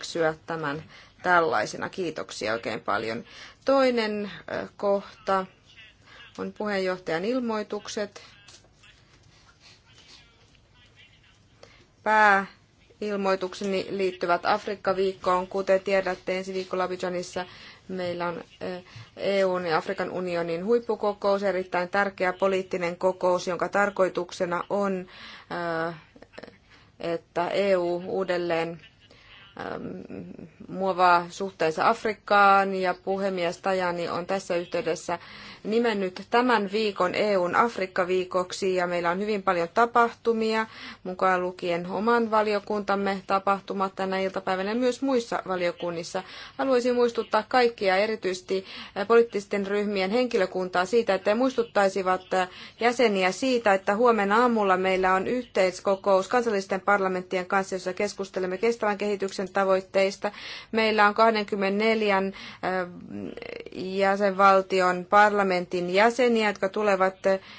hyväksyä tämän tällaisena. Kiitoksia oikein paljon. Toinen kohta on puheenjohtajan ilmoitukset. ilmoitukseni liittyvät Afrikka-viikkoon. Kuten tiedätte, ensi viikolla Abidjanissa meillä on EUn ja Afrikan unionin huippukokous, erittäin tärkeä poliittinen kokous, jonka tarkoituksena on, että EU uudelleen Ähm, muovaa suhteensa Afrikkaan ja puhemies Tajani on tässä yhteydessä nimennyt tämän viikon EUn Afrikka-viikoksi ja meillä on hyvin paljon tapahtumia, mukaan lukien oman valiokuntamme tapahtumat tänä iltapäivänä ja myös muissa valiokunnissa. Haluaisin muistuttaa kaikkia, erityisesti äh, poliittisten ryhmien henkilökuntaa siitä, että he muistuttaisivat äh, jäseniä siitä, että huomenna aamulla meillä on yhteiskokous kansallisten parlamenttien kanssa, jossa keskustelemme kestävän kehityksen kehityksen tavoitteista. Meillä on 24 jäsenvaltion parlamentin jäseniä, jotka tulevat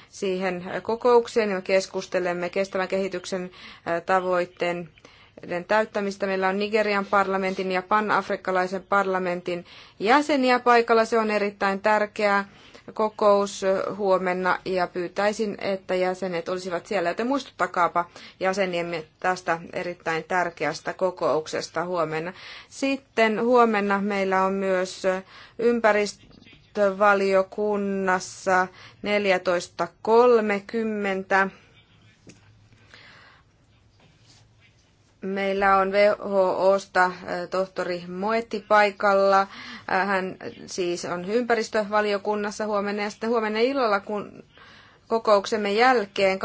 siihen kokoukseen ja me keskustelemme kestävän kehityksen tavoitteen täyttämistä. Meillä on Nigerian parlamentin ja panafrikkalaisen parlamentin jäseniä paikalla. Se on erittäin tärkeää kokous huomenna ja pyytäisin, että jäsenet olisivat siellä, joten muistuttakaapa jäseniemme tästä erittäin tärkeästä kokouksesta huomenna. Sitten huomenna meillä on myös ympäristövaliokunnassa neljätoista 14.30 Meillä on WHOsta äh, tohtori Moetti paikalla. Äh, hän siis on ympäristövaliokunnassa huomenna ja sitten huomenna illalla, kun kokouksemme jälkeen 18.45-19.45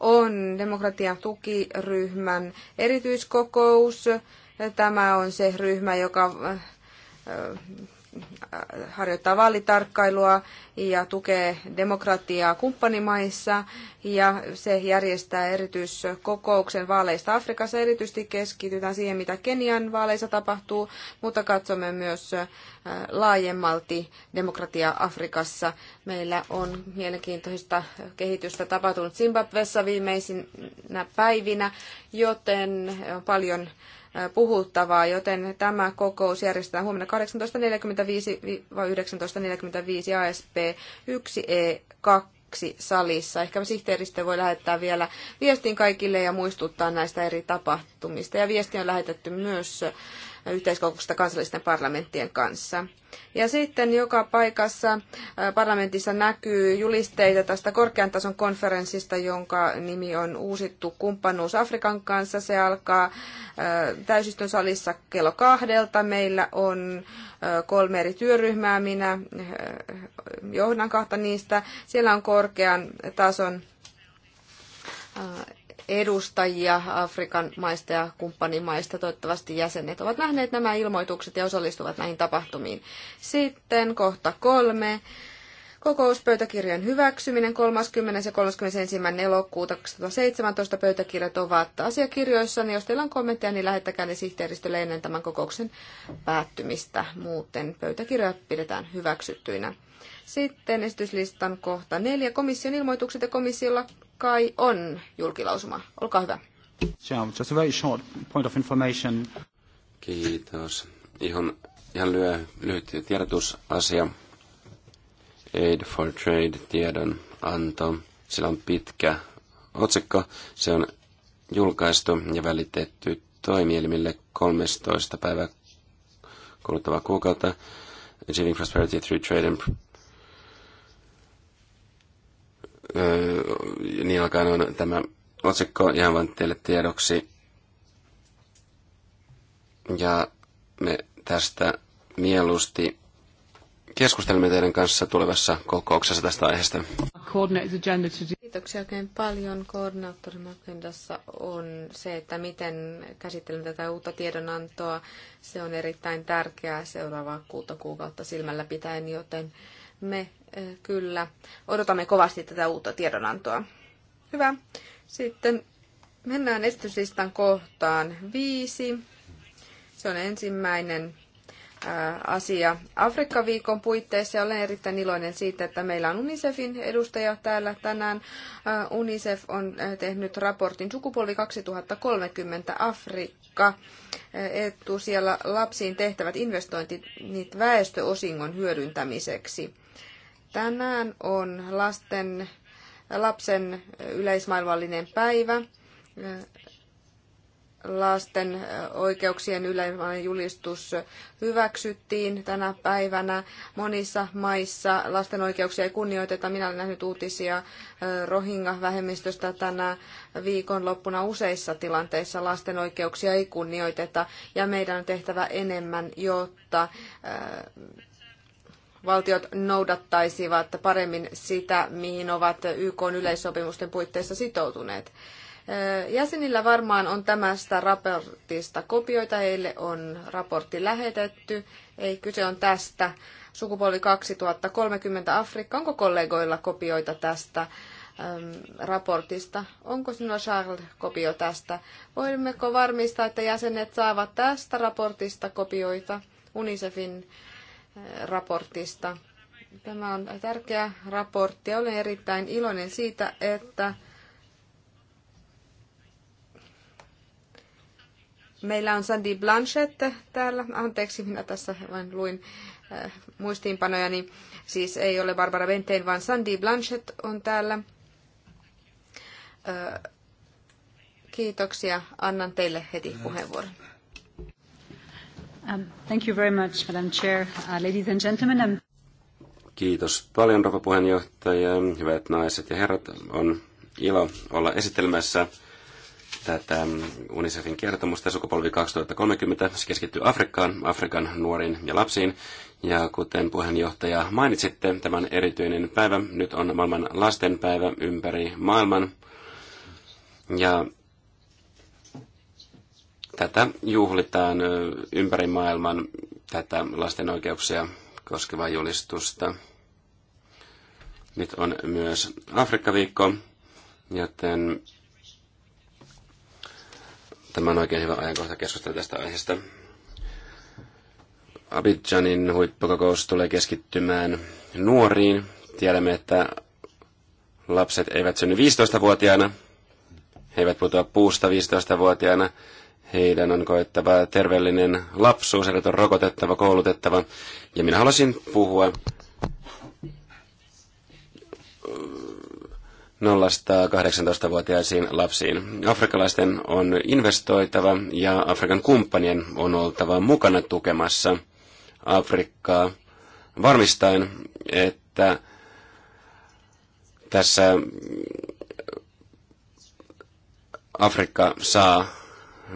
on demokratian tukiryhmän erityiskokous. Tämä on se ryhmä, joka äh, harjoittaa vaalitarkkailua ja tukee demokratiaa kumppanimaissa ja se järjestää erityiskokouksen vaaleista Afrikassa. Erityisesti keskitytään siihen, mitä Kenian vaaleissa tapahtuu, mutta katsomme myös äh, laajemmalti demokratiaa Afrikassa. Meillä on mielenkiintoista kehitystä tapahtunut Zimbabwessa viimeisinä päivinä, joten on paljon puhuttavaa, joten tämä kokous järjestetään huomenna 18.45-19.45 ASP 1E2 salissa. Ehkä sihteeristö voi lähettää vielä viestin kaikille ja muistuttaa näistä eri tapahtumista. Ja viesti on lähetetty myös yhteiskokouksesta kansallisten parlamenttien kanssa. Ja sitten joka paikassa äh, parlamentissa näkyy julisteita tästä korkean tason konferenssista, jonka nimi on Uusittu kumppanuus Afrikan kanssa. Se alkaa äh, täysistön salissa kello kahdelta. Meillä on äh, kolme eri työryhmää. Minä johdan kahta niistä. Siellä on korkean tason edustajia Afrikan maista ja kumppanimaista. Toivottavasti jäsenet ovat nähneet nämä ilmoitukset ja osallistuvat näihin tapahtumiin. Sitten kohta kolme. Kokouspöytäkirjan hyväksyminen 30. ja 31. elokuuta 2017 pöytäkirjat ovat asiakirjoissa. Niin jos teillä on kommentteja, niin lähettäkää ne sihteeristölle ennen tämän kokouksen päättymistä. Muuten pöytäkirjat pidetään hyväksyttyinä. Sitten esityslistan kohta neljä. Komission ilmoitukset ja komissiolla kai on julkilausuma. Olkaa hyvä. Just a very short point of information. Kiitos. Ihan, ihan lyö, lyhyt tiedotusasia. Aid for Trade tiedon anto. Sillä on pitkä otsikko. Se on julkaistu ja välitetty toimielimille 13 päivää kuluttavaa kuukautta. Achieving Prosperity Through Trade and niin alkaen on tämä otsikko ihan vain teille tiedoksi. Ja me tästä mieluusti keskustelemme teidän kanssa tulevassa kokouksessa tästä aiheesta. Kiitoksia oikein paljon. Koordinaattorin agendassa on se, että miten käsittelemme tätä uutta tiedonantoa. Se on erittäin tärkeää seuraavaa kuuta kuukautta silmällä pitäen, joten me eh, kyllä odotamme kovasti tätä uutta tiedonantoa. Hyvä. Sitten mennään esityslistan kohtaan viisi. Se on ensimmäinen asia Afrikka-viikon puitteissa ja olen erittäin iloinen siitä, että meillä on UNICEFin edustaja täällä tänään. UNICEF on tehnyt raportin Sukupolvi 2030 Afrikka. Etu siellä lapsiin tehtävät investointit väestöosingon hyödyntämiseksi. Tänään on lasten, lapsen yleismaailmallinen päivä. Lasten oikeuksien yleinen julistus hyväksyttiin tänä päivänä. Monissa maissa lasten oikeuksia ei kunnioiteta. Minä olen nähnyt uutisia Rohingya-vähemmistöstä tänä viikonloppuna useissa tilanteissa. Lasten oikeuksia ei kunnioiteta ja meidän on tehtävä enemmän, jotta valtiot noudattaisivat paremmin sitä, mihin ovat YK yleissopimusten puitteissa sitoutuneet. Jäsenillä varmaan on tämästä raportista kopioita, heille on raportti lähetetty. Ei kyse on tästä. Sukupuoli 2030 Afrikka. Onko kollegoilla kopioita tästä raportista? Onko sinulla Charles kopio tästä? Voimmeko varmistaa, että jäsenet saavat tästä raportista kopioita UNICEFin raportista. Tämä on tärkeä raportti ja olen erittäin iloinen siitä, että meillä on Sandy Blanchette täällä. Anteeksi, minä tässä vain luin äh, muistiinpanoja, niin siis ei ole Barbara Bentein, vaan Sandy Blanchett on täällä. Äh, kiitoksia. Annan teille heti puheenvuoron. Um, thank you very much, Madam Chair, uh, ladies and gentlemen. Um, Kiitos paljon, rouva puheenjohtaja. Hyvät naiset ja herrat, on ilo olla esittelemässä tätä um, UNICEFin kertomusta sukupolvi 2030. Se keskittyy Afrikkaan, Afrikan nuoriin ja lapsiin. Ja kuten puheenjohtaja mainitsitte, tämän erityinen päivä nyt on maailman lastenpäivä ympäri maailman. Ja Tätä juhlitaan ympäri maailman tätä lasten oikeuksia koskevaa julistusta. Nyt on myös Afrikka-viikko, joten tämä on oikein hyvä ajankohta keskustella tästä aiheesta. Abidjanin huippukokous tulee keskittymään nuoriin. Tiedämme, että lapset eivät synny 15-vuotiaana. He eivät putoa puusta 15-vuotiaana. Heidän on koettava terveellinen lapsuus, heidät on rokotettava, koulutettava. Ja minä haluaisin puhua äh, nollasta 18 vuotiaisiin lapsiin. Afrikkalaisten on investoitava ja Afrikan kumppanien on oltava mukana tukemassa Afrikkaa varmistaen, että tässä Afrikka saa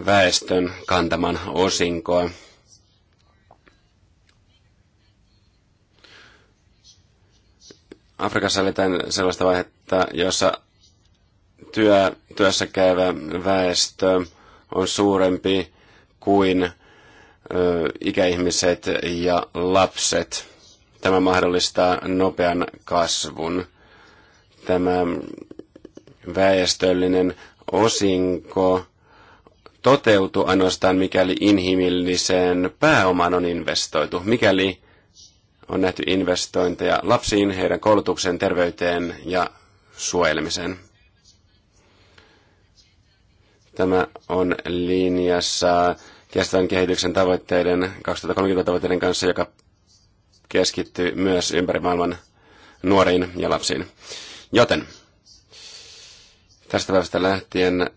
väestön kantaman osinkoa. Afrikassa oli sellaista vaihetta, jossa työ, työssä käyvä väestö on suurempi kuin ö, ikäihmiset ja lapset. Tämä mahdollistaa nopean kasvun. Tämä väestöllinen osinko toteutu ainoastaan, mikäli inhimilliseen pääomaan on investoitu, mikäli on nähty investointeja lapsiin, heidän koulutukseen, terveyteen ja suojelemiseen. Tämä on linjassa kestävän kehityksen tavoitteiden 2030 tavoitteiden kanssa, joka keskittyy myös ympäri maailman nuoriin ja lapsiin. Joten tästä päivästä lähtien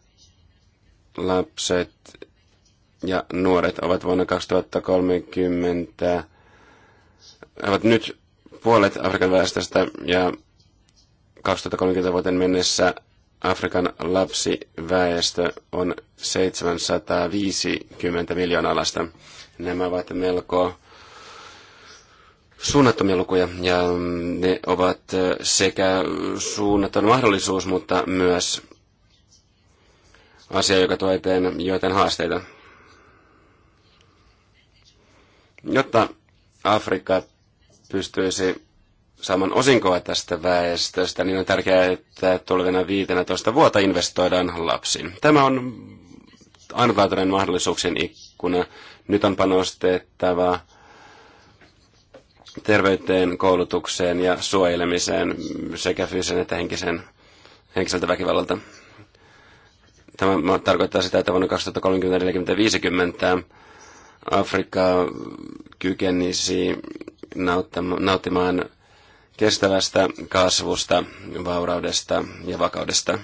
lapset ja nuoret ovat vuonna 2030 ovat nyt puolet Afrikan väestöstä ja 2030 vuoteen mennessä Afrikan lapsiväestö on 750 miljoonaa lasta. Nämä ovat melko suunnattomia lukuja ja ne ovat sekä suunnaton mahdollisuus, mutta myös asia, joka tuo eteen joiden haasteita. Jotta Afrikka pystyisi saamaan osinkoa tästä väestöstä, niin on tärkeää, että tulevina 15 vuotta investoidaan lapsiin. Tämä on ainutlaatuinen mahdollisuuksien ikkuna. Nyt on panostettava terveyteen, koulutukseen ja suojelemiseen sekä fyysisen että henkisen, henkiseltä väkivallalta. Tämä tarkoittaa sitä, että vuonna 2030, 2050 Afrikka kykenisi nauttimaan kestävästä kasvusta, vauraudesta ja vakaudesta.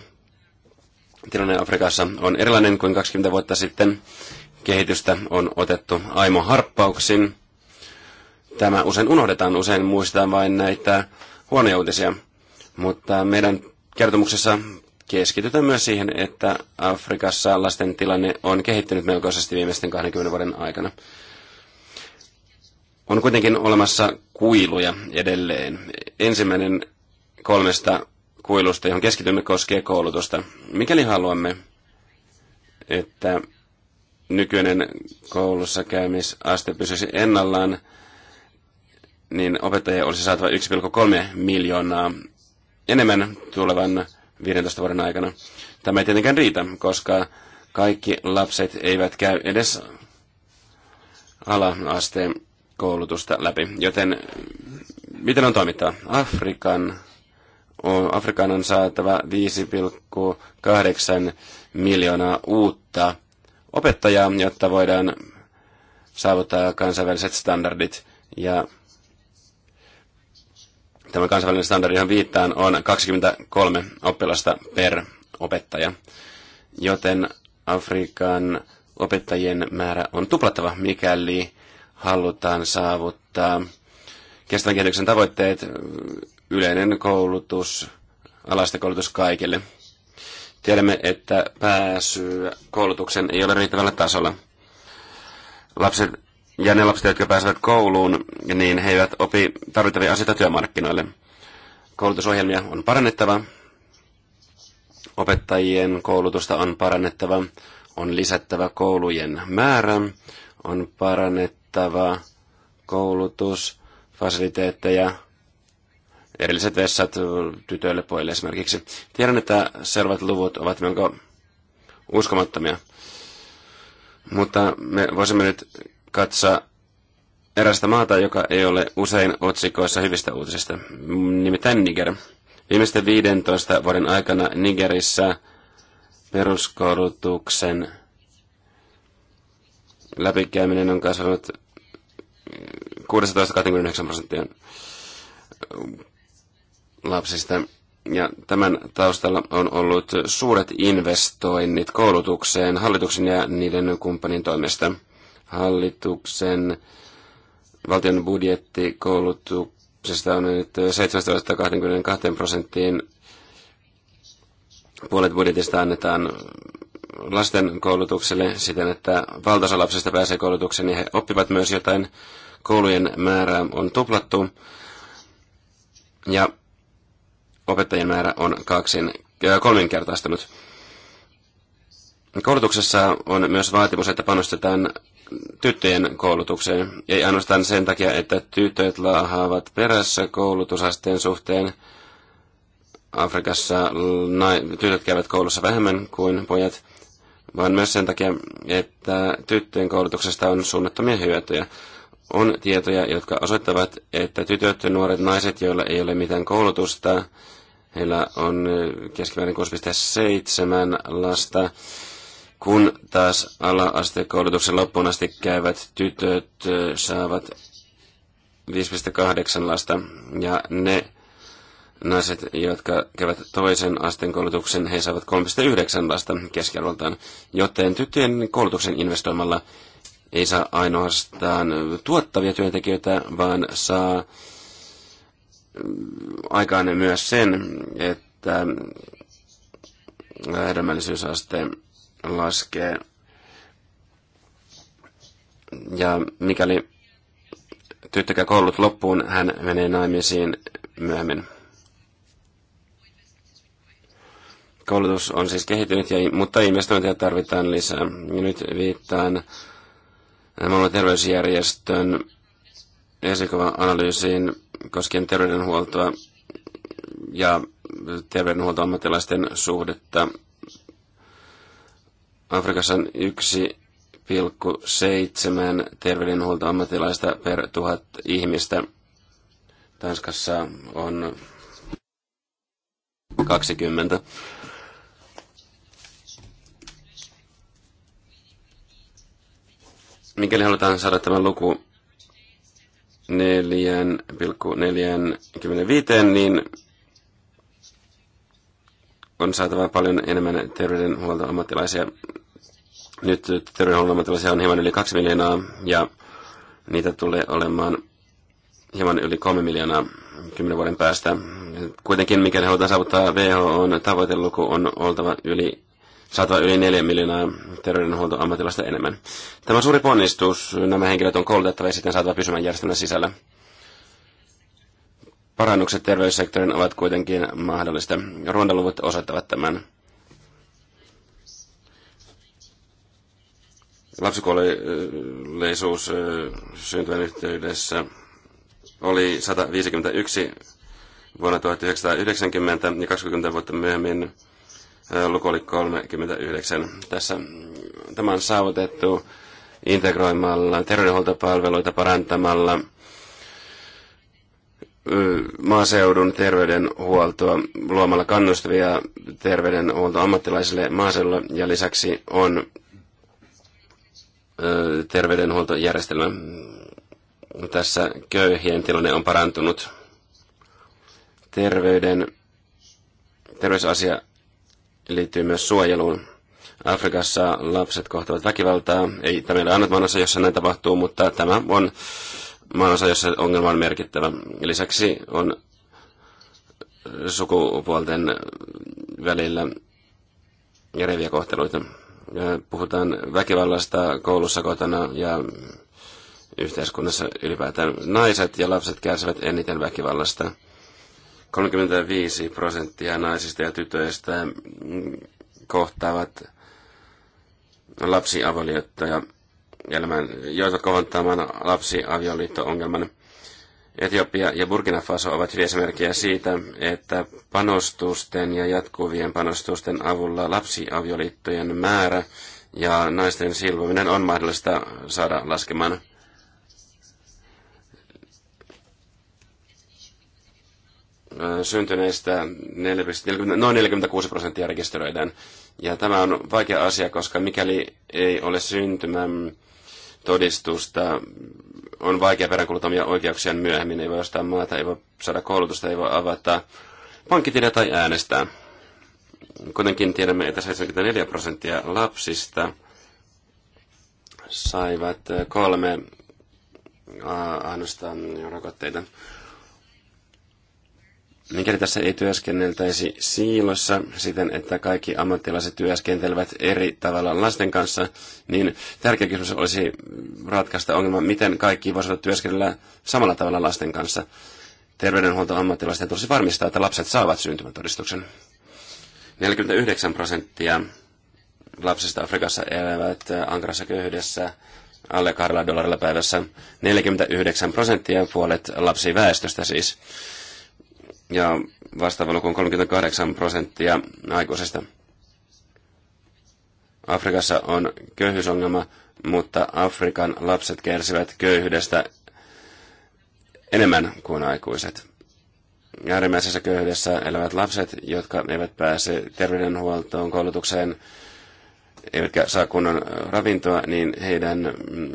Tilanne Afrikassa on erilainen kuin 20 vuotta sitten. Kehitystä on otettu aimo harppauksin. Tämä usein unohdetaan, usein muistetaan vain näitä huonoja uutisia. Mutta meidän kertomuksessa keskitytään myös siihen, että Afrikassa lasten tilanne on kehittynyt melkoisesti viimeisten 20 vuoden aikana. On kuitenkin olemassa kuiluja edelleen. Ensimmäinen kolmesta kuilusta, johon keskitymme, koskee koulutusta. Mikäli haluamme, että nykyinen koulussa käymisaste pysyisi ennallaan, niin opettajia olisi saatava 1,3 miljoonaa enemmän tulevan 15 vuoden aikana. Tämä ei tietenkään riitä, koska kaikki lapset eivät käy edes ala-asteen koulutusta läpi. Joten miten on toimittaa? Afrikan on, Afrikan on saatava 5,8 miljoonaa uutta opettajaa, jotta voidaan saavuttaa kansainväliset standardit. Ja tämä kansainvälinen standardi, johon viittaan, on 23 oppilasta per opettaja. Joten Afrikan opettajien määrä on tuplattava, mikäli halutaan saavuttaa kestävän kehityksen tavoitteet, yleinen koulutus, alaista koulutus kaikille. Tiedämme, että pääsy koulutuksen ei ole riittävällä tasolla. Lapset ja ne lapset, jotka pääsevät kouluun, niin he eivät opi tarvittavia asioita työmarkkinoille. Koulutusohjelmia on parannettava, opettajien koulutusta on parannettava, on lisättävä koulujen määrä, on parannettava koulutusfasiliteetteja, erilliset vessat tytöille poille esimerkiksi. Tiedän, että selvät luvut ovat melko uskomattomia, mutta me voisimme nyt katsoa erästä maata, joka ei ole usein otsikoissa hyvistä uutisista, nimittäin Niger. Viimeisten 15 vuoden aikana Nigerissä peruskoulutuksen läpikäyminen on kasvanut 16-29 prosenttia lapsista. Ja tämän taustalla on ollut suuret investoinnit koulutukseen hallituksen ja niiden kumppanin toimesta – hallituksen valtion budjetti koulutuksesta on nyt 722 prosenttiin. Puolet budjetista annetaan lasten koulutukselle siten, että valtaosa lapsista pääsee koulutukseen ja he oppivat myös jotain. Koulujen määrä on tuplattu ja opettajien määrä on kaksin, äh, kolminkertaistunut. Koulutuksessa on myös vaatimus, että panostetaan tyttöjen koulutukseen. Ei ainoastaan sen takia, että tytöt laahaavat perässä koulutusasteen suhteen. Afrikassa tytöt käyvät koulussa vähemmän kuin pojat, vaan myös sen takia, että tyttöjen koulutuksesta on suunnattomia hyötyjä. On tietoja, jotka osoittavat, että tytöt ja nuoret naiset, joilla ei ole mitään koulutusta, heillä on keskimäärin 6,7 lasta kun taas ala-astekoulutuksen loppuun asti käyvät tytöt saavat 5,8 lasta, ja ne naiset, jotka käyvät toisen asteen koulutuksen, he saavat 3,9 lasta keskiarvoltaan. Joten tyttöjen koulutuksen investoimalla ei saa ainoastaan tuottavia työntekijöitä, vaan saa mm, aikaan myös sen, että hedelmällisyysaste laskee. Ja mikäli tyttökä koulut loppuun, hän menee naimisiin myöhemmin. Koulutus on siis kehittynyt, ja, mutta investointeja tarvitaan lisää. Ja nyt viittaan maailman terveysjärjestön esikuva-analyysiin koskien terveydenhuoltoa ja terveydenhuoltoammattilaisten suhdetta Afrikassa on 1,7 terveydenhuoltoammatilaista per tuhat ihmistä. Tanskassa on 20. Mikäli halutaan saada tämä luku 4,45, niin on saatava paljon enemmän ammattilaisia. Nyt ammattilaisia on hieman yli kaksi miljoonaa ja niitä tulee olemaan hieman yli kolme miljoonaa kymmenen vuoden päästä. Kuitenkin, mikäli halutaan saavuttaa WHOn tavoiteluku, on oltava yli saatava yli 4 miljoonaa terveydenhuoltoammatilasta enemmän. Tämä suuri ponnistus. Nämä henkilöt on koulutettava ja sitten saatava pysymään järjestelmän sisällä. Parannukset terveyssektorin ovat kuitenkin mahdollista. Ruondaluvut osoittavat tämän. Lapsikuolleisuus syntyvän yhteydessä oli 151 vuonna 1990 ja 20 vuotta myöhemmin luku oli 39. Tässä, tämä on saavutettu integroimalla terveydenhuoltopalveluita, parantamalla – maaseudun terveydenhuoltoa luomalla kannustavia terveydenhuoltoammattilaisille maaseudulla ja lisäksi on terveydenhuoltojärjestelmä. Tässä köyhien tilanne on parantunut. Terveyden, terveysasia liittyy myös suojeluun. Afrikassa lapset kohtavat väkivaltaa. Ei tämä ei ole jossa näin tapahtuu, mutta tämä on maanosa, jossa ongelma on merkittävä. Lisäksi on sukupuolten välillä järjeviä kohteluita. Puhutaan väkivallasta koulussa, kotona ja yhteiskunnassa ylipäätään. Naiset ja lapset kärsivät eniten väkivallasta. 35 prosenttia naisista ja tytöistä kohtaavat lapsiavoliottoja elämään, joita kohottamaan lapsiavioliitto-ongelman. Etiopia ja Burkina Faso ovat hyviä esimerkkejä siitä, että panostusten ja jatkuvien panostusten avulla lapsiavioliittojen määrä ja naisten silvominen on mahdollista saada laskemaan. syntyneistä 40, noin 46 prosenttia rekisteröidään. Ja tämä on vaikea asia, koska mikäli ei ole syntymän todistusta, on vaikea peräänkuluttaa omia oikeuksiaan myöhemmin, ei voi ostaa maata, ei voi saada koulutusta, ei voi avata pankkitilia tai äänestää. Kuitenkin tiedämme, että 74 prosenttia lapsista saivat kolme ainoastaan rokotteita. Mikäli tässä ei työskenneltäisi siilossa siten, että kaikki ammattilaiset työskentelevät eri tavalla lasten kanssa, niin tärkeä kysymys olisi ratkaista ongelma, miten kaikki voisivat työskennellä samalla tavalla lasten kanssa. Terveydenhuoltoammattilaisten tulisi varmistaa, että lapset saavat syntymätodistuksen. 49 prosenttia lapsista Afrikassa elävät äh, ankarassa köyhyydessä alle kahdella dollarilla päivässä. 49 prosenttia puolet lapsiväestöstä siis ja vastaava luku on 38 prosenttia aikuisesta. Afrikassa on köyhyysongelma, mutta Afrikan lapset kärsivät köyhyydestä enemmän kuin aikuiset. Äärimmäisessä köyhyydessä elävät lapset, jotka eivät pääse terveydenhuoltoon, koulutukseen, eivätkä saa kunnon ravintoa, niin heidän mm,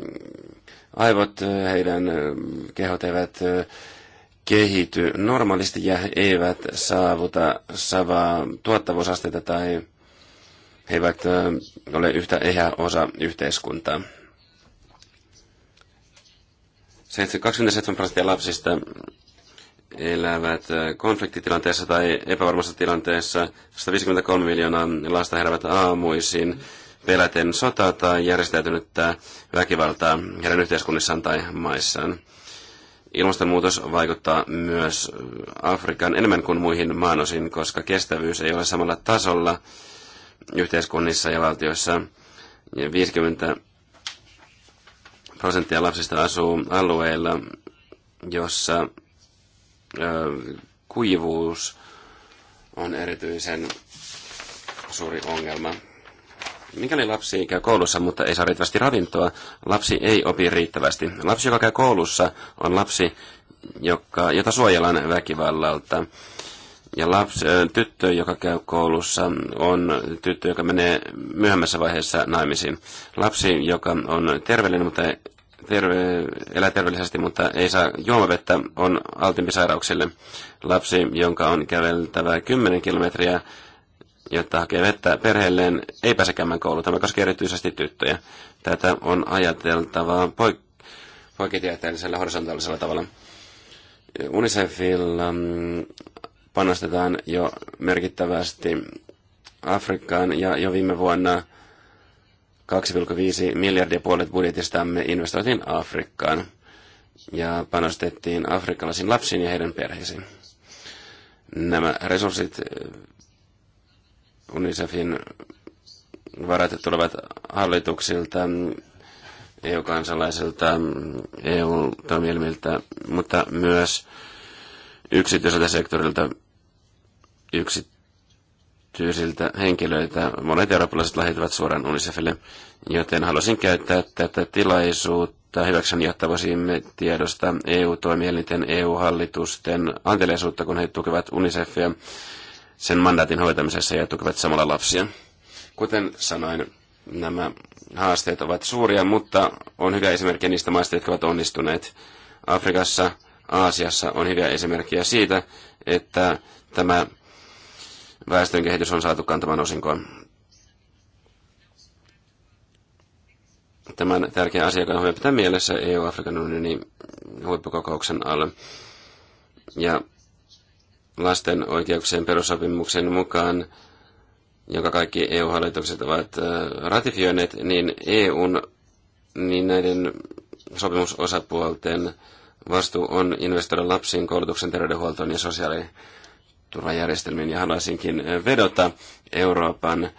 aivot, heidän kehot eivät kehity normaalisti ja he eivät saavuta samaa tuottavuusasteita tai he eivät ole yhtä ehä osa yhteiskuntaa. 27 prosenttia lapsista elävät konfliktitilanteessa tai epävarmassa tilanteessa. 153 miljoonaa lasta herävät aamuisin peläten sotaa tai järjestäytynyttä väkivaltaa heidän yhteiskunnissaan tai maissaan. Ilmastonmuutos vaikuttaa myös Afrikan enemmän kuin muihin maanosiin, koska kestävyys ei ole samalla tasolla yhteiskunnissa ja valtioissa. 50 prosenttia lapsista asuu alueilla, jossa kuivuus on erityisen suuri ongelma. Mikäli lapsi käy koulussa, mutta ei saa riittävästi ravintoa, lapsi ei opi riittävästi. Lapsi, joka käy koulussa, on lapsi, joka, jota suojellaan väkivallalta. Ja lapsi, tyttö, joka käy koulussa, on tyttö, joka menee myöhemmässä vaiheessa naimisiin. Lapsi, joka on terveellinen, mutta terve, elää terveellisesti, mutta ei saa juomavettä, on altimpi sairauksille. Lapsi, jonka on käveltävä 10 kilometriä jotta hakee vettä perheelleen, ei pääse käymään kouluun. Tämä koskee erityisesti tyttöjä. Tätä on ajateltavaa poik- poikitieteellisellä horisontaalisella tavalla. UNICEFilla mm, panostetaan jo merkittävästi Afrikkaan ja jo viime vuonna 2,5 miljardia puolet budjetistamme investoitiin Afrikkaan ja panostettiin afrikkalaisiin lapsiin ja heidän perheisiin. Nämä resurssit UNICEFin varat tulevat hallituksilta, EU-kansalaisilta, eu toimielmiltä mutta myös yksityiseltä sektorilta, yksityisiltä henkilöiltä. Monet eurooppalaiset lähetävät suoraan UNICEFille, joten haluaisin käyttää tätä tilaisuutta hyväkseni, jotta voisimme tiedosta EU-toimielinten, EU-hallitusten anteliaisuutta, kun he tukevat UNICEFia sen mandaatin hoitamisessa ja tukevat samalla lapsia. Kuten sanoin, nämä haasteet ovat suuria, mutta on hyviä esimerkkejä niistä maista, jotka ovat onnistuneet. Afrikassa, Aasiassa on hyviä esimerkkejä siitä, että tämä väestön kehitys on saatu kantamaan osinkoon. Tämän tärkeän asia, joka on pitää mielessä EU-Afrikan unionin huippukokouksen alla. Ja lasten oikeuksien perussopimuksen mukaan, jonka kaikki EU-hallitukset ovat äh, ratifioineet, niin EUn, niin näiden sopimusosapuolten vastuu on investoida lapsiin, koulutuksen, terveydenhuoltoon ja sosiaaliturvajärjestelmiin. Ja haluaisinkin äh, vedota Euroopan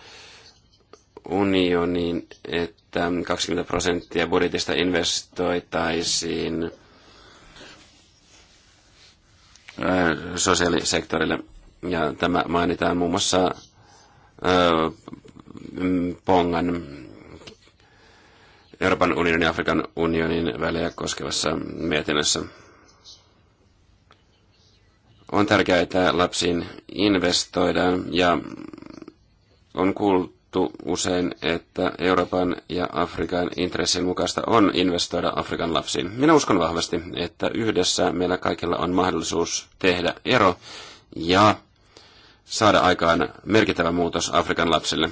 unioniin, että 20 prosenttia budjetista investoitaisiin Äh, sosiaalisektorille. Ja tämä mainitaan muun muassa äh, mm, Pongan Euroopan unionin ja Afrikan unionin välejä koskevassa mietinnössä. On tärkeää, että lapsiin investoidaan ja on kuultu sanottu usein, että Euroopan ja Afrikan intressin mukaista on investoida Afrikan lapsiin. Minä uskon vahvasti, että yhdessä meillä kaikilla on mahdollisuus tehdä ero ja saada aikaan merkittävä muutos Afrikan lapsille.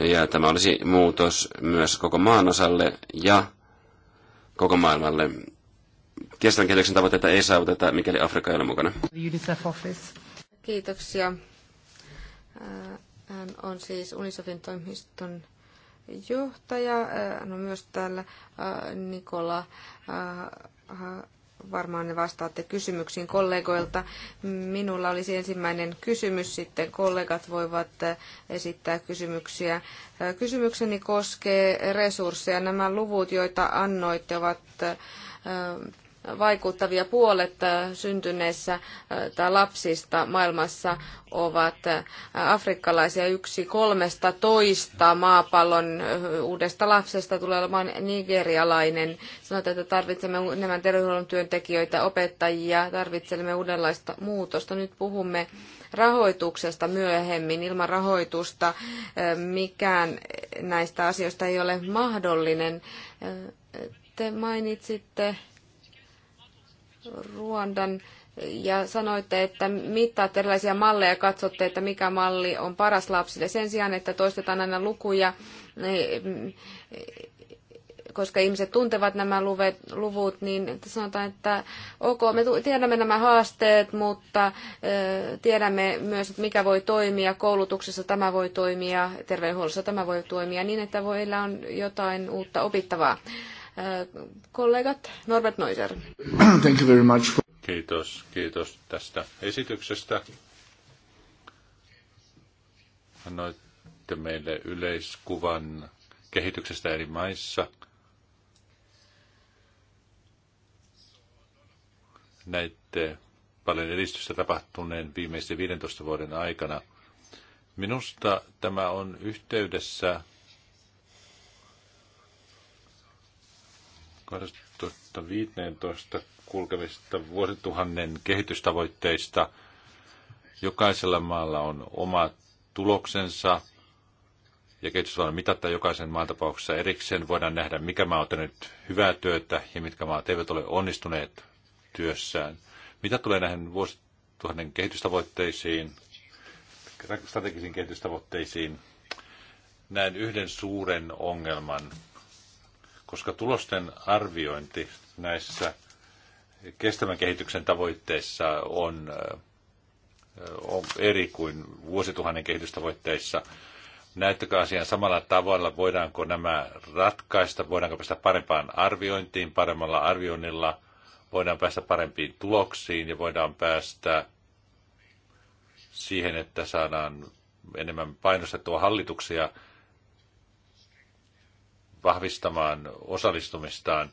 Ja tämä olisi muutos myös koko maanosalle ja koko maailmalle. Kestävän kehityksen tavoitteita ei saavuteta, mikäli Afrikka ei ole mukana. Kiitoksia hän on siis Unisofin toimiston johtaja. Hän on myös täällä Nikola. Varmaan ne vastaatte kysymyksiin kollegoilta. Minulla olisi ensimmäinen kysymys, sitten kollegat voivat esittää kysymyksiä. Kysymykseni koskee resursseja. Nämä luvut, joita annoitte, ovat vaikuttavia puolet äh, syntyneissä äh, tai lapsista maailmassa ovat äh, afrikkalaisia. Yksi kolmesta toista maapallon uudesta lapsesta tulee olemaan nigerialainen. Sanotaan, että tarvitsemme enemmän terveydenhuollon työntekijöitä, opettajia, tarvitsemme uudenlaista muutosta. Nyt puhumme rahoituksesta myöhemmin. Ilman rahoitusta mikään näistä asioista ei ole mahdollinen. Te mainitsitte Ruandan ja sanoitte, että mittaatte erilaisia malleja ja katsotte, että mikä malli on paras lapsille. Sen sijaan, että toistetaan aina lukuja, eh, koska ihmiset tuntevat nämä luvut, niin sanotaan, että ok, me tiedämme nämä haasteet, mutta eh, tiedämme myös, että mikä voi toimia, koulutuksessa tämä voi toimia, terveydenhuollossa tämä voi toimia, niin että voilla on jotain uutta opittavaa. Äh, kollegat Norbert Neuser. Thank you very much for... Kiitos, kiitos tästä esityksestä. Annoitte meille yleiskuvan kehityksestä eri maissa. Näitte paljon edistystä tapahtuneen viimeisen 15 vuoden aikana. Minusta tämä on yhteydessä 2015 kulkevista vuosituhannen kehitystavoitteista. Jokaisella maalla on oma tuloksensa ja kehitysvallan mitata jokaisen maan tapauksessa erikseen. Voidaan nähdä, mikä maa on tehnyt hyvää työtä ja mitkä maat eivät ole onnistuneet työssään. Mitä tulee näihin vuosituhannen kehitystavoitteisiin, strategisiin kehitystavoitteisiin, näen yhden suuren ongelman, koska tulosten arviointi näissä kestävän kehityksen tavoitteissa on, on eri kuin vuosituhannen kehitystavoitteissa. Näyttäkö asian samalla tavalla, voidaanko nämä ratkaista, voidaanko päästä parempaan arviointiin, paremmalla arvioinnilla, voidaan päästä parempiin tuloksiin ja voidaan päästä siihen, että saadaan enemmän painostettua hallituksia – vahvistamaan osallistumistaan.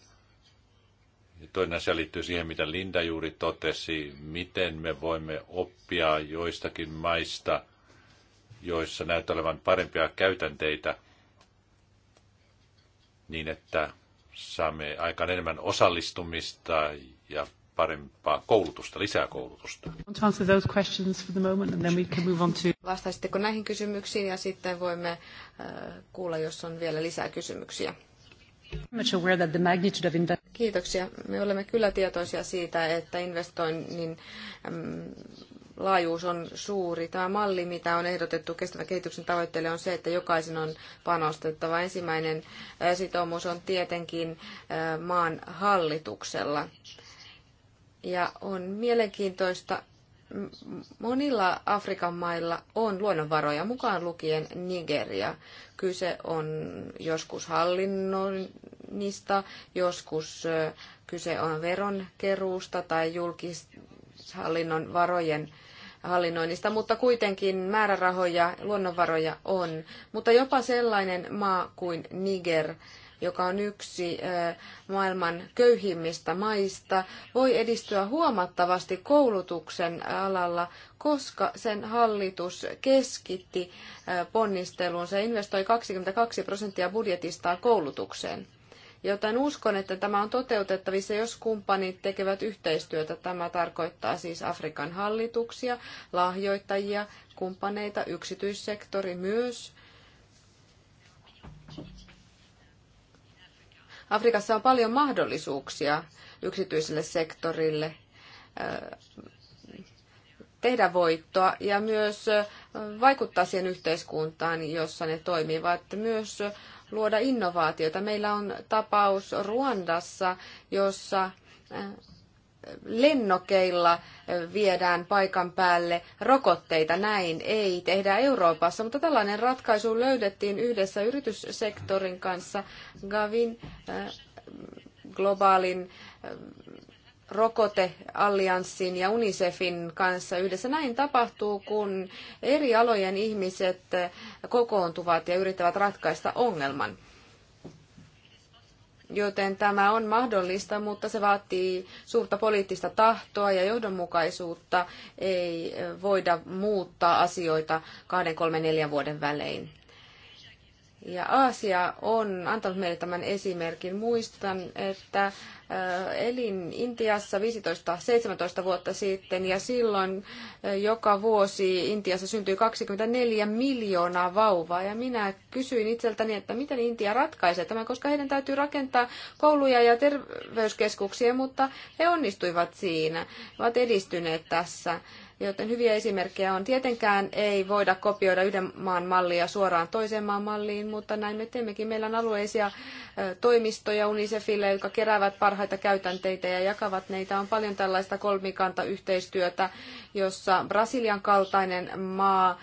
Toinen asia liittyy siihen, mitä Linda juuri totesi, miten me voimme oppia joistakin maista, joissa näyttää olevan parempia käytänteitä, niin että saamme aika enemmän osallistumista ja parempaa koulutusta, lisää koulutusta. Vastaisitteko näihin kysymyksiin ja sitten voimme äh, kuulla, jos on vielä lisää kysymyksiä. Kiitoksia. Me olemme kyllä tietoisia siitä, että investoinnin laajuus on suuri. Tämä malli, mitä on ehdotettu kestävän kehityksen tavoitteelle, on se, että jokaisen on panostettava. Ensimmäinen äh, sitoumus on tietenkin äh, maan hallituksella. Ja on mielenkiintoista, monilla Afrikan mailla on luonnonvaroja, mukaan lukien Nigeria. Kyse on joskus hallinnonista, joskus kyse on veronkeruusta tai julkishallinnon varojen hallinnoinnista, mutta kuitenkin määrärahoja, luonnonvaroja on. Mutta jopa sellainen maa kuin Niger, joka on yksi maailman köyhimmistä maista, voi edistyä huomattavasti koulutuksen alalla, koska sen hallitus keskitti ponnisteluunsa ja investoi 22 prosenttia budjetistaan koulutukseen joten uskon, että tämä on toteutettavissa, jos kumppanit tekevät yhteistyötä. Tämä tarkoittaa siis Afrikan hallituksia, lahjoittajia, kumppaneita, yksityissektori myös. Afrikassa on paljon mahdollisuuksia yksityiselle sektorille tehdä voittoa ja myös vaikuttaa siihen yhteiskuntaan, jossa ne toimivat. Myös luoda innovaatioita. Meillä on tapaus Ruandassa, jossa lennokeilla viedään paikan päälle rokotteita. Näin ei tehdä Euroopassa, mutta tällainen ratkaisu löydettiin yhdessä yrityssektorin kanssa Gavin äh, globaalin äh, rokoteallianssin ja UNICEFin kanssa yhdessä. Näin tapahtuu, kun eri alojen ihmiset äh, kokoontuvat ja yrittävät ratkaista ongelman. Joten tämä on mahdollista, mutta se vaatii suurta poliittista tahtoa ja johdonmukaisuutta. Ei voida muuttaa asioita kahden, kolmen, neljän vuoden välein. Ja Aasia on antanut meille tämän esimerkin. Muistan, että Äh, elin Intiassa 15-17 vuotta sitten ja silloin äh, joka vuosi Intiassa syntyi 24 miljoonaa vauvaa ja minä kysyin itseltäni, että miten Intia ratkaisee tämän, koska heidän täytyy rakentaa kouluja ja terveyskeskuksia, mutta he onnistuivat siinä, ovat edistyneet tässä joten hyviä esimerkkejä on. Tietenkään ei voida kopioida yhden maan mallia suoraan toiseen maan malliin, mutta näin me teemmekin. Meillä on alueisia toimistoja UNICEFille, jotka keräävät parhaita käytänteitä ja jakavat neitä. On paljon tällaista kolmikantayhteistyötä, yhteistyötä jossa Brasilian kaltainen maa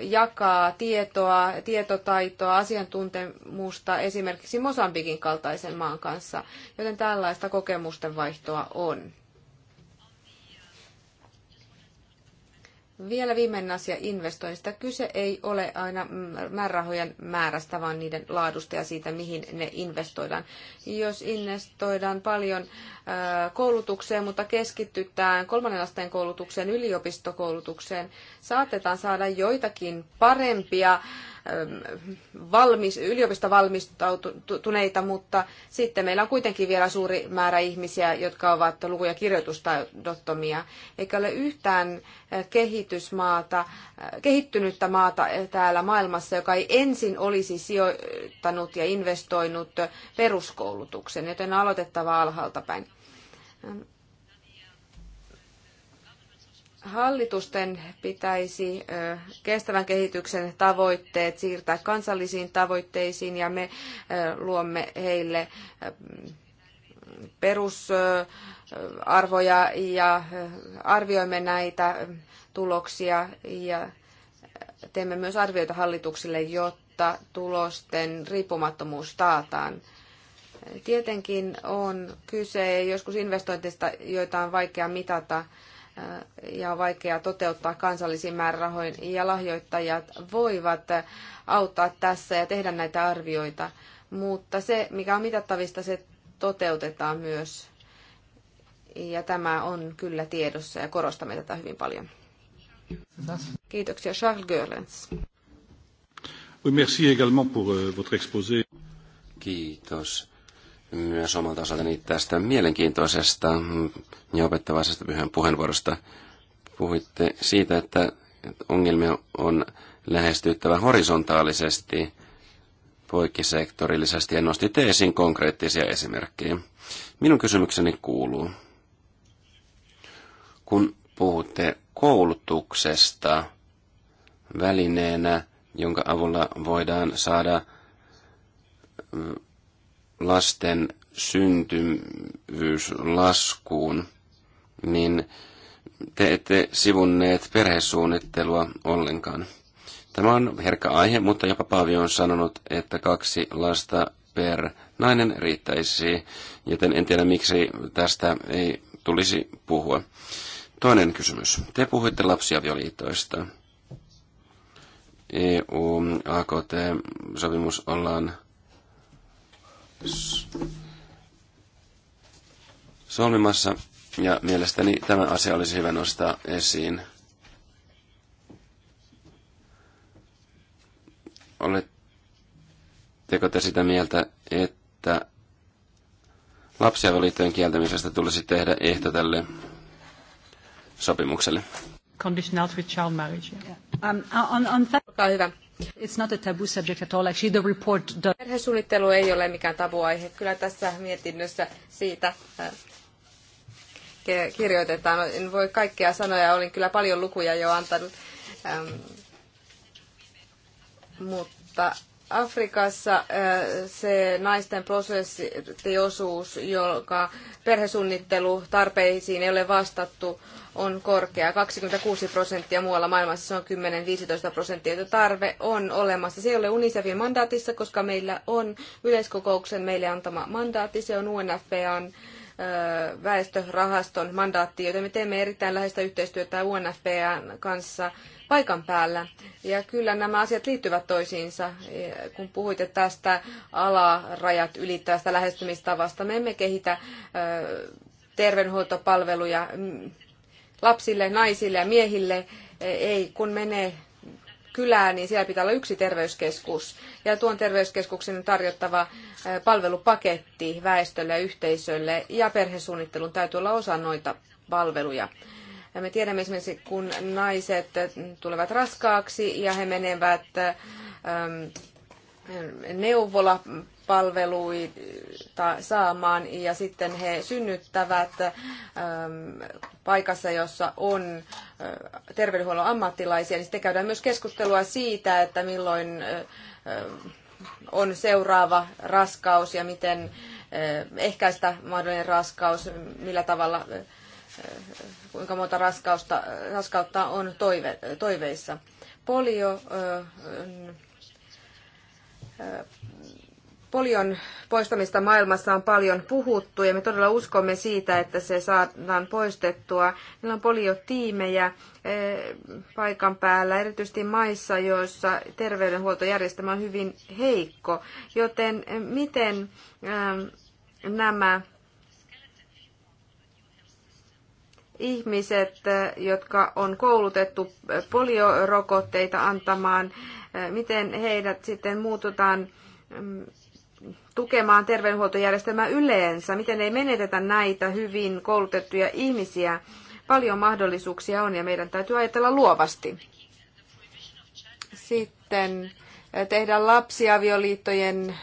jakaa tietoa, tietotaitoa, asiantuntemusta esimerkiksi Mosambikin kaltaisen maan kanssa, joten tällaista kokemusten vaihtoa on. Vielä viimeinen asia investoinnista. Kyse ei ole aina määrärahojen määrästä, vaan niiden laadusta ja siitä, mihin ne investoidaan. Jos investoidaan paljon koulutukseen, mutta keskitytään kolmannen asteen koulutukseen, yliopistokoulutukseen, saatetaan saada joitakin parempia Ähm, valmis, yliopistosta valmistautuneita, mutta sitten meillä on kuitenkin vielä suuri määrä ihmisiä, jotka ovat luku- ja kirjoitustaidottomia. Eikä ole yhtään äh, kehitysmaata, äh, kehittynyttä maata äh, täällä maailmassa, joka ei ensin olisi sijoittanut ja investoinut peruskoulutuksen, joten on aloitettava alhaalta päin. Ähm, hallitusten pitäisi kestävän kehityksen tavoitteet siirtää kansallisiin tavoitteisiin ja me luomme heille perusarvoja ja arvioimme näitä tuloksia ja teemme myös arvioita hallituksille, jotta tulosten riippumattomuus taataan. Tietenkin on kyse joskus investointista, joita on vaikea mitata ja vaikea toteuttaa kansallisiin määrärahoihin ja lahjoittajat voivat auttaa tässä ja tehdä näitä arvioita, mutta se, mikä on mitattavista, se toteutetaan myös. Ja tämä on kyllä tiedossa ja korostamme tätä hyvin paljon. Kiitoksia Charles Görlens. Merci également pour euh, votre exposé. Kiitos myös omalta osaltani tästä mielenkiintoisesta ja opettavaisesta pyhän puheenvuorosta. Puhuitte siitä, että ongelmia on lähestyttävä horisontaalisesti, poikkisektorillisesti ja nostitte esiin konkreettisia esimerkkejä. Minun kysymykseni kuuluu, kun puhutte koulutuksesta välineenä, jonka avulla voidaan saada lasten syntyvyyslaskuun, niin te ette sivunneet perhesuunnittelua ollenkaan. Tämä on herkkä aihe, mutta jopa Paavi on sanonut, että kaksi lasta per nainen riittäisi, joten en tiedä miksi tästä ei tulisi puhua. Toinen kysymys. Te puhuitte lapsiavioliitoista. EU-AKT-sopimus ollaan solmimassa, ja mielestäni tämä asia olisi hyvä nostaa esiin. Oletteko te sitä mieltä, että lapsiavoliittojen kieltämisestä tulisi tehdä ehto tälle sopimukselle? Conditionality with child marriage. Yeah. Um, on, on, on... Olkaa hyvä. It's not a taboo subject at all. Actually, the report... Perhesuunnittelu ei ole mikään tabuaihe. Kyllä tässä mietinnössä siitä äh, kirjoitetaan. En voi kaikkea sanoja, olin kyllä paljon lukuja jo antanut. Ähm, mutta Afrikassa äh, se naisten prosessiosuus, joka perhesuunnittelu tarpeisiin ei ole vastattu, on korkea. 26 prosenttia muualla maailmassa se on 10-15 prosenttia, joten tarve on olemassa. Se ei ole UNICEFin mandaatissa, koska meillä on yleiskokouksen meille antama mandaatti. Se on UNFPAn väestörahaston mandaatti, joten me teemme erittäin läheistä yhteistyötä UNFPAn kanssa paikan päällä. Ja kyllä nämä asiat liittyvät toisiinsa, e, kun puhuitte tästä alarajat ylittävästä lähestymistavasta. Me emme kehitä terveydenhuoltopalveluja mm, lapsille, naisille ja miehille e, ei, kun menee kylään, niin siellä pitää olla yksi terveyskeskus. Ja tuon terveyskeskuksen on tarjottava e, palvelupaketti väestölle ja yhteisölle, ja perhesuunnittelun täytyy olla osa noita palveluja. Ja me tiedämme esimerkiksi, kun naiset tulevat raskaaksi ja he menevät ähm, neuvolapalveluita saamaan ja sitten he synnyttävät ähm, paikassa, jossa on äh, terveydenhuollon ammattilaisia, niin sitten käydään myös keskustelua siitä, että milloin äh, äh, on seuraava raskaus ja miten ehkäistä mahdollinen raskaus, millä tavalla, kuinka monta raskausta, raskautta on toive, toiveissa. Polio polion poistamista maailmassa on paljon puhuttu ja me todella uskomme siitä, että se saadaan poistettua. Meillä on poliotiimejä eh, paikan päällä, erityisesti maissa, joissa terveydenhuoltojärjestelmä on hyvin heikko. Joten eh, miten eh, nämä ihmiset, jotka on koulutettu poliorokotteita antamaan, miten heidät sitten muututaan mm, tukemaan terveydenhuoltojärjestelmää yleensä, miten ei menetetä näitä hyvin koulutettuja ihmisiä. Paljon mahdollisuuksia on ja meidän täytyy ajatella luovasti. Sitten tehdä lapsiavioliittojen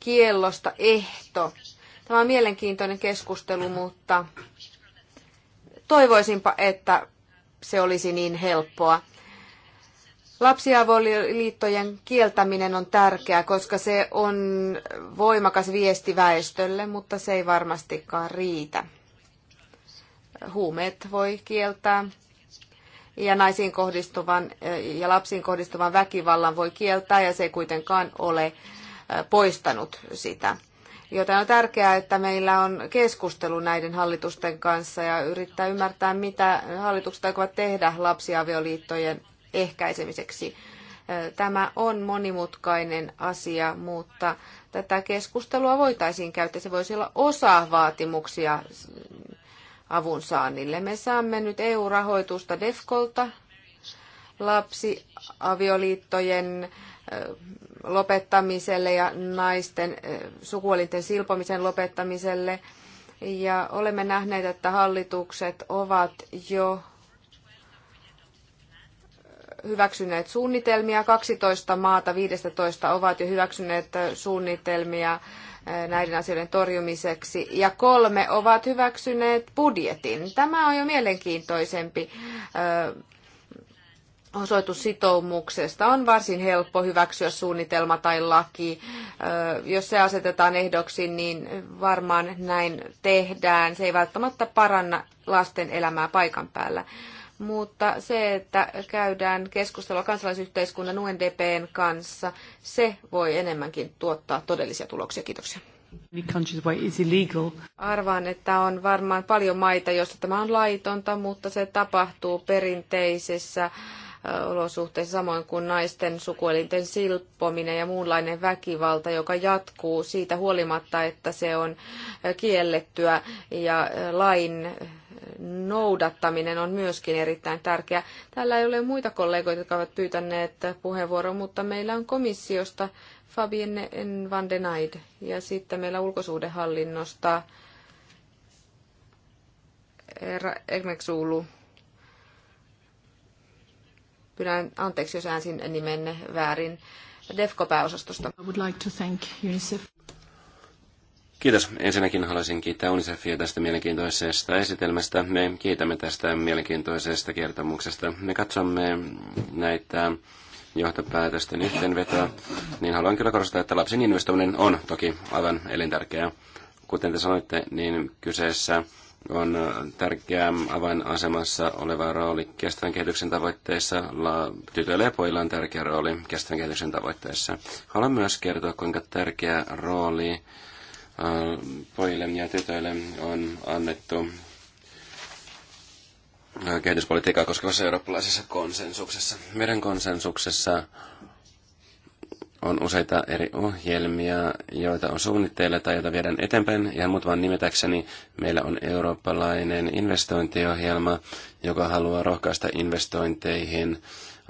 kiellosta ehto. Tämä on mielenkiintoinen keskustelu, mutta toivoisinpa, että se olisi niin helppoa. Lapsiavoliittojen kieltäminen on tärkeää, koska se on voimakas viesti väestölle, mutta se ei varmastikaan riitä. Huumeet voi kieltää ja naisiin kohdistuvan ja lapsiin kohdistuvan väkivallan voi kieltää ja se ei kuitenkaan ole poistanut sitä. Joten on tärkeää, että meillä on keskustelu näiden hallitusten kanssa ja yrittää ymmärtää, mitä hallitukset aikovat tehdä lapsiavioliittojen ehkäisemiseksi. Tämä on monimutkainen asia, mutta tätä keskustelua voitaisiin käyttää. Se voisi olla osa vaatimuksia saannille. Me saamme nyt EU-rahoitusta DEFCOlta, lapsiavioliittojen lopettamiselle ja naisten sukuelinten silpomisen lopettamiselle. Ja olemme nähneet, että hallitukset ovat jo hyväksyneet suunnitelmia, 12 maata 15 ovat jo hyväksyneet suunnitelmia näiden asioiden torjumiseksi, ja kolme ovat hyväksyneet budjetin. Tämä on jo mielenkiintoisempi osoitus sitoumuksesta. On varsin helppo hyväksyä suunnitelma tai laki. Jos se asetetaan ehdoksi, niin varmaan näin tehdään. Se ei välttämättä paranna lasten elämää paikan päällä mutta se, että käydään keskustelua kansalaisyhteiskunnan UNDPn kanssa, se voi enemmänkin tuottaa todellisia tuloksia. Kiitoksia. Arvaan, että on varmaan paljon maita, joista tämä on laitonta, mutta se tapahtuu perinteisessä äh, olosuhteissa, samoin kuin naisten sukuelinten silppominen ja muunlainen väkivalta, joka jatkuu siitä huolimatta, että se on kiellettyä ja lain noudattaminen on myöskin erittäin tärkeää. Täällä ei ole muita kollegoita, jotka ovat pyytäneet puheenvuoron, mutta meillä on komissiosta Fabienne van den ja sitten meillä ulkosuudenhallinnosta Ermeksuulu. Pyydän anteeksi, jos äänsin nimenne väärin. DEFCO-pääosastosta. I would like to thank UNICEF. Kiitos. Ensinnäkin haluaisin kiittää UNICEFia tästä mielenkiintoisesta esitelmästä. Me kiitämme tästä mielenkiintoisesta kertomuksesta. Me katsomme näitä johtopäätösten yhteenvetoa, niin haluan kyllä korostaa, että lapsen investoiminen on toki aivan elintärkeää. Kuten te sanoitte, niin kyseessä on äh, tärkeä avainasemassa oleva rooli kestävän kehityksen tavoitteissa. Tytöillä ja pojilla on tärkeä rooli kestävän kehityksen tavoitteissa. Haluan myös kertoa, kuinka tärkeä rooli äh, pojille ja tytöille on annettu äh, kehityspolitiikkaa koskevassa eurooppalaisessa konsensuksessa. Meidän konsensuksessa on useita eri ohjelmia, joita on suunnitteilla tai joita viedään eteenpäin. Ihan vain nimetäkseni meillä on eurooppalainen investointiohjelma, joka haluaa rohkaista investointeihin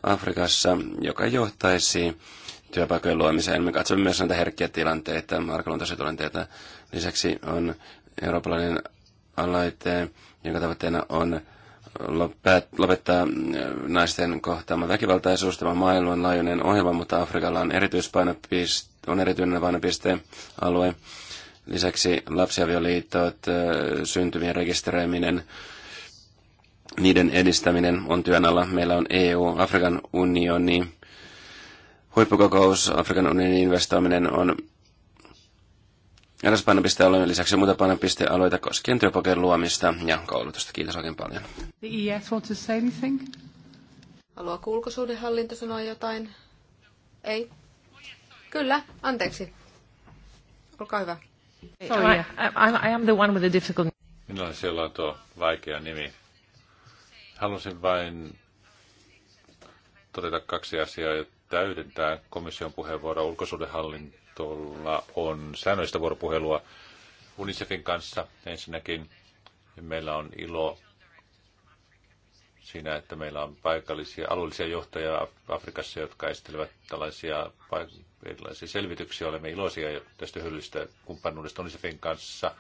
Afrikassa, joka johtaisi työpaikojen luomiseen. Me katsomme myös näitä herkkiä tilanteita, arkaluontoisia Lisäksi on eurooppalainen aloite, jonka tavoitteena on lopettaa äh, naisten kohtaama väkivaltaisuus. Tämä on maailmanlaajuinen ohjelma, mutta Afrikalla on, erityispainopiste, on erityinen alue. Lisäksi lapsiavioliitot, äh, syntymien rekisteröiminen, niiden edistäminen on työn alla. Meillä on EU, Afrikan unioni, huippukokous, Afrikan unionin investoiminen on Eräs on lisäksi muita painopistealueita koskien työpokeen luomista ja koulutusta. Kiitos oikein paljon. The ES want to say anything? sanoa jotain? Ei? Kyllä, anteeksi. Olkaa hyvä. Sorry, I, I, I am the one with the difficult... Minulla siellä tuo vaikea nimi. Halusin vain todeta kaksi asiaa ja täydentää komission puheenvuoroa ulkosuudenhallinto neuvostolla on säännöllistä vuoropuhelua UNICEFin kanssa. Ensinnäkin meillä on ilo siinä, että meillä on paikallisia alueellisia johtajia Afrikassa, jotka estelevät tällaisia erilaisia selvityksiä. Olemme iloisia tästä hyödyllisestä kumppanuudesta UNICEFin kanssa.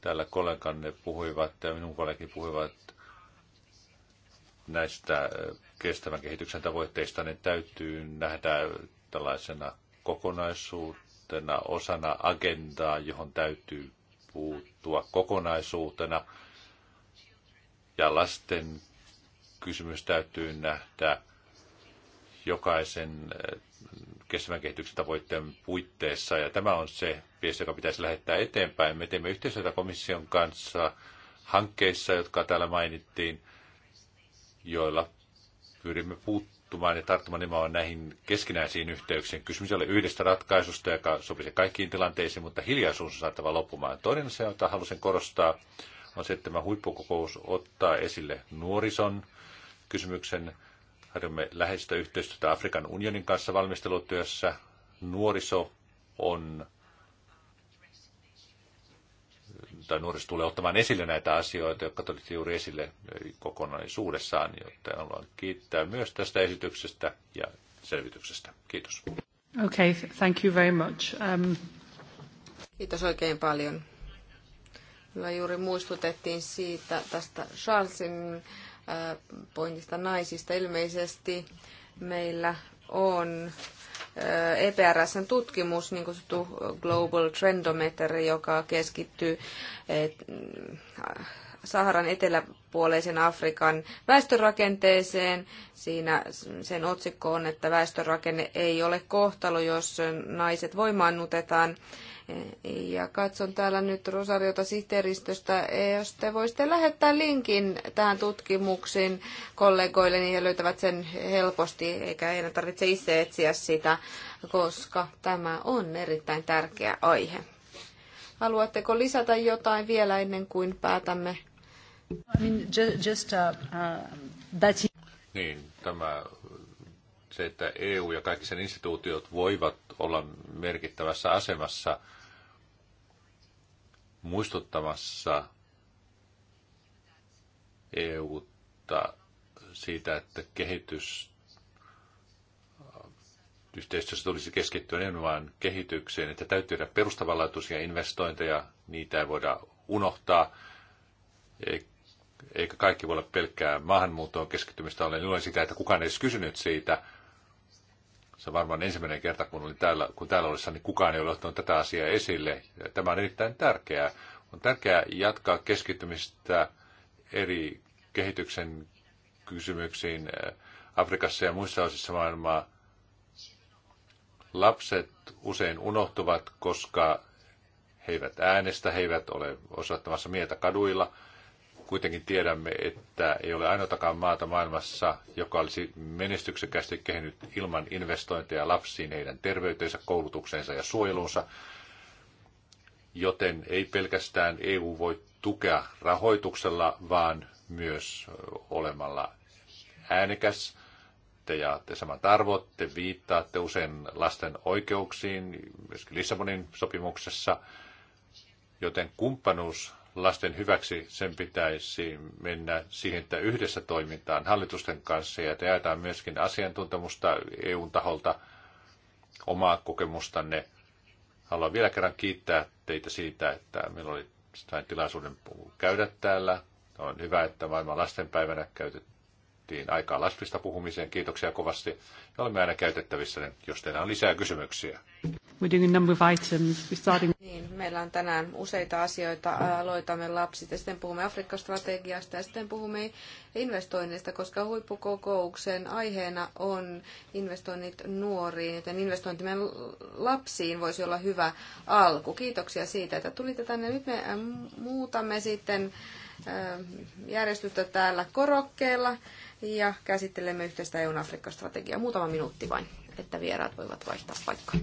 Täällä kolleganne puhuivat ja minun kollegani puhuivat näistä äh, kestävän kehityksen tavoitteista, ne täytyy nähdä tällaisena kokonaisuutena, osana agendaa, johon täytyy puuttua kokonaisuutena. Ja lasten kysymys täytyy nähdä jokaisen eh, kestävän kehityksen tavoitteen puitteissa. Ja tämä on se viesti, joka pitäisi lähettää eteenpäin. Me teemme yhteistyötä komission kanssa hankkeissa, jotka täällä mainittiin, joilla pyrimme puuttumaan tarttumaan ja tarttumaan nimenomaan näihin keskinäisiin yhteyksiin. Kysymys oli yhdestä ratkaisusta, joka sopisi kaikkiin tilanteisiin, mutta hiljaisuus on saatava loppumaan. Toinen asia, jota halusin korostaa, on se, että tämä huippukokous ottaa esille nuorison kysymyksen. Harjoimme läheistä yhteistyötä Afrikan unionin kanssa valmistelutyössä. Nuoriso on jossa nuoriso tulee ottamaan esille näitä asioita, jotka tulitte juuri esille eh, kokonaisuudessaan, joten haluan kiittää myös tästä esityksestä ja selvityksestä. Kiitos. Okay, thank you very much. Um... Kiitos oikein paljon. Kyllä juuri muistutettiin siitä tästä Charlesin eh, pointista naisista. Ilmeisesti meillä on EPRSn tutkimus, niin kutsuttu Global Trendometer, joka keskittyy mm, Saharan eteläpuoleisen Afrikan väestörakenteeseen. Siinä sen otsikko on, että väestörakenne ei ole kohtalo, jos naiset voimaannutetaan. Ja katson täällä nyt Rosariota sihteeristöstä, jos te voisitte lähettää linkin tähän tutkimuksiin kollegoille, niin he löytävät sen helposti, eikä heidän tarvitse itse etsiä sitä, koska tämä on erittäin tärkeä aihe. Haluatteko lisätä jotain vielä ennen kuin päätämme? I mean, just, uh, uh, niin, tämä se, että EU ja kaikki sen instituutiot voivat olla merkittävässä asemassa – muistuttamassa EUta siitä, että kehitys äh, yhteistyössä tulisi keskittyä enemmän kehitykseen, että täytyy tehdä perustavanlaatuisia investointeja, niitä ei voida unohtaa, e- eikä kaikki voi olla pelkkää maahanmuuttoon keskittymistä. Olen iloinen sitä, että kukaan ei edes kysynyt siitä, se varmaan ensimmäinen kerta, kun, olin täällä, kun täällä ollessa, niin kukaan ei ole ottanut tätä asiaa esille. Ja tämä on erittäin tärkeää. On tärkeää jatkaa keskittymistä eri kehityksen kysymyksiin eh, Afrikassa ja muissa osissa maailmaa. Lapset usein unohtuvat, koska he eivät äänestä, he eivät ole osoittamassa mieltä kaduilla – Kuitenkin tiedämme, että ei ole ainoatakaan maata maailmassa, joka olisi menestyksekkäästi kehinyt ilman investointeja lapsiin, heidän terveyteensä, koulutukseensa ja suojelunsa. Joten ei pelkästään EU voi tukea rahoituksella, vaan myös olemalla äänekäs. Te jaatte samat arvot, te viittaatte usein lasten oikeuksiin, myöskin Lissabonin sopimuksessa, joten kumppanuus lasten hyväksi, sen pitäisi mennä siihen, että yhdessä toimintaan hallitusten kanssa ja jaetaan myöskin asiantuntemusta EUn taholta, omaa kokemustanne. Haluan vielä kerran kiittää teitä siitä, että meillä oli tilaisuuden käydä täällä. On hyvä, että maailman lastenpäivänä käytetään käytettiin aikaa lastista puhumiseen. Kiitoksia kovasti ja olemme aina käytettävissä, niin jos teillä on lisää kysymyksiä. Niin, meillä on tänään useita asioita. Aloitamme lapsit ja sitten puhumme Afrikka-strategiasta ja sitten puhumme investoinneista, koska huippukokouksen aiheena on investoinnit nuoriin, joten investointi meidän lapsiin voisi olla hyvä alku. Kiitoksia siitä, että tulitte tänne. Nyt me muutamme sitten järjestystä täällä korokkeella ja käsittelemme yhteistä EUn Afrikka-strategiaa. Muutama minuutti vain, että vieraat voivat vaihtaa paikkaa.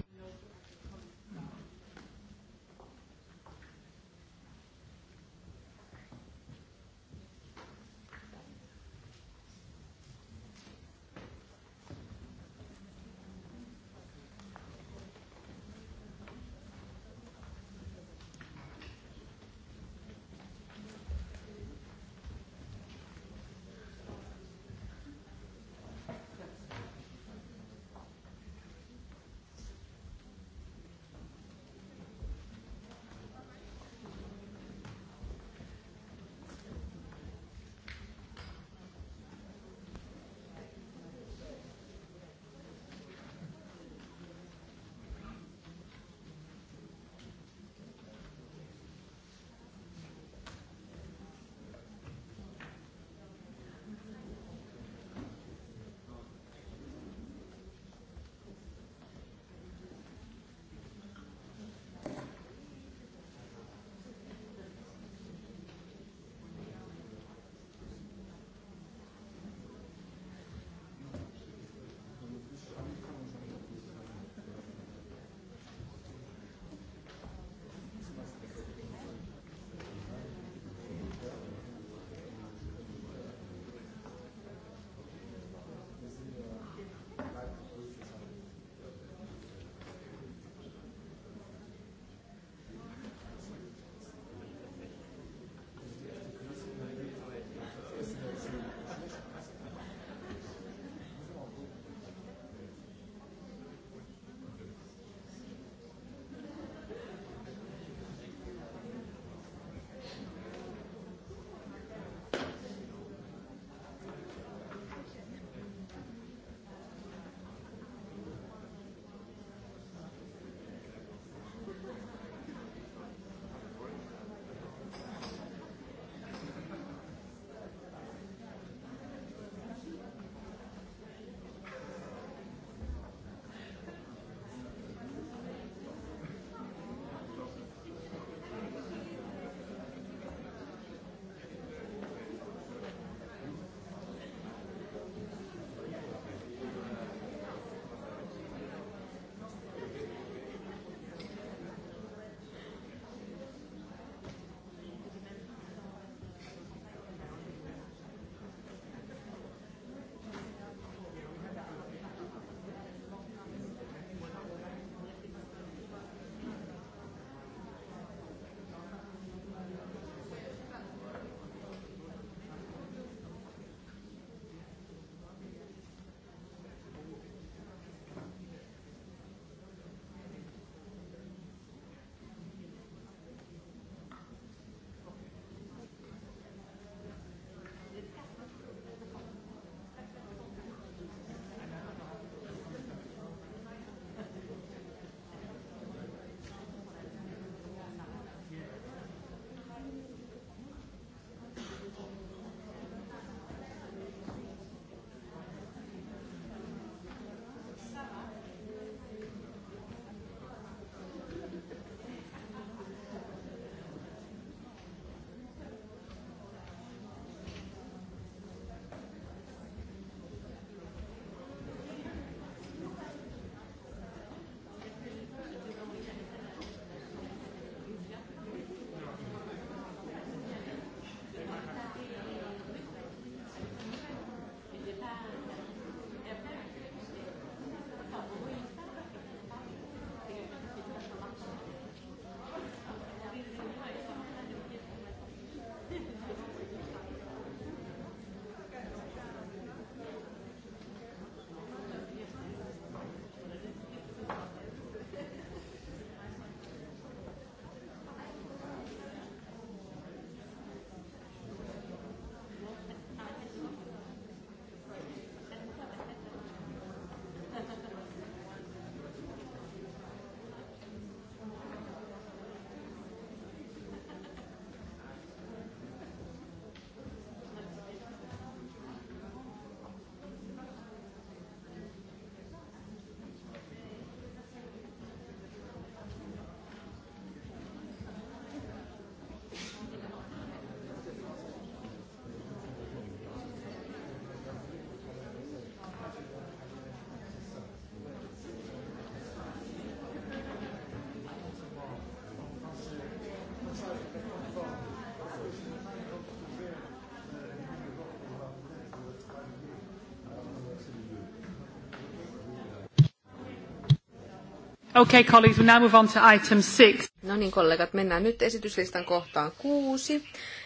Okay, colleagues, we now move on to item six. No niin, kollegat, mennään nyt esityslistan kohtaan kuusi,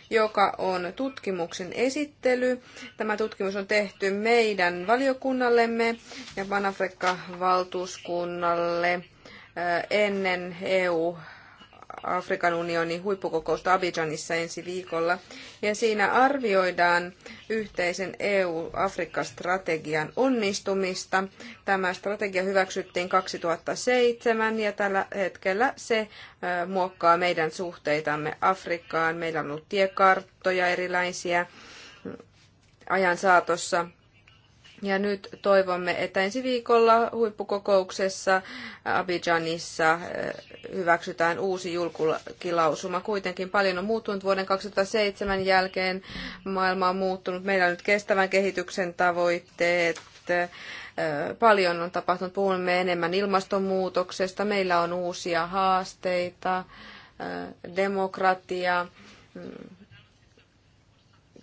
joka on tutkimuksen esittely. Tämä tutkimus on tehty meidän valiokunnallemme ja Panafrikka-valtuuskunnalle ennen EU Afrikan unionin huippukokousta Abidjanissa ensi viikolla. Ja siinä arvioidaan yhteisen EU-Afrikka-strategian onnistumista. Tämä strategia hyväksyttiin 2007 ja tällä hetkellä se muokkaa meidän suhteitamme Afrikkaan. Meillä on ollut tiekarttoja erilaisia ajan saatossa ja nyt toivomme, että ensi viikolla huippukokouksessa Abidjanissa eh, hyväksytään uusi julkilausuma. Kuitenkin paljon on muuttunut vuoden 2007 jälkeen. Maailma on muuttunut. Meillä on nyt kestävän kehityksen tavoitteet. Eh, paljon on tapahtunut. Puhumme enemmän ilmastonmuutoksesta. Meillä on uusia haasteita. Eh, demokratia mm,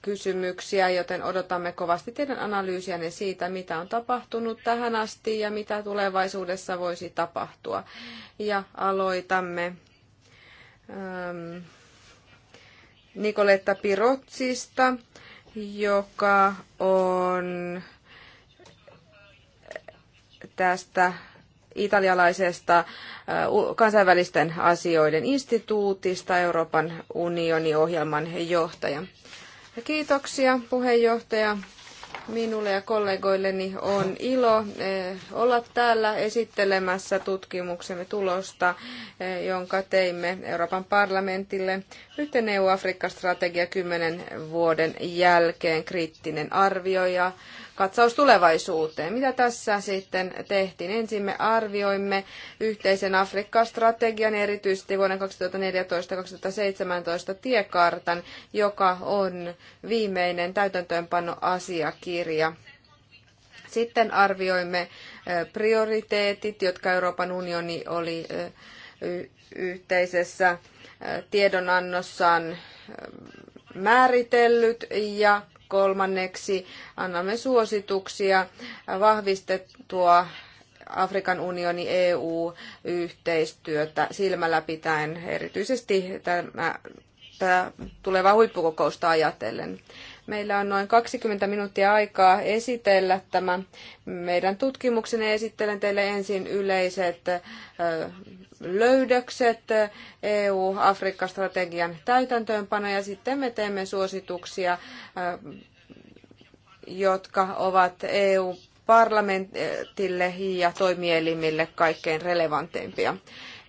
kysymyksiä, joten odotamme kovasti teidän analyysiänne siitä, mitä on tapahtunut tähän asti ja mitä tulevaisuudessa voisi tapahtua. Ja aloitamme ähm, Nikoletta Pirotsista, joka on tästä italialaisesta äh, kansainvälisten asioiden instituutista Euroopan unionin ohjelman johtaja. Kiitoksia puheenjohtaja. Minulle ja kollegoilleni on ilo eh, olla täällä esittelemässä tutkimuksemme tulosta, eh, jonka teimme Euroopan parlamentille. Yhteen EU-Afrikka-strategia kymmenen vuoden jälkeen kriittinen arvio ja katsaus tulevaisuuteen. Mitä tässä sitten tehtiin? Ensin me arvioimme yhteisen Afrikka-strategian, erityisesti vuoden 2014-2017 tiekartan, joka on viimeinen täytäntöönpanoasiakirja. Sitten arvioimme prioriteetit, jotka Euroopan unioni oli yhteisessä tiedonannossaan määritellyt ja Kolmanneksi annamme suosituksia vahvistettua Afrikan unioni EU-yhteistyötä silmällä pitäen erityisesti tämä, tämä tulevaa huippukokousta ajatellen. Meillä on noin 20 minuuttia aikaa esitellä tämä meidän tutkimuksen Esittelen teille ensin yleiset löydökset EU-Afrikka-strategian täytäntöönpano ja sitten me teemme suosituksia, jotka ovat EU-parlamentille ja toimielimille kaikkein relevanteimpia.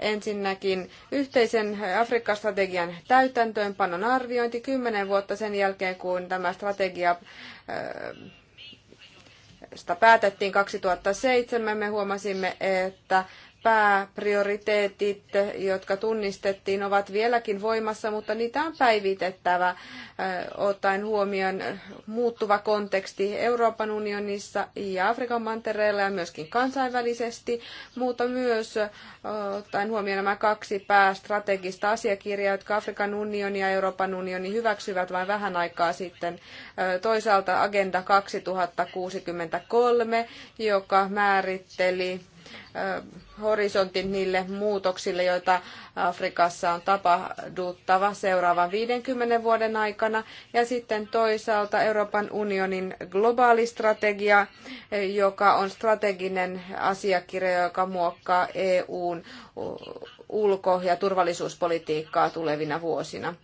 Ensinnäkin yhteisen Afrikka-strategian täytäntöönpanon arviointi kymmenen vuotta sen jälkeen, kun tämä strategia sitä päätettiin 2007, me huomasimme, että pääprioriteetit, jotka tunnistettiin, ovat vieläkin voimassa, mutta niitä on päivitettävä ottaen huomioon muuttuva konteksti Euroopan unionissa ja Afrikan mantereella ja myöskin kansainvälisesti, mutta myös ottaen huomioon nämä kaksi päästrategista asiakirjaa, jotka Afrikan unioni ja Euroopan unioni hyväksyvät vain vähän aikaa sitten. Toisaalta Agenda 2063, joka määritteli horisontin niille muutoksille, joita Afrikassa on tapahduttava seuraavan 50 vuoden aikana. Ja sitten toisaalta Euroopan unionin globaali strategia, joka on strateginen asiakirja, joka muokkaa EUn ulko- ja turvallisuuspolitiikkaa tulevina vuosina.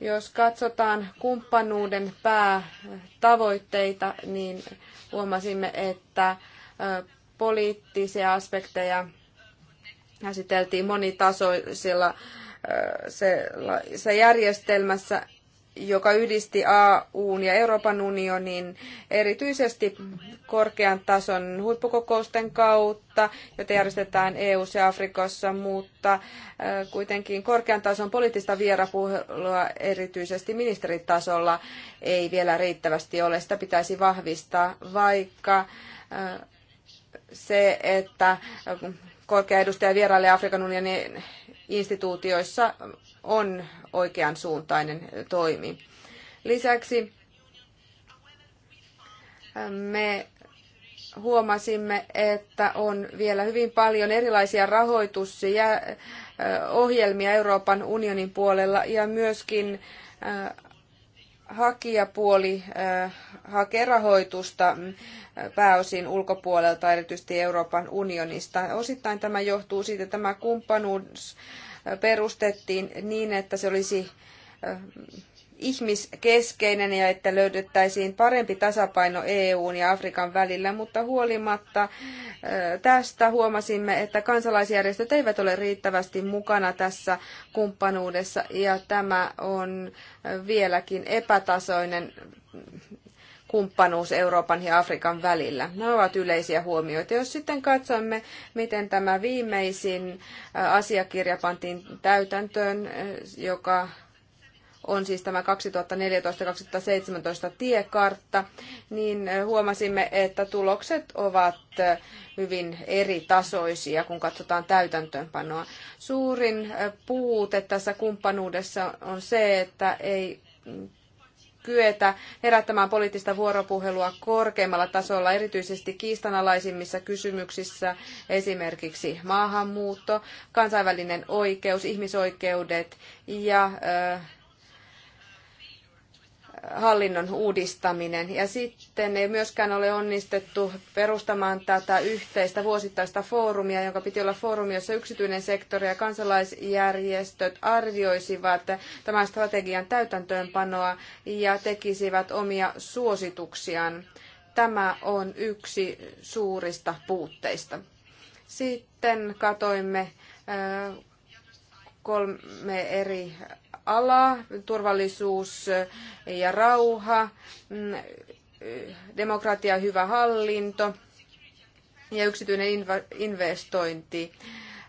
Jos katsotaan kumppanuuden päätavoitteita, niin huomasimme, että poliittisia aspekteja käsiteltiin monitasoisilla se, se järjestelmässä, joka yhdisti AUn ja Euroopan unionin erityisesti korkean tason huippukokousten kautta, jota järjestetään EU ja Afrikassa, mutta kuitenkin korkean tason poliittista vierapuhelua erityisesti ministeritasolla ei vielä riittävästi ole. Sitä pitäisi vahvistaa, vaikka se, että korkea edustaja vieraille Afrikan unionin instituutioissa on oikean suuntainen toimi. Lisäksi ähm, me huomasimme, että on vielä hyvin paljon erilaisia rahoitusohjelmia äh, Euroopan unionin puolella ja myöskin äh, hakijapuoli äh, hakee rahoitusta äh, pääosin ulkopuolelta, erityisesti Euroopan unionista. Osittain tämä johtuu siitä, että tämä kumppanuus äh, perustettiin niin, että se olisi ihmiskeskeinen ja että löydettäisiin parempi tasapaino EUn ja Afrikan välillä, mutta huolimatta tästä huomasimme, että kansalaisjärjestöt eivät ole riittävästi mukana tässä kumppanuudessa ja tämä on vieläkin epätasoinen kumppanuus Euroopan ja Afrikan välillä. Nämä ovat yleisiä huomioita. Jos sitten katsomme, miten tämä viimeisin asiakirja pantiin täytäntöön, joka on siis tämä 2014-2017 tiekartta, niin huomasimme, että tulokset ovat hyvin eri tasoisia, kun katsotaan täytäntöönpanoa. Suurin puute tässä kumppanuudessa on se, että ei kyetä herättämään poliittista vuoropuhelua korkeimmalla tasolla, erityisesti kiistanalaisimmissa kysymyksissä, esimerkiksi maahanmuutto, kansainvälinen oikeus, ihmisoikeudet ja äh, hallinnon uudistaminen. Ja sitten ei myöskään ole onnistettu perustamaan tätä yhteistä vuosittaista foorumia, jonka piti olla foorumi, jossa yksityinen sektori ja kansalaisjärjestöt arvioisivat tämän strategian täytäntöönpanoa ja tekisivät omia suosituksiaan. Tämä on yksi suurista puutteista. Sitten katoimme kolme eri ala, turvallisuus ja rauha, mm, demokratia ja hyvä hallinto ja yksityinen investointi.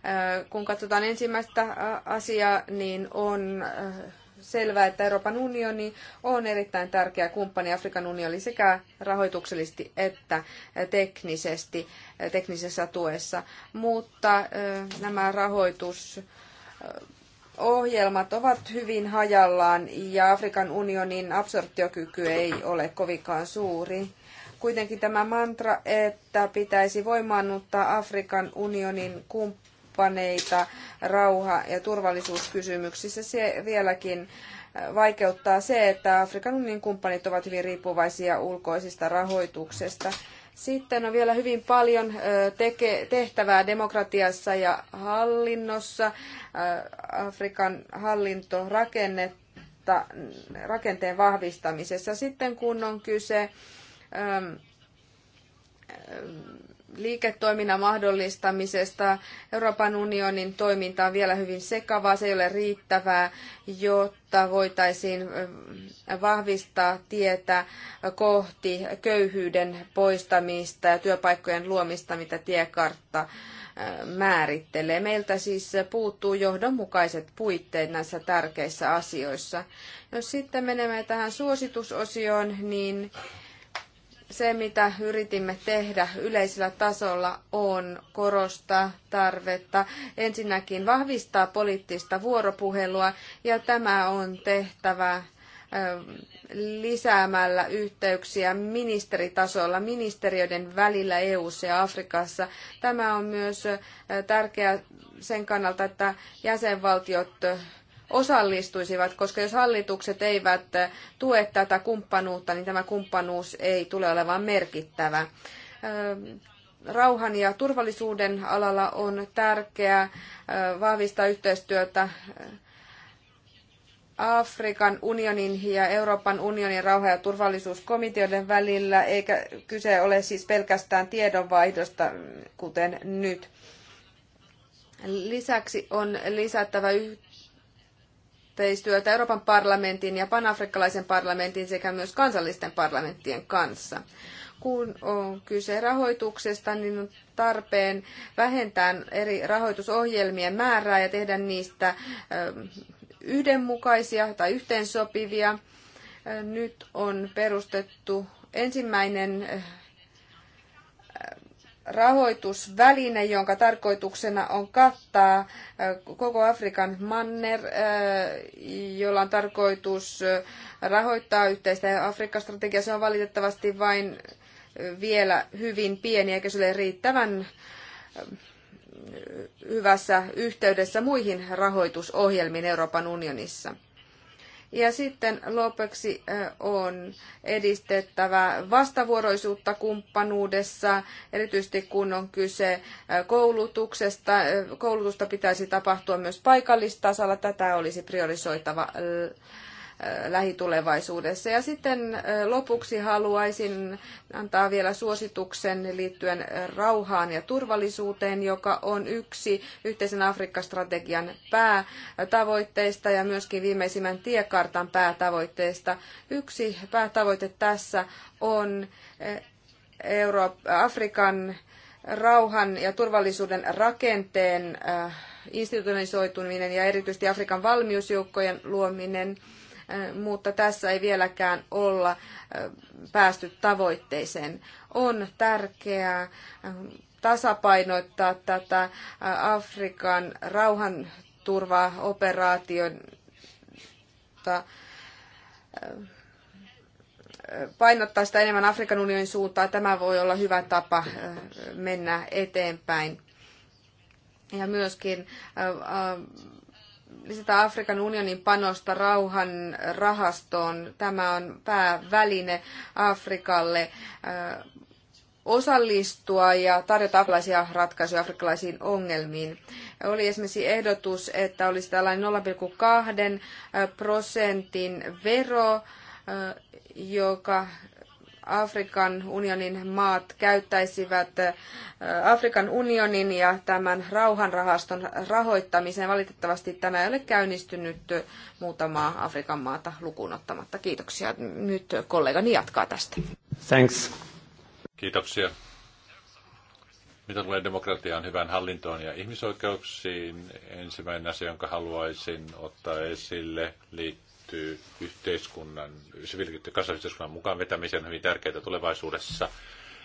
Äh, kun katsotaan ensimmäistä asiaa, niin on äh, selvää, että Euroopan unioni on erittäin tärkeä kumppani Afrikan unioni sekä rahoituksellisesti että teknisesti, teknisessä tuessa, mutta nämä rahoitus ohjelmat ovat hyvin hajallaan ja Afrikan unionin absorptiokyky ei ole kovinkaan suuri. Kuitenkin tämä mantra, että pitäisi voimaannuttaa Afrikan unionin kumppaneita rauha- ja turvallisuuskysymyksissä, se vieläkin äh, vaikeuttaa se, että Afrikan unionin kumppanit ovat hyvin riippuvaisia ulkoisesta rahoituksesta. Sitten on vielä hyvin paljon teke, tehtävää demokratiassa ja hallinnossa. Afrikan hallinto rakennetta rakenteen vahvistamisessa. Sitten kun on kyse liiketoiminnan mahdollistamisesta. Euroopan unionin toiminta on vielä hyvin sekavaa, se ei ole riittävää, jotta voitaisiin vahvistaa tietä kohti köyhyyden poistamista ja työpaikkojen luomista, mitä tiekartta määrittelee. Meiltä siis puuttuu johdonmukaiset puitteet näissä tärkeissä asioissa. Jos sitten menemme tähän suositusosioon, niin se, mitä yritimme tehdä yleisellä tasolla, on korostaa tarvetta ensinnäkin vahvistaa poliittista vuoropuhelua, ja tämä on tehtävä lisäämällä yhteyksiä ministeritasolla, ministeriöiden välillä EU:ssa ja Afrikassa. Tämä on myös tärkeää sen kannalta, että jäsenvaltiot osallistuisivat, koska jos hallitukset eivät tue tätä kumppanuutta, niin tämä kumppanuus ei tule olemaan merkittävä. Rauhan ja turvallisuuden alalla on tärkeää vahvistaa yhteistyötä Afrikan unionin ja Euroopan unionin rauha- ja turvallisuuskomiteoiden välillä, eikä kyse ole siis pelkästään tiedonvaihdosta, kuten nyt. Lisäksi on lisättävä yhteistyötä yhteistyötä Euroopan parlamentin ja panafrikkalaisen parlamentin sekä myös kansallisten parlamenttien kanssa. Kun on kyse rahoituksesta, niin on tarpeen vähentää eri rahoitusohjelmien määrää ja tehdä niistä yhdenmukaisia tai yhteensopivia. Nyt on perustettu ensimmäinen rahoitusväline, jonka tarkoituksena on kattaa koko Afrikan manner, jolla on tarkoitus rahoittaa yhteistä Afrikka-strategiaa. Se on valitettavasti vain vielä hyvin pieni, eikä se ole riittävän hyvässä yhteydessä muihin rahoitusohjelmiin Euroopan unionissa. Ja sitten lopuksi on edistettävä vastavuoroisuutta kumppanuudessa, erityisesti kun on kyse koulutuksesta. Koulutusta pitäisi tapahtua myös paikallistasolla. Tätä olisi priorisoitava Äh, lähitulevaisuudessa. Ja sitten äh, lopuksi haluaisin antaa vielä suosituksen liittyen rauhaan ja turvallisuuteen, joka on yksi yhteisen Afrikka-strategian päätavoitteista ja myöskin viimeisimmän tiekartan päätavoitteista. Yksi päätavoite tässä on äh, Euro- Afrikan rauhan ja turvallisuuden rakenteen institutionalisoituminen ja erityisesti Afrikan valmiusjoukkojen luominen – mutta tässä ei vieläkään olla päästy tavoitteeseen. On tärkeää tasapainottaa tätä Afrikan rauhanturvaoperaation painottaa sitä enemmän Afrikan unionin suuntaan. Tämä voi olla hyvä tapa mennä eteenpäin. Ja myöskin lisätä Afrikan unionin panosta rauhan rahastoon. Tämä on pääväline Afrikalle äh, osallistua ja tarjota afrikkalaisia ratkaisuja afrikkalaisiin ongelmiin. Oli esimerkiksi ehdotus, että olisi tällainen 0,2 äh, prosentin vero, äh, joka Afrikan unionin maat käyttäisivät Afrikan unionin ja tämän rauhanrahaston rahoittamiseen. Valitettavasti tämä ei ole käynnistynyt muutamaa Afrikan maata lukuun ottamatta. Kiitoksia. Nyt kollegani jatkaa tästä. Thanks. Kiitoksia. Mitä tulee demokratiaan, hyvään hallintoon ja ihmisoikeuksiin, ensimmäinen asia, jonka haluaisin ottaa esille, liittyy liittyy yhteiskunnan, se liittyy kansalaisyhteiskunnan mukaan vetämiseen on hyvin tärkeää tulevaisuudessa.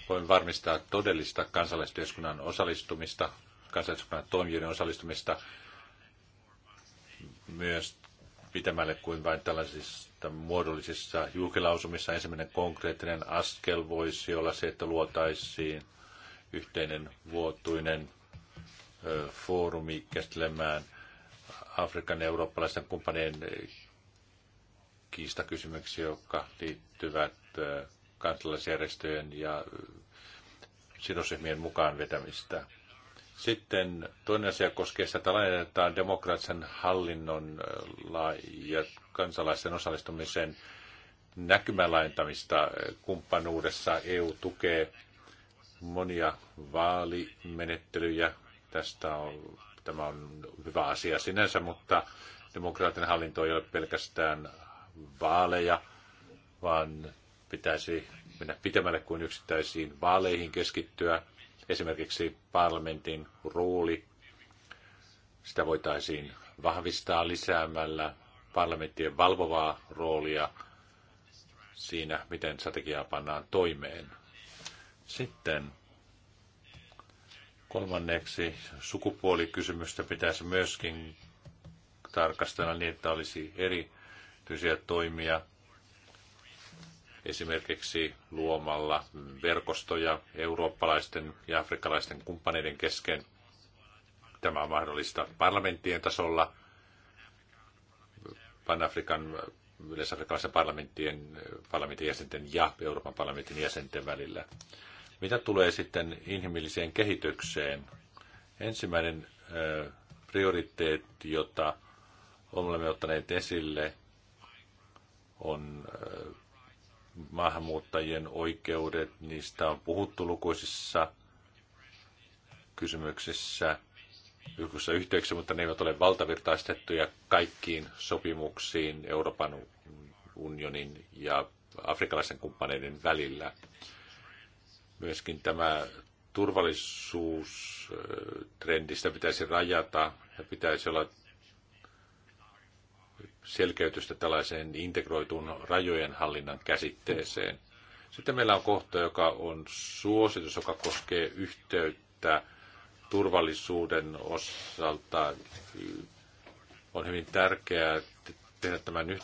Voimme varmistaa todellista kansalaisyhteiskunnan osallistumista, kansalaisyhteiskunnan toimijoiden osallistumista myös pitemmälle kuin vain tällaisissa muodollisissa julkilausumissa. Ensimmäinen konkreettinen askel voisi olla se, että luotaisiin yhteinen vuotuinen foorumi käsittelemään Afrikan ja eurooppalaisten kumppanien kiistakysymyksiä, jotka liittyvät kansalaisjärjestöjen ja sidosryhmien mukaan vetämistä. Sitten toinen asia koskee sitä, että laajennetaan demokraattisen hallinnon ja kansalaisten osallistumisen näkymälaintamista kumppanuudessa. EU tukee monia vaalimenettelyjä. Tästä on, tämä on hyvä asia sinänsä, mutta demokraattinen hallinto ei ole pelkästään vaaleja, vaan pitäisi mennä pitemmälle kuin yksittäisiin vaaleihin keskittyä. Esimerkiksi parlamentin rooli, sitä voitaisiin vahvistaa lisäämällä parlamenttien valvovaa roolia siinä, miten strategiaa pannaan toimeen. Sitten kolmanneksi sukupuolikysymystä pitäisi myöskin tarkastella niin, että olisi eri fyysisiä toimia, esimerkiksi luomalla verkostoja eurooppalaisten ja afrikkalaisten kumppaneiden kesken. Tämä on mahdollista parlamenttien tasolla, Pan-Afrikan yleisafrikkalaisen parlamenttien, parlamentin jäsenten ja Euroopan parlamentin jäsenten välillä. Mitä tulee sitten inhimilliseen kehitykseen? Ensimmäinen prioriteetti, jota olemme ottaneet esille on äh, maahanmuuttajien oikeudet, niistä on puhuttu lukuisissa kysymyksissä, yhdessä yhteyksissä, mutta ne eivät ole valtavirtaistettuja kaikkiin sopimuksiin Euroopan unionin ja afrikkalaisten kumppaneiden välillä. Myöskin tämä turvallisuustrendistä äh, pitäisi rajata ja pitäisi olla selkeytystä tällaiseen integroituun rajojen hallinnan käsitteeseen. Sitten meillä on kohta, joka on suositus, joka koskee yhteyttä turvallisuuden osalta. On hyvin tärkeää tehdä tämän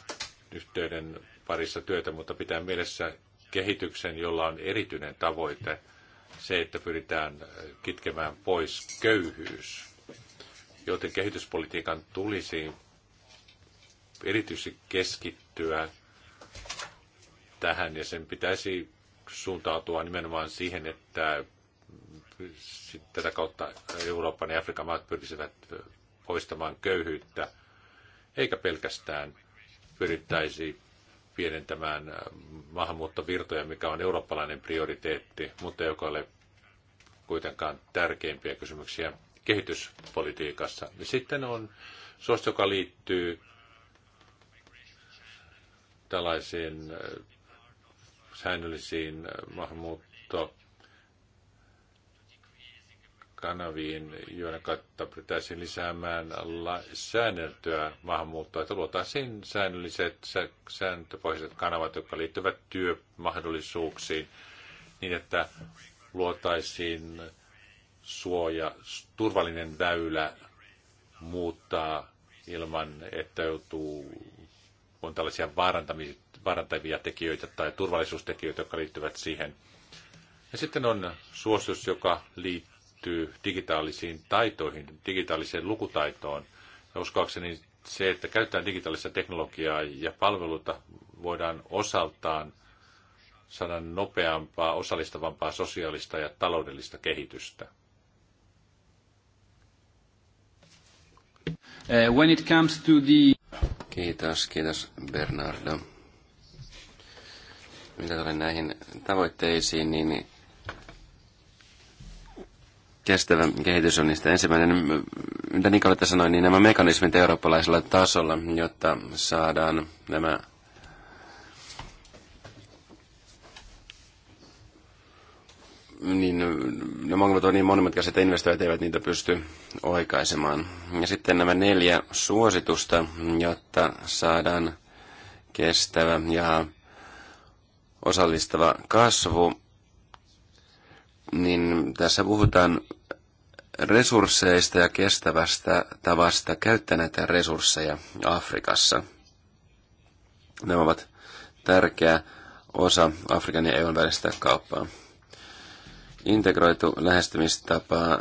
yhteyden parissa työtä, mutta pitää mielessä kehityksen, jolla on erityinen tavoite, se, että pyritään kitkemään pois köyhyys. Joten kehityspolitiikan tulisi erityisesti keskittyä tähän ja sen pitäisi suuntautua nimenomaan siihen, että tätä kautta Euroopan ja Afrikan maat pyrkisivät poistamaan köyhyyttä, eikä pelkästään pyrittäisi pienentämään maahanmuuttovirtoja, mikä on eurooppalainen prioriteetti, mutta joka ole kuitenkaan tärkeimpiä kysymyksiä kehityspolitiikassa. Sitten on suosta, joka liittyy tällaisiin äh, säännöllisiin äh, maahanmuutto kanaviin, joiden kautta pitäisi lisäämään la- säänneltyä maahanmuuttoa, että luotaisiin säännölliset, sääntöpohjaiset kanavat, jotka liittyvät työmahdollisuuksiin, niin että luotaisiin suoja, turvallinen väylä muuttaa ilman, että joutuu on tällaisia vaarantavia tekijöitä tai turvallisuustekijöitä, jotka liittyvät siihen. Ja sitten on suositus, joka liittyy digitaalisiin taitoihin, digitaaliseen lukutaitoon. Ja uskoakseni se, että käytetään digitaalista teknologiaa ja palveluita, voidaan osaltaan saada nopeampaa, osallistavampaa sosiaalista ja taloudellista kehitystä. Uh, when it comes to the... Kiitos, kiitos Bernardo. Mitä tulee näihin tavoitteisiin, niin kestävä kehitys on niistä ensimmäinen. Mitä Nikoletta sanoi, niin nämä mekanismit eurooppalaisella tasolla, jotta saadaan nämä niin ne ongelmat ovat niin monimutkaiset, että investoijat eivät niitä pysty oikaisemaan. Ja sitten nämä neljä suositusta, jotta saadaan kestävä ja osallistava kasvu, niin tässä puhutaan resursseista ja kestävästä tavasta käyttää näitä resursseja Afrikassa. Nämä ovat tärkeä osa Afrikan ja EUn välistä kauppaa integroitu lähestymistapa äh,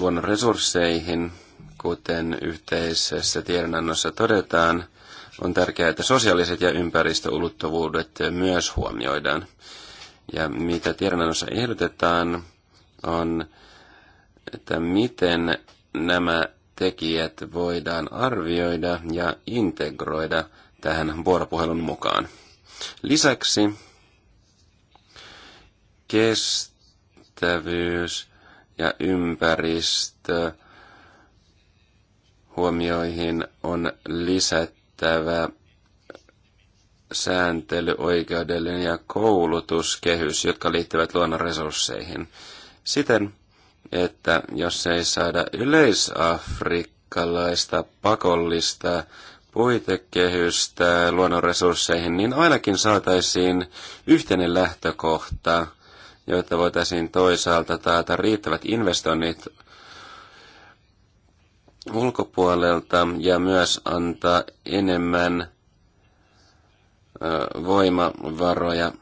luonnon resursseihin, kuten yhteisessä tiedonannossa todetaan, on tärkeää, että sosiaaliset ja ympäristöulottuvuudet myös huomioidaan. Ja mitä tiedonannossa ehdotetaan, on, että miten nämä tekijät voidaan arvioida ja integroida tähän vuoropuhelun mukaan. Lisäksi kest kestävyys ja ympäristö huomioihin on lisättävä sääntely, oikeudellinen ja koulutuskehys, jotka liittyvät luonnon resursseihin. Siten, että jos ei saada yleisafrikkalaista pakollista puitekehystä luonnonresursseihin, niin ainakin saataisiin yhteinen lähtökohta – jotta voitaisiin toisaalta taata riittävät investoinnit ulkopuolelta ja myös antaa enemmän voimavaroja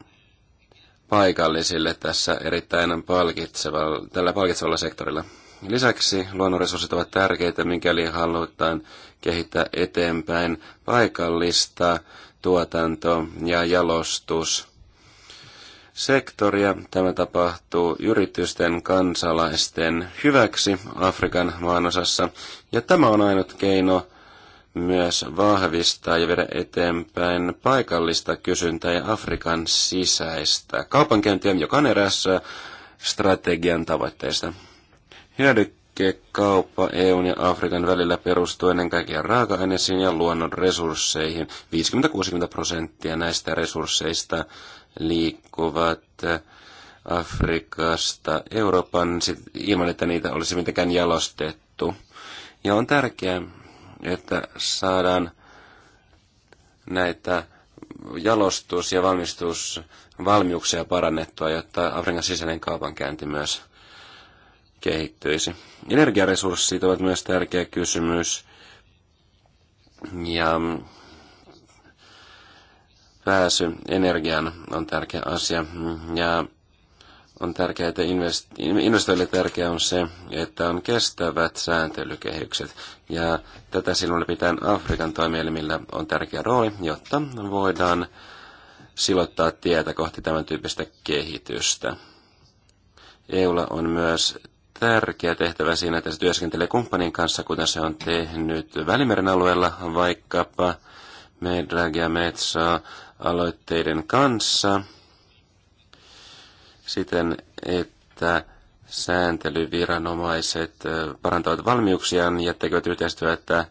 paikallisille tässä erittäin palkitsevalla, tällä palkitsevalla sektorilla. Lisäksi luonnonresurssit ovat tärkeitä, mikäli halutaan kehittää eteenpäin paikallista tuotanto- ja jalostus sektoria. Tämä tapahtuu yritysten kansalaisten hyväksi Afrikan maanosassa. Ja tämä on ainut keino myös vahvistaa ja viedä eteenpäin paikallista kysyntää ja Afrikan sisäistä kaupankäyntiä, joka on eräs strategian tavoitteista. Hyödykekauppa EUn ja Afrikan välillä perustuu ennen kaikkea raaka-aineisiin ja luonnon resursseihin. 50-60 prosenttia näistä resursseista liikkuvat Afrikasta Euroopan ilman, että niitä olisi mitenkään jalostettu. Ja on tärkeää, että saadaan näitä jalostus- ja valmistusvalmiuksia parannettua, jotta Afrikan sisäinen kaupankäynti myös kehittyisi. Energiaresurssit ovat myös tärkeä kysymys. Ja pääsy energian on tärkeä asia. Ja on tärkeää, että investoille tärkeää on se, että on kestävät sääntelykehykset. Ja tätä silloin pitää Afrikan toimielimillä on tärkeä rooli, jotta voidaan silottaa tietä kohti tämän tyyppistä kehitystä. EUlla on myös tärkeä tehtävä siinä, että se työskentelee kumppanin kanssa, kuten se on tehnyt Välimeren alueella, vaikkapa Medragia Metsaa, aloitteiden kanssa siten, että sääntelyviranomaiset parantavat valmiuksiaan ja tekevät yhteistyötä,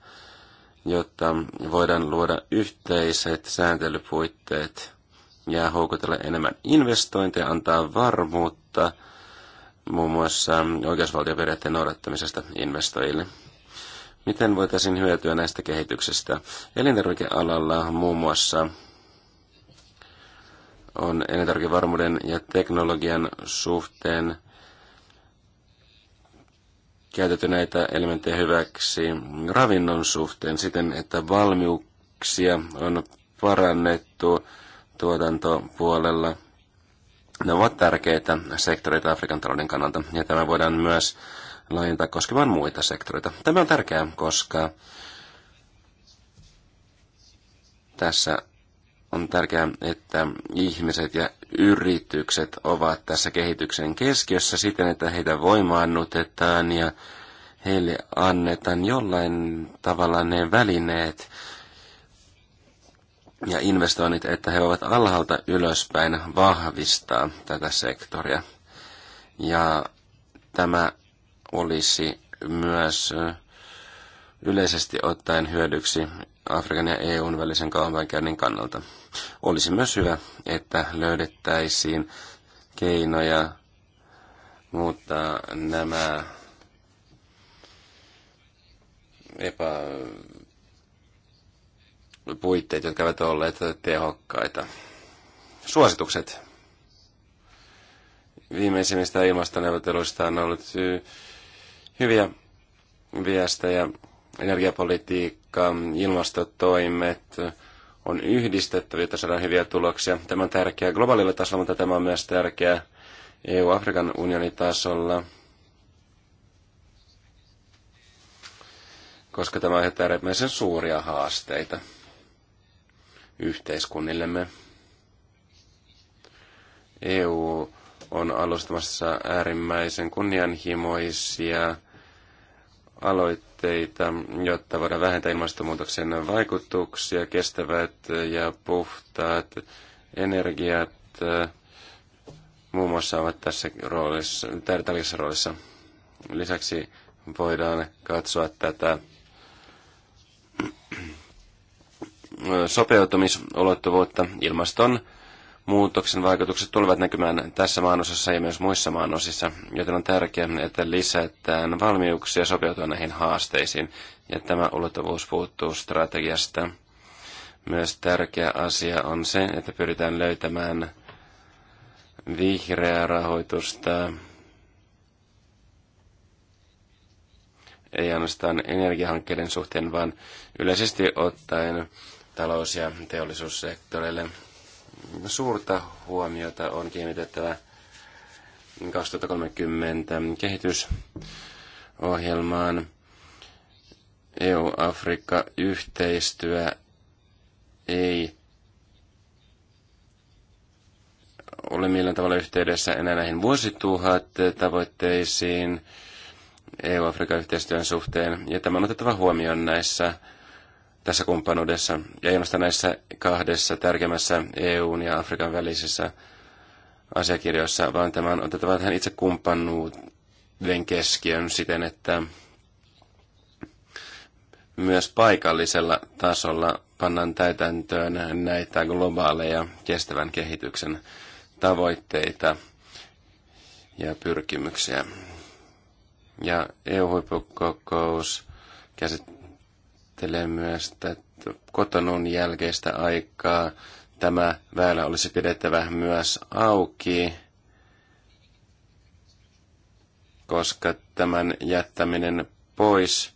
jotta voidaan luoda yhteiset sääntelypuitteet ja houkutella enemmän investointeja, antaa varmuutta muun muassa oikeusvaltioperiaatteen noudattamisesta investoijille. Miten voitaisiin hyötyä näistä kehityksistä? Elintarvikealalla muun muassa on elintarvikevarmuuden ja teknologian suhteen käytetty näitä elementtejä hyväksi ravinnon suhteen siten, että valmiuksia on parannettu tuotantopuolella. Ne ovat tärkeitä sektoreita Afrikan talouden kannalta, ja tämä voidaan myös laajentaa koskemaan muita sektoreita. Tämä on tärkeää, koska tässä on tärkeää, että ihmiset ja yritykset ovat tässä kehityksen keskiössä siten, että heitä voimaannutetaan ja heille annetaan jollain tavalla ne välineet ja investoinnit, että he ovat alhaalta ylöspäin vahvistaa tätä sektoria. Ja tämä olisi myös yleisesti ottaen hyödyksi Afrikan ja EUn välisen kaupankäynnin kannalta. Olisi myös hyvä, että löydettäisiin keinoja muuttaa nämä epä puitteet, jotka ovat olleet tehokkaita. Suositukset. Viimeisimmistä ilmastoneuvotteluista on ollut hyviä viestejä energiapolitiikka, ilmastotoimet on yhdistettävä, jotta saadaan hyviä tuloksia. Tämä on tärkeää globaalilla tasolla, mutta tämä on myös tärkeää EU-Afrikan unionin tasolla, koska tämä aiheuttaa äärimmäisen suuria haasteita yhteiskunnillemme. EU on alustamassa äärimmäisen kunnianhimoisia aloitteita, jotta voidaan vähentää ilmastonmuutoksen vaikutuksia, kestävät ja puhtaat energiat muun muassa ovat tässä roolissa, tärkeässä roolissa. Lisäksi voidaan katsoa tätä sopeutumisulottuvuutta ilmaston muutoksen vaikutukset tulevat näkymään tässä maanosassa ja myös muissa maanosissa, joten on tärkeää, että lisätään valmiuksia sopeutua näihin haasteisiin, ja tämä ulottuvuus puuttuu strategiasta. Myös tärkeä asia on se, että pyritään löytämään vihreää rahoitusta, ei ainoastaan energiahankkeiden suhteen, vaan yleisesti ottaen talous- ja teollisuussektoreille – suurta huomiota on kiinnitettävä 2030 kehitysohjelmaan. EU-Afrikka-yhteistyö ei ole millään tavalla yhteydessä enää näihin vuosituhat tavoitteisiin EU-Afrikan yhteistyön suhteen, ja tämä on otettava huomioon näissä tässä kumppanuudessa ja ilmasta näissä kahdessa tärkeimmässä EUn ja Afrikan välisessä asiakirjoissa, vaan tämä on otettava tähän itse kumppanuuden keskiön siten, että myös paikallisella tasolla pannaan täytäntöön näitä globaaleja kestävän kehityksen tavoitteita ja pyrkimyksiä. Ja EU-huippukokous käsittää ajattelee myös että kotonun jälkeistä aikaa. Tämä väylä olisi pidettävä myös auki, koska tämän jättäminen pois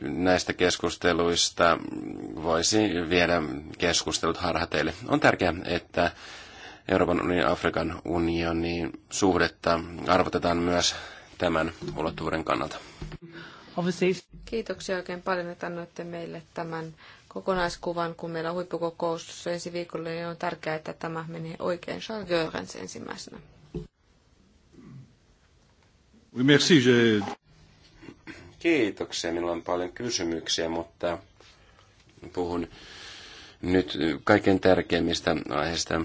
näistä keskusteluista voisi viedä keskustelut harhateille. On tärkeää, että Euroopan unionin ja Afrikan unionin suhdetta arvotetaan myös tämän ulottuvuuden kannalta. Kiitoksia oikein paljon, että annoitte meille tämän kokonaiskuvan, kun meillä on huippukokous ensi viikolla, niin on tärkeää, että tämä menee oikein. Charles ensimmäisenä. Kiitoksia. Minulla on paljon kysymyksiä, mutta puhun nyt kaiken tärkeimmistä aiheista.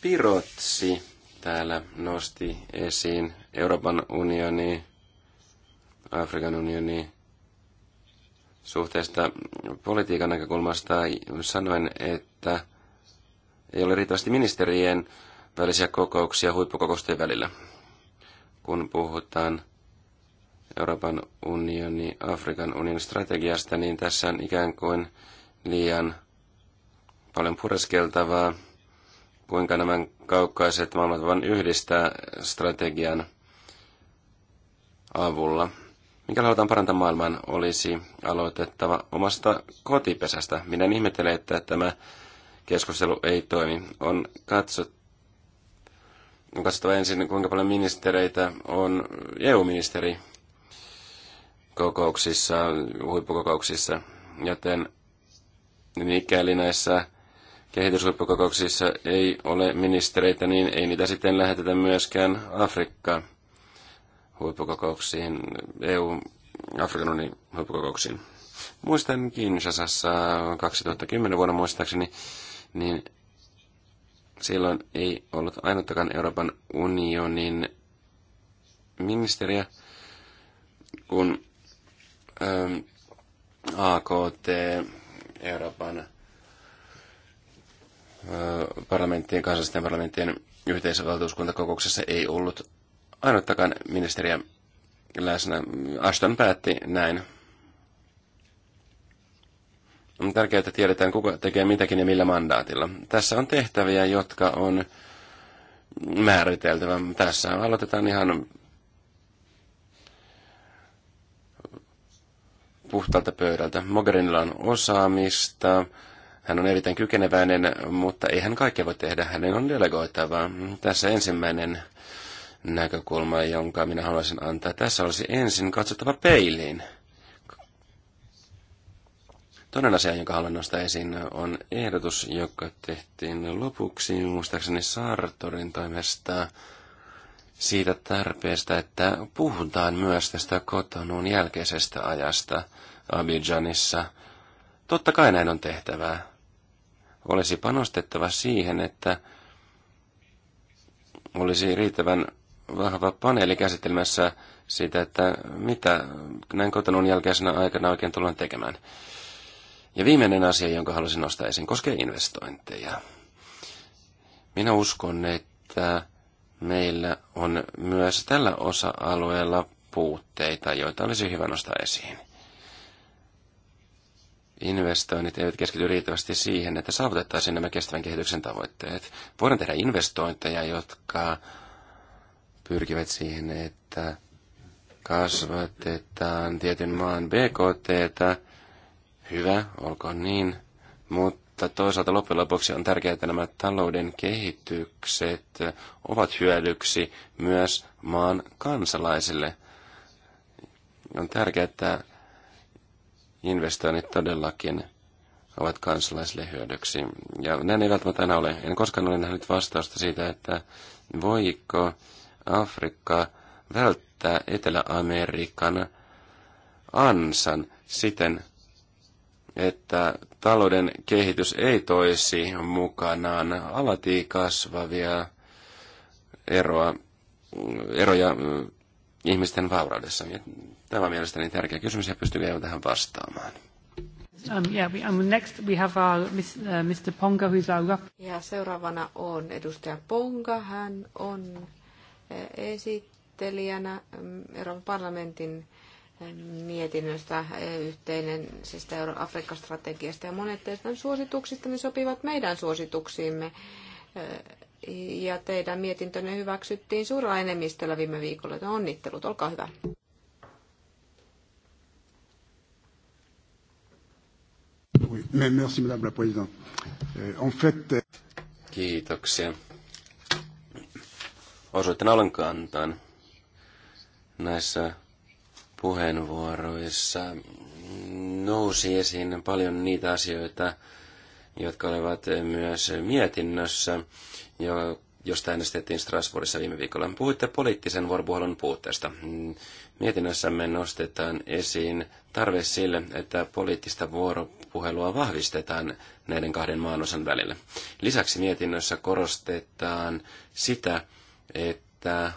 Pirotsi täällä nosti esiin Euroopan unioni Afrikan unioniin suhteesta politiikan näkökulmasta sanoin, että ei ole riittävästi ministerien välisiä kokouksia huippukokousten välillä. Kun puhutaan Euroopan unioni, Afrikan unionin strategiasta, niin tässä on ikään kuin liian paljon pureskeltavaa, kuinka nämä kaukaiset maailmat vain yhdistää strategian avulla. Mikä halutaan parantaa maailman, olisi aloitettava omasta kotipesästä. Minä en ihmettele, että tämä keskustelu ei toimi. On katsottu on katsottava ensin, kuinka paljon ministereitä on EU-ministeri kokouksissa, huippukokouksissa, joten mikäli näissä kehityshuippukokouksissa ei ole ministereitä, niin ei niitä sitten lähetetä myöskään Afrikkaan huippukokouksiin, EU-Afrikan unionin huippukokouksiin. Muistan Kinshasassa 2010 vuonna muistaakseni, niin silloin ei ollut ainuttakaan Euroopan unionin ministeriä, kun äm, AKT Euroopan ä, äh, parlamenttien, kansallisten parlamenttien yhteisvaltuuskuntakokouksessa ei ollut ainuttakaan ministeriä läsnä. Ashton päätti näin. On tärkeää, että tiedetään, kuka tekee mitäkin ja millä mandaatilla. Tässä on tehtäviä, jotka on määriteltävä. Tässä aloitetaan ihan puhtaalta pöydältä. Mogherinilla on osaamista, hän on erittäin kykeneväinen, mutta ei hän kaikkea voi tehdä, hänen on delegoitavaa. Tässä ensimmäinen näkökulma, jonka minä haluaisin antaa. Tässä olisi ensin katsottava peiliin. Toinen asia, jonka haluan nostaa esiin, on ehdotus, joka tehtiin lopuksi muistaakseni Sartorin toimesta siitä tarpeesta, että puhutaan myös tästä kotonuun jälkeisestä ajasta Abidjanissa. Totta kai näin on tehtävää. Olisi panostettava siihen, että olisi riittävän vahva paneeli käsittelemässä siitä, että mitä näin kotonun jälkeisenä aikana oikein tullaan tekemään. Ja viimeinen asia, jonka halusin nostaa esiin, koskee investointeja. Minä uskon, että meillä on myös tällä osa-alueella puutteita, joita olisi hyvä nostaa esiin. Investoinnit eivät keskity riittävästi siihen, että saavutettaisiin nämä kestävän kehityksen tavoitteet. Voidaan tehdä investointeja, jotka pyrkivät siihen, että kasvatetaan tietyn maan BKT. Hyvä, olkoon niin. Mutta toisaalta loppujen lopuksi on tärkeää, että nämä talouden kehitykset ovat hyödyksi myös maan kansalaisille. On tärkeää, että investoinnit todellakin ovat kansalaisille hyödyksi. Ja näin ei välttämättä aina ole. En koskaan ole nähnyt vastausta siitä, että voiko Afrikkaa välttää Etelä-Amerikan ansan siten, että talouden kehitys ei toisi mukanaan alati kasvavia eroa, eroja mm, ihmisten vauraudessa. Tämä on mielestäni tärkeä kysymys ja pystyykö vielä tähän vastaamaan. Um, yeah, we, um, next we have our, Mr. Uh, Ponga, who's our... Ja seuraavana on edustaja Ponga. Hän on esittelijänä mm, Euroopan parlamentin mm, mietinnöstä eh, yhteinen siis Afrikka-strategiasta ja monet teistä suosituksista ne sopivat meidän suosituksiimme. Eh, ja teidän mietintönne hyväksyttiin suurella enemmistöllä viime viikolla. joten onnittelut, olkaa hyvä. Eh, Kiitoksia osuitte ollenkaan näissä puheenvuoroissa. Nousi esiin paljon niitä asioita, jotka olivat myös mietinnössä, jo, josta äänestettiin Strasbourgissa viime viikolla. Puhuitte poliittisen vuoropuhelun puutteesta. Mietinnössämme nostetaan esiin tarve sille, että poliittista vuoropuhelua vahvistetaan näiden kahden maanosan välillä. Lisäksi mietinnössä korostetaan sitä, että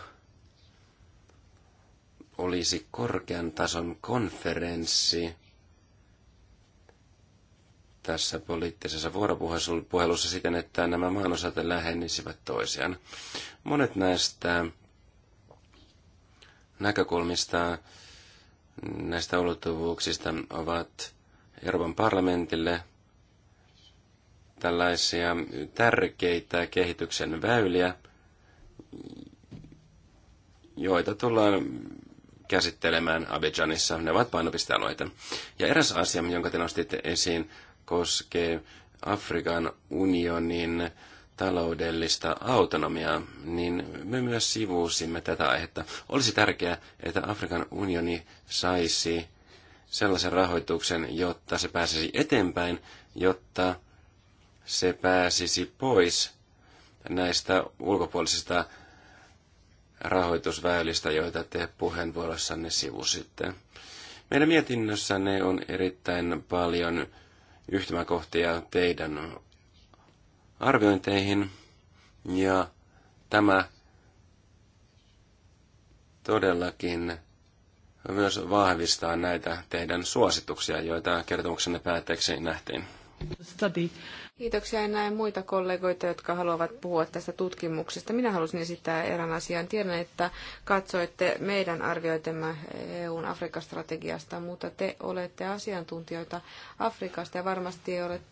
olisi korkean tason konferenssi tässä poliittisessa vuoropuhelussa siten, että nämä maanosat lähenisivät toisiaan. Monet näistä näkökulmista, näistä ulottuvuuksista ovat Euroopan parlamentille tällaisia tärkeitä kehityksen väyliä – joita tullaan käsittelemään Abidjanissa. Ne ovat painopistealueita. Ja eräs asia, jonka te nostitte esiin, koskee Afrikan unionin taloudellista autonomiaa, niin me myös sivuusimme tätä aihetta. Olisi tärkeää, että Afrikan unioni saisi sellaisen rahoituksen, jotta se pääsisi eteenpäin, jotta se pääsisi pois näistä ulkopuolisista rahoitusväylistä, joita te puheenvuorossanne sivusitte. Meidän mietinnössänne on erittäin paljon yhtymäkohtia teidän arviointeihin, ja tämä todellakin myös vahvistaa näitä teidän suosituksia, joita kertomuksenne päätteeksi nähtiin. Study. Kiitoksia. En näe muita kollegoita, jotka haluavat puhua tästä tutkimuksesta. Minä halusin esittää erään asian. Tiedän, että katsoitte meidän arvioitemme EUn Afrikka-strategiasta, mutta te olette asiantuntijoita Afrikasta ja varmasti olette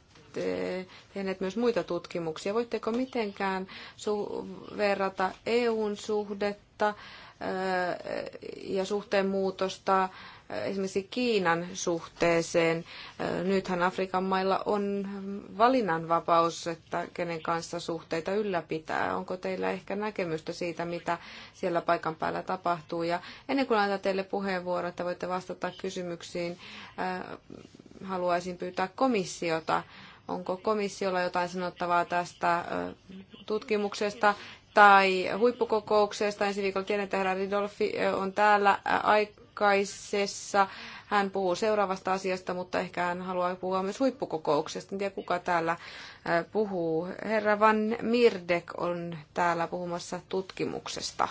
tehneet myös muita tutkimuksia. Voitteko mitenkään su- verrata EUn suhdetta ja suhteen muutosta esimerkiksi Kiinan suhteeseen. Nythän Afrikan mailla on valinnanvapaus, että kenen kanssa suhteita ylläpitää. Onko teillä ehkä näkemystä siitä, mitä siellä paikan päällä tapahtuu? Ja ennen kuin laitan teille puheenvuoro, että voitte vastata kysymyksiin, äh, haluaisin pyytää komissiota. Onko komissiolla jotain sanottavaa tästä äh, tutkimuksesta? tai huippukokouksesta ensi viikolla tiedän, että herra Ridolfi äh, on täällä huippukokousjohdokaisessa hän puhuu seuraavasta asiasta, mutta ehkä hän haluaa puhua myös huippukokouksesta. En tiedä, kuka täällä puhuu. Herra Van Mirdek on täällä puhumassa tutkimuksesta.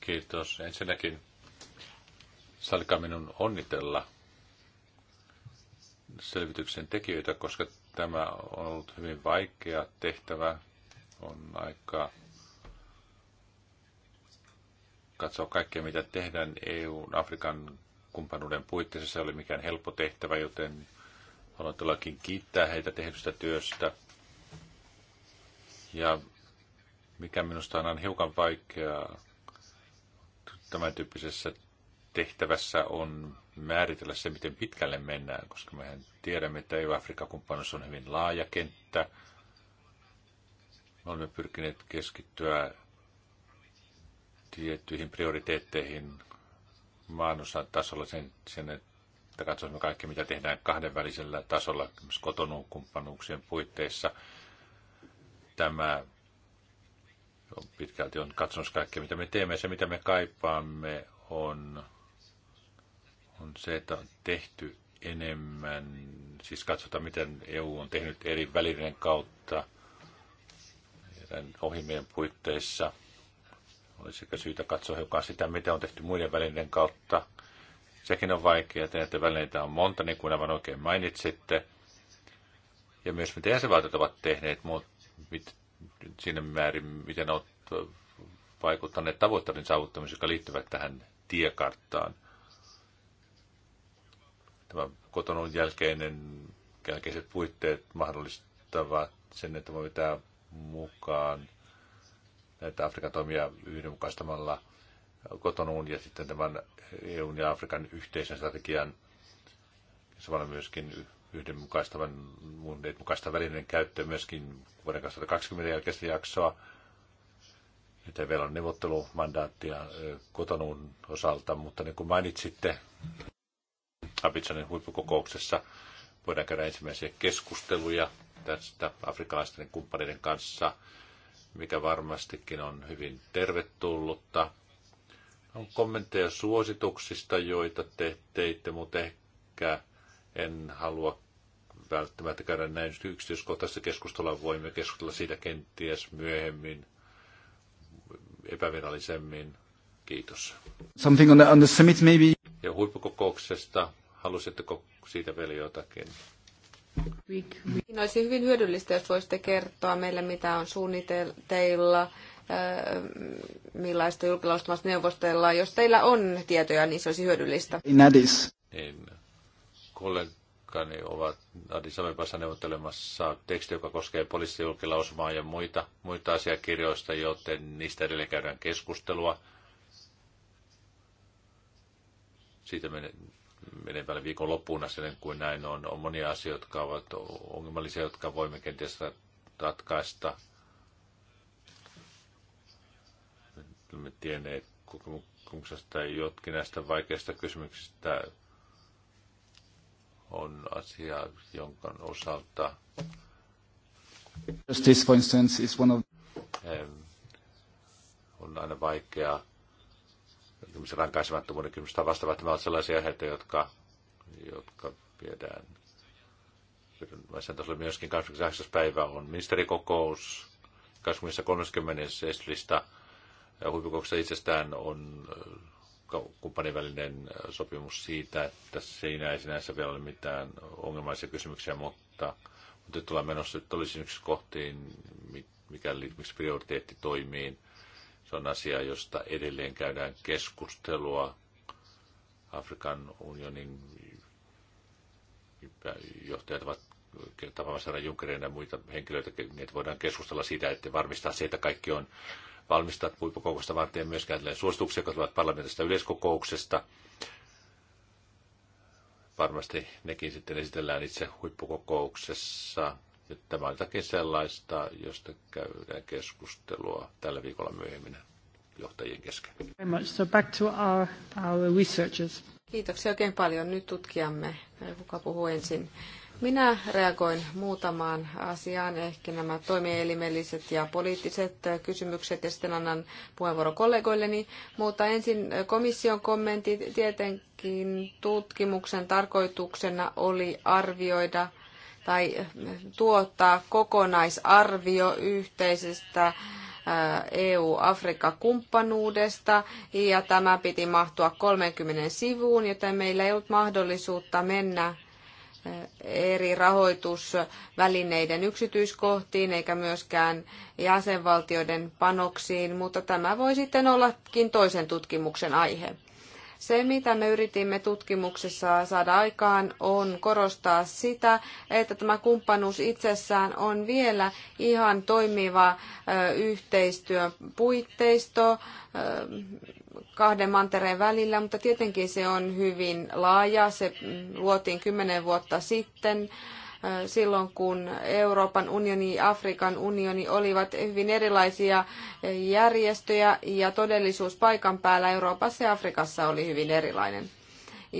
Kiitos. Ensinnäkin salkaa minun onnitella selvityksen tekijöitä, koska tämä on ollut hyvin vaikea tehtävä. On aika katsoa kaikkea, mitä tehdään EU-Afrikan kumppanuuden puitteissa. Se oli mikään helppo tehtävä, joten haluan todellakin kiittää heitä tehdystä työstä. Ja mikä minusta on hiukan vaikeaa tämän tyyppisessä tehtävässä on määritellä se, miten pitkälle mennään, koska mehän tiedämme, että EU-Afrikka-kumppanuus on hyvin laaja kenttä. Me olemme pyrkineet keskittyä tiettyihin prioriteetteihin maanosan tasolla sen, sen että katsoisimme kaikki, mitä tehdään kahdenvälisellä tasolla, myös kotonun kumppanuuksien puitteissa. Tämä on pitkälti on katsonut kaikkea, mitä me teemme. Se, mitä me kaipaamme, on, on se, että on tehty enemmän, siis katsotaan, miten EU on tehnyt eri välineiden kautta, ohjelmien puitteissa – sekä syytä katsoa hiukan sitä, mitä on tehty muiden välineiden kautta. Sekin on vaikeaa, että näitä välineitä on monta, niin kuin aivan oikein mainitsitte. Ja myös mitä jäsenvaltiot ovat tehneet, mutta siinä määrin, miten ovat vaikuttaneet tavoitteiden saavuttamiseen, jotka liittyvät tähän tiekarttaan. Tämä kotonun jälkeinen, jälkeiset puitteet mahdollistavat sen, että voi pitää mukaan näitä Afrikan toimia yhdenmukaistamalla kotonuun ja sitten tämän EUn ja Afrikan yhteisen strategian samalla myöskin yhdenmukaistavan muun mukaista välinen käyttö myöskin vuoden 2020 jälkeistä jaksoa. että vielä on neuvottelumandaattia kotonuun osalta, mutta niin kuin mainitsitte Abidjanin huippukokouksessa, voidaan käydä ensimmäisiä keskusteluja tästä afrikkalaisten kumppaneiden kanssa – mikä varmastikin on hyvin tervetullutta. On kommentteja suosituksista, joita te teitte, mutta ehkä en halua välttämättä käydä näin yksityiskohtaisessa keskustelua. Voimme keskustella siitä kenties myöhemmin, epävirallisemmin. Kiitos. Something on the, on the summit maybe? Ja huippukokouksesta, halusitteko siitä vielä jotakin? Niin olisi hyvin hyödyllistä, jos voisitte kertoa meille, mitä on suunniteilla, äh, millaista julkilaustamassa neuvostella, Jos teillä on tietoja, niin se olisi hyödyllistä. Nadis. Niin, kollegani ovat Addis Abebassa neuvottelemassa teksti, joka koskee poliisijulkilausumaa ja muita, muita asiakirjoista, joten niistä edelleen käydään keskustelua. Siitä me menevällä viikon loppuun asti, kuin näin on. On monia asioita, jotka ovat ongelmallisia, jotka voimme kenties ratkaista. Me tienneet kokemuksesta jotkin näistä vaikeista kysymyksistä on asia, jonka osalta This, for instance, is one of... on aina vaikeaa rankaisemattomuuden kysymystä vastaavat. Nämä ovat sellaisia aiheita, jotka, jotka viedään sen tasolla myöskin 28. päivä on ministerikokous, 30. lista ja itsestään on äh, kumppanivälinen äh, sopimus siitä, että siinä ei sinänsä vielä ole mitään ongelmaisia kysymyksiä, mutta, mutta nyt ollaan menossa yksi kohtiin, mikäli miksi prioriteetti toimii se on asia, josta edelleen käydään keskustelua Afrikan unionin johtajat ovat tapaamassa herra Junckerin ja muita henkilöitä, niin että voidaan keskustella siitä, että varmistaa se, että kaikki on valmistaa huippukokousta varten myös myöskään suosituksia, jotka tulevat parlamentista yleiskokouksesta. Varmasti nekin sitten esitellään itse huippukokouksessa tämä on jotakin sellaista, josta käydään keskustelua tällä viikolla myöhemmin johtajien kesken. So back to our, our researchers. Kiitoksia oikein paljon. Nyt tutkijamme, kuka puhuu ensin. Minä reagoin muutamaan asiaan, ehkä nämä toimielimelliset ja poliittiset kysymykset, ja sitten annan puheenvuoro kollegoilleni. Mutta ensin komission kommentti. Tietenkin tutkimuksen tarkoituksena oli arvioida tai tuottaa kokonaisarvio yhteisestä EU-Afrikka-kumppanuudesta ja tämä piti mahtua 30 sivuun, joten meillä ei ollut mahdollisuutta mennä eri rahoitusvälineiden yksityiskohtiin eikä myöskään jäsenvaltioiden panoksiin, mutta tämä voi sitten ollakin toisen tutkimuksen aihe. Se, mitä me yritimme tutkimuksessa saada aikaan, on korostaa sitä, että tämä kumppanuus itsessään on vielä ihan toimiva yhteistyöpuitteisto kahden mantereen välillä, mutta tietenkin se on hyvin laaja. Se luotiin kymmenen vuotta sitten silloin, kun Euroopan unioni ja Afrikan unioni olivat hyvin erilaisia järjestöjä ja todellisuus paikan päällä Euroopassa ja Afrikassa oli hyvin erilainen.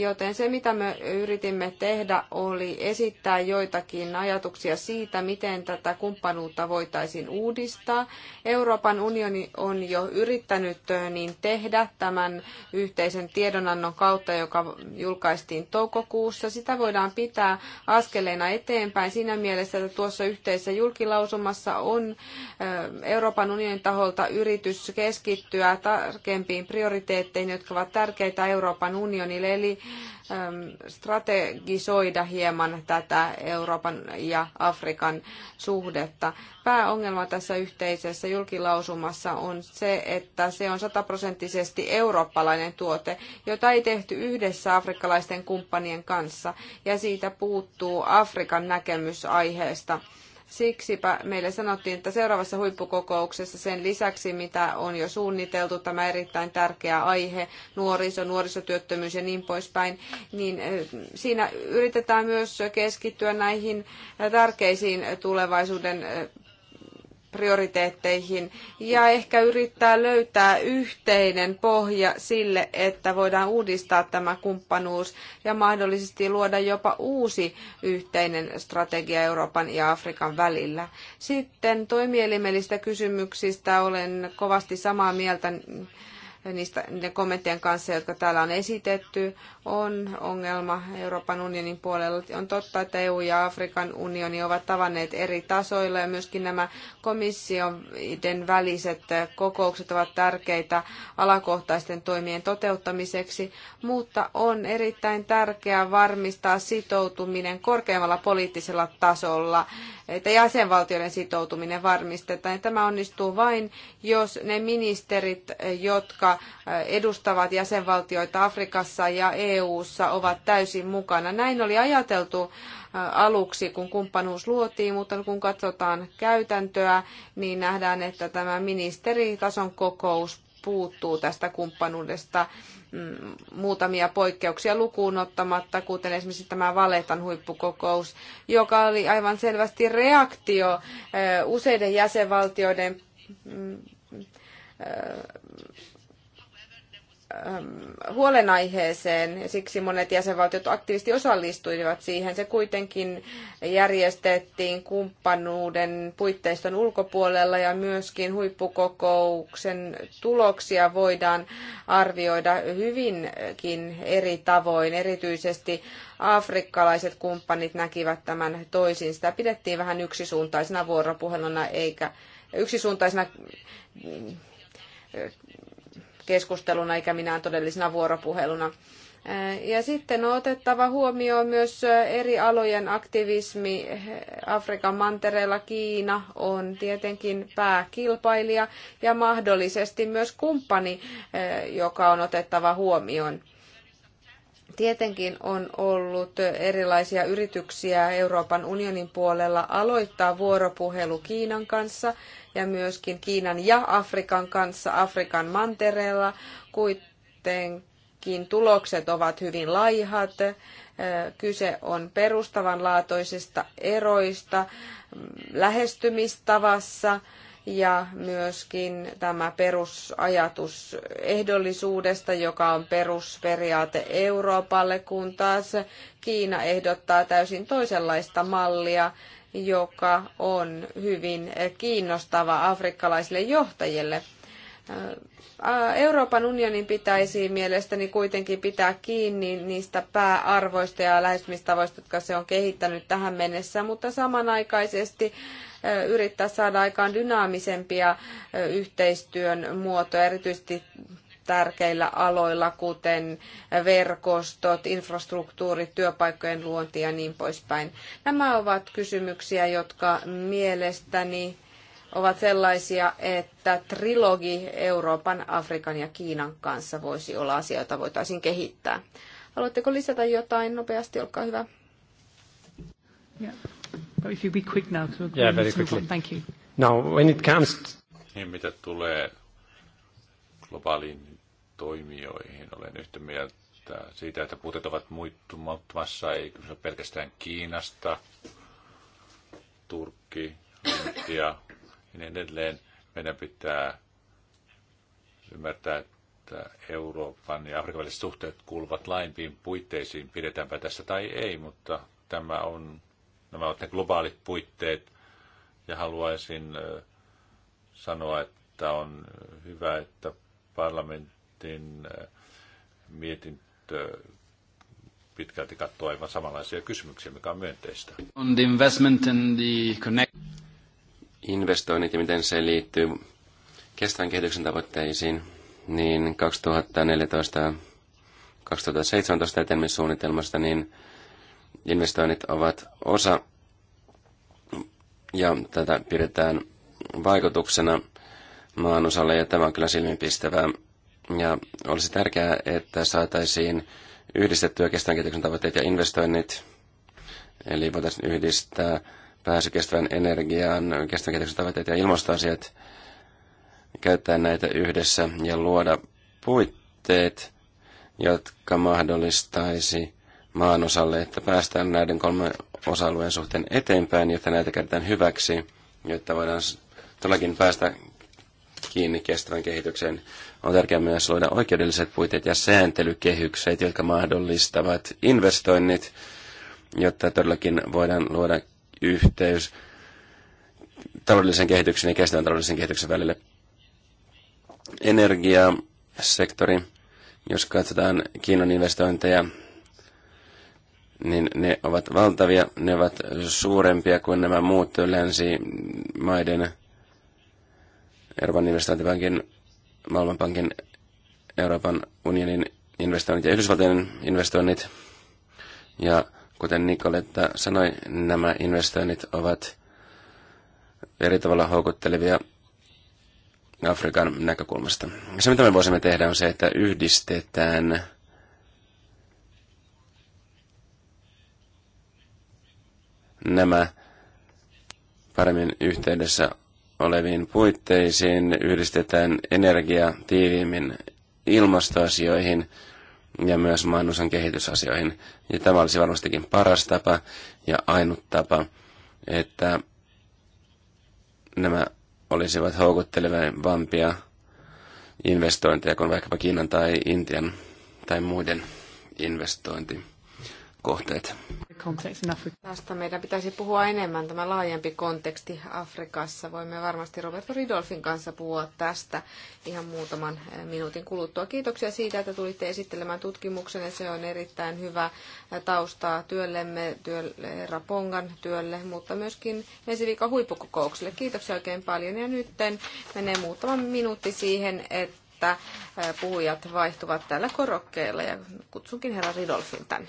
Joten se, mitä me yritimme tehdä, oli esittää joitakin ajatuksia siitä, miten tätä kumppanuutta voitaisiin uudistaa. Euroopan unioni on jo yrittänyt niin tehdä tämän yhteisen tiedonannon kautta, joka julkaistiin toukokuussa. Sitä voidaan pitää askeleena eteenpäin siinä mielessä, että tuossa yhteisessä julkilausumassa on Euroopan unionin taholta yritys keskittyä tarkempiin prioriteetteihin, jotka ovat tärkeitä Euroopan unionille. Eli strategisoida hieman tätä Euroopan ja Afrikan suhdetta. Pääongelma tässä yhteisessä julkilausumassa on se, että se on sataprosenttisesti eurooppalainen tuote, jota ei tehty yhdessä afrikkalaisten kumppanien kanssa, ja siitä puuttuu Afrikan näkemys aiheesta. Siksipä meille sanottiin, että seuraavassa huippukokouksessa sen lisäksi, mitä on jo suunniteltu, tämä erittäin tärkeä aihe, nuoriso, nuorisotyöttömyys ja niin poispäin, niin eh, siinä yritetään myös keskittyä näihin tärkeisiin tulevaisuuden eh, prioriteetteihin ja ehkä yrittää löytää yhteinen pohja sille, että voidaan uudistaa tämä kumppanuus ja mahdollisesti luoda jopa uusi yhteinen strategia Euroopan ja Afrikan välillä. Sitten toimielimellisistä kysymyksistä olen kovasti samaa mieltä niistä niiden kommenttien kanssa, jotka täällä on esitetty, on ongelma Euroopan unionin puolella. On totta, että EU ja Afrikan unioni ovat tavanneet eri tasoilla ja myöskin nämä komissioiden väliset kokoukset ovat tärkeitä alakohtaisten toimien toteuttamiseksi, mutta on erittäin tärkeää varmistaa sitoutuminen korkeammalla poliittisella tasolla, että jäsenvaltioiden sitoutuminen varmistetaan. Ja tämä onnistuu vain, jos ne ministerit, jotka edustavat jäsenvaltioita Afrikassa ja EU:ssa ovat täysin mukana. Näin oli ajateltu äh, aluksi, kun kumppanuus luotiin, mutta kun katsotaan käytäntöä, niin nähdään, että tämä ministeritason kokous puuttuu tästä kumppanuudesta mm, muutamia poikkeuksia lukuun ottamatta, kuten esimerkiksi tämä Valetan huippukokous, joka oli aivan selvästi reaktio äh, useiden jäsenvaltioiden mm, äh, Ähm, huolenaiheeseen ja siksi monet jäsenvaltiot aktiivisesti osallistuivat siihen. Se kuitenkin järjestettiin kumppanuuden puitteiston ulkopuolella ja myöskin huippukokouksen tuloksia voidaan arvioida hyvinkin eri tavoin. Erityisesti afrikkalaiset kumppanit näkivät tämän toisin. Sitä pidettiin vähän yksisuuntaisena vuoropuheluna eikä yksisuuntaisena keskusteluna eikä minään todellisena vuoropuheluna. Äh, ja sitten on otettava huomioon myös äh, eri alojen aktivismi. Afrikan mantereella Kiina on tietenkin pääkilpailija ja mahdollisesti myös kumppani, äh, joka on otettava huomioon. Tietenkin on ollut erilaisia yrityksiä Euroopan unionin puolella aloittaa vuoropuhelu Kiinan kanssa ja myöskin Kiinan ja Afrikan kanssa Afrikan mantereella. Kuitenkin tulokset ovat hyvin laihat. Kyse on perustavanlaatuisista eroista mm, lähestymistavassa ja myöskin tämä perusajatus ehdollisuudesta, joka on perusperiaate Euroopalle, kun taas Kiina ehdottaa täysin toisenlaista mallia joka on hyvin kiinnostava afrikkalaisille johtajille. Euroopan unionin pitäisi mielestäni kuitenkin pitää kiinni niistä pääarvoista ja lähestymistavoista, jotka se on kehittänyt tähän mennessä, mutta samanaikaisesti yrittää saada aikaan dynaamisempia yhteistyön muotoja, erityisesti tärkeillä aloilla, kuten verkostot, infrastruktuuri, työpaikkojen luonti ja niin poispäin. Nämä ovat kysymyksiä, jotka mielestäni ovat sellaisia, että trilogi Euroopan, Afrikan ja Kiinan kanssa voisi olla asia, jota voitaisiin kehittää. Haluatteko lisätä jotain nopeasti? Olkaa hyvä. Thank you. Now, when it comes niin, mitä tulee globaaliin toimijoihin. Olen yhtä mieltä siitä, että puutteet ovat muuttumassa, ei kyse pelkästään Kiinasta, Turkki, Intia ja niin edelleen. Meidän pitää ymmärtää, että Euroopan ja Afrikan väliset suhteet kuuluvat laimpiin puitteisiin, pidetäänpä tässä tai ei, mutta tämä on, nämä ovat ne globaalit puitteet, ja haluaisin sanoa, että on hyvä, että parlamentti Montin äh, mietintö pitkälti katsoo aivan samanlaisia kysymyksiä, mikä on myönteistä. On the investment and the connect... Investoinnit ja miten se liittyy kestävän kehityksen tavoitteisiin, niin 2014 2017 etenemissuunnitelmasta, niin investoinnit ovat osa ja tätä pidetään vaikutuksena maan osalle ja tämä on kyllä silmiinpistävää. Ja olisi tärkeää, että saataisiin yhdistettyä kestävän kehityksen tavoitteet ja investoinnit, eli voitaisiin yhdistää pääsy kestävän energiaan, kestävän kehityksen tavoitteet ja ilmastoasiat, käyttää näitä yhdessä ja luoda puitteet, jotka mahdollistaisi maan osalle, että päästään näiden kolmen osa-alueen suhteen eteenpäin, jotta näitä käytetään hyväksi, jotta voidaan todellakin päästä kiinni kestävän kehityksen. On tärkeää myös luoda oikeudelliset puitteet ja sääntelykehykset, jotka mahdollistavat investoinnit, jotta todellakin voidaan luoda yhteys taloudellisen kehityksen ja kestävän taloudellisen kehityksen välille. Energiasektori, jos katsotaan Kiinan investointeja, niin ne ovat valtavia, ne ovat suurempia kuin nämä muut länsimaiden Euroopan investointipankin, Maailmanpankin, Euroopan unionin investoinnit ja Yhdysvaltojen investoinnit. Ja kuten Nikoletta sanoi, nämä investoinnit ovat eri tavalla houkuttelevia Afrikan näkökulmasta. Se, mitä me voisimme tehdä, on se, että yhdistetään nämä paremmin yhteydessä oleviin puitteisiin yhdistetään energia tiiviimmin ilmastoasioihin ja myös maailman kehitysasioihin. Ja tämä olisi varmastikin paras tapa ja ainut tapa, että nämä olisivat houkuttelevampia investointeja kuin vaikkapa Kiinan tai Intian tai muiden investointi kohteet. Tästä meidän pitäisi puhua enemmän, tämä laajempi konteksti Afrikassa. Voimme varmasti Roberto Ridolfin kanssa puhua tästä ihan muutaman eh, minuutin kuluttua. Kiitoksia siitä, että tulitte esittelemään tutkimuksen. Se on erittäin hyvä eh, taustaa työllemme, työlle, Rapongan työlle, mutta myöskin ensi viikon huippukokoukselle. Kiitoksia oikein paljon ja nyt menee muutama minuutti siihen, että eh, puhujat vaihtuvat täällä korokkeella ja kutsunkin herra Ridolfin tänne.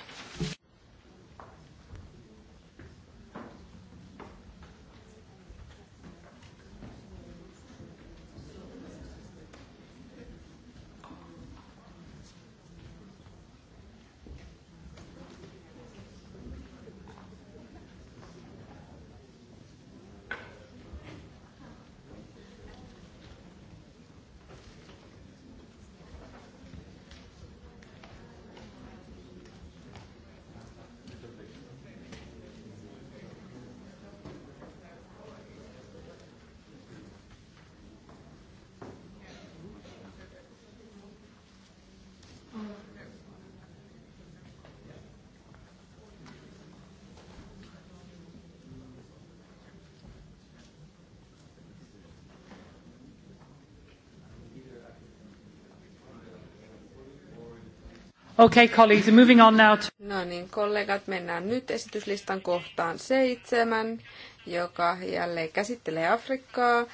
Okay, colleagues, moving on now to... No niin, kollegat, mennään nyt esityslistan kohtaan seitsemän, joka jälleen käsittelee Afrikkaa.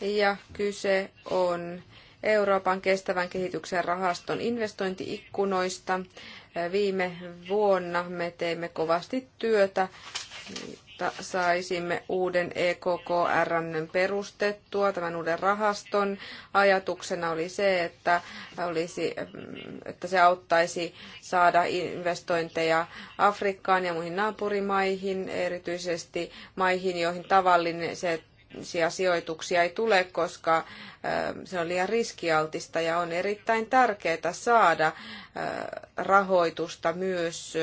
Ja kyse on Euroopan kestävän kehityksen rahaston investointiikkunoista. Viime vuonna me teimme kovasti työtä jotta saisimme uuden EKKR perustettua, tämän uuden rahaston. Ajatuksena oli se, että, olisi, että se auttaisi saada investointeja Afrikkaan ja muihin naapurimaihin, erityisesti maihin, joihin tavallinen se sijoituksia ei tule, koska se on liian riskialtista ja on erittäin tärkeää saada rahoitusta myös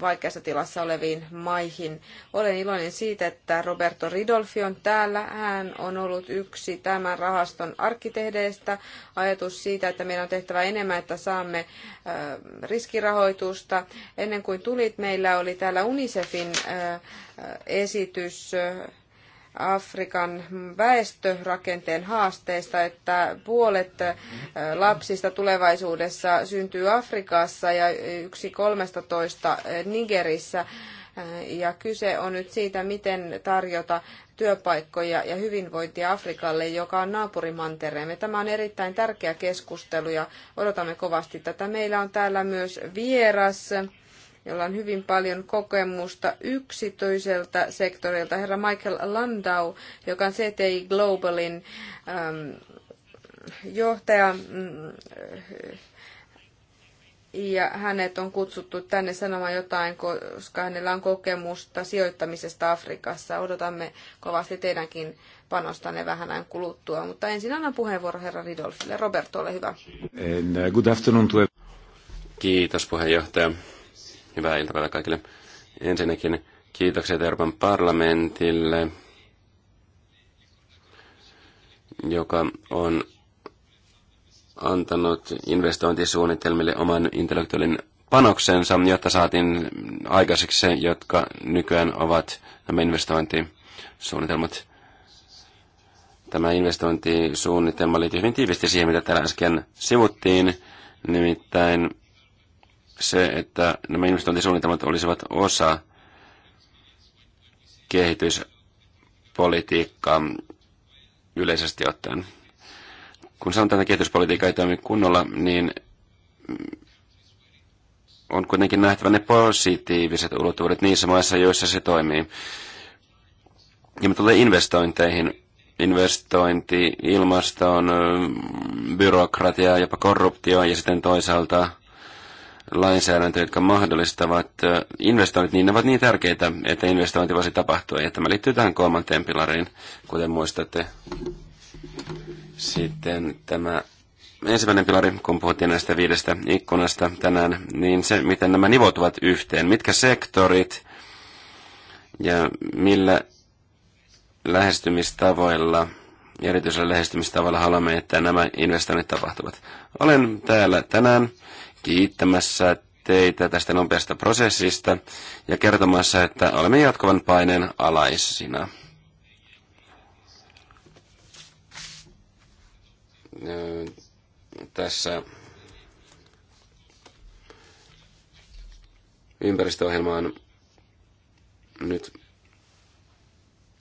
vaikeassa tilassa oleviin maihin. Olen iloinen siitä, että Roberto Ridolfi on täällä. Hän on ollut yksi tämän rahaston arkkitehdeistä. Ajatus siitä, että meidän on tehtävä enemmän, että saamme äh, riskirahoitusta. Ennen kuin tulit, meillä oli täällä UNICEFin äh, äh, esitys Afrikan väestörakenteen haasteista, että puolet lapsista tulevaisuudessa syntyy Afrikassa ja yksi 13 Nigerissä. Ja kyse on nyt siitä, miten tarjota työpaikkoja ja hyvinvointia Afrikalle, joka on naapurimantereemme. Tämä on erittäin tärkeä keskustelu ja odotamme kovasti tätä. Meillä on täällä myös vieras jolla on hyvin paljon kokemusta yksityiseltä sektorilta. Herra Michael Landau, joka on CTI Globalin ähm, johtaja, mm, ja hänet on kutsuttu tänne sanomaan jotain, koska hänellä on kokemusta sijoittamisesta Afrikassa. Odotamme kovasti teidänkin panostanne vähän ajan kuluttua, mutta ensin annan puheenvuoro herra Ridolfille. Roberto, ole hyvä. Uh, good afternoon to Kiitos puheenjohtaja. Hyvää iltapäivää kaikille. Ensinnäkin kiitokset Euroopan parlamentille, joka on antanut investointisuunnitelmille oman intellektuaalin panoksensa, jotta saatiin aikaiseksi se, jotka nykyään ovat nämä investointisuunnitelmat. Tämä investointisuunnitelma liittyy hyvin tiivisti siihen, mitä täällä äsken sivuttiin, nimittäin se, että nämä investointisuunnitelmat olisivat osa kehityspolitiikkaa yleisesti ottaen. Kun sanotaan, että kehityspolitiikka ei toimi kunnolla, niin on kuitenkin nähtävä ne positiiviset ulottuvuudet niissä maissa, joissa se toimii. Ja me tulee investointeihin, investointi, ilmastoon, byrokratia, jopa korruptio ja sitten toisaalta lainsäädäntöä, jotka mahdollistavat investoinnit, niin ne ovat niin tärkeitä, että investointi voisi tapahtua. Ja tämä liittyy tähän kolmanteen pilariin, kuten muistatte. Sitten tämä ensimmäinen pilari, kun puhuttiin näistä viidestä ikkunasta tänään, niin se, miten nämä nivoutuvat yhteen. Mitkä sektorit ja millä lähestymistavoilla, erityisellä lähestymistavoilla haluamme, että nämä investoinnit tapahtuvat. Olen täällä tänään kiittämässä teitä tästä nopeasta prosessista ja kertomassa, että olemme jatkuvan paineen alaisina. Tässä ympäristöohjelma on nyt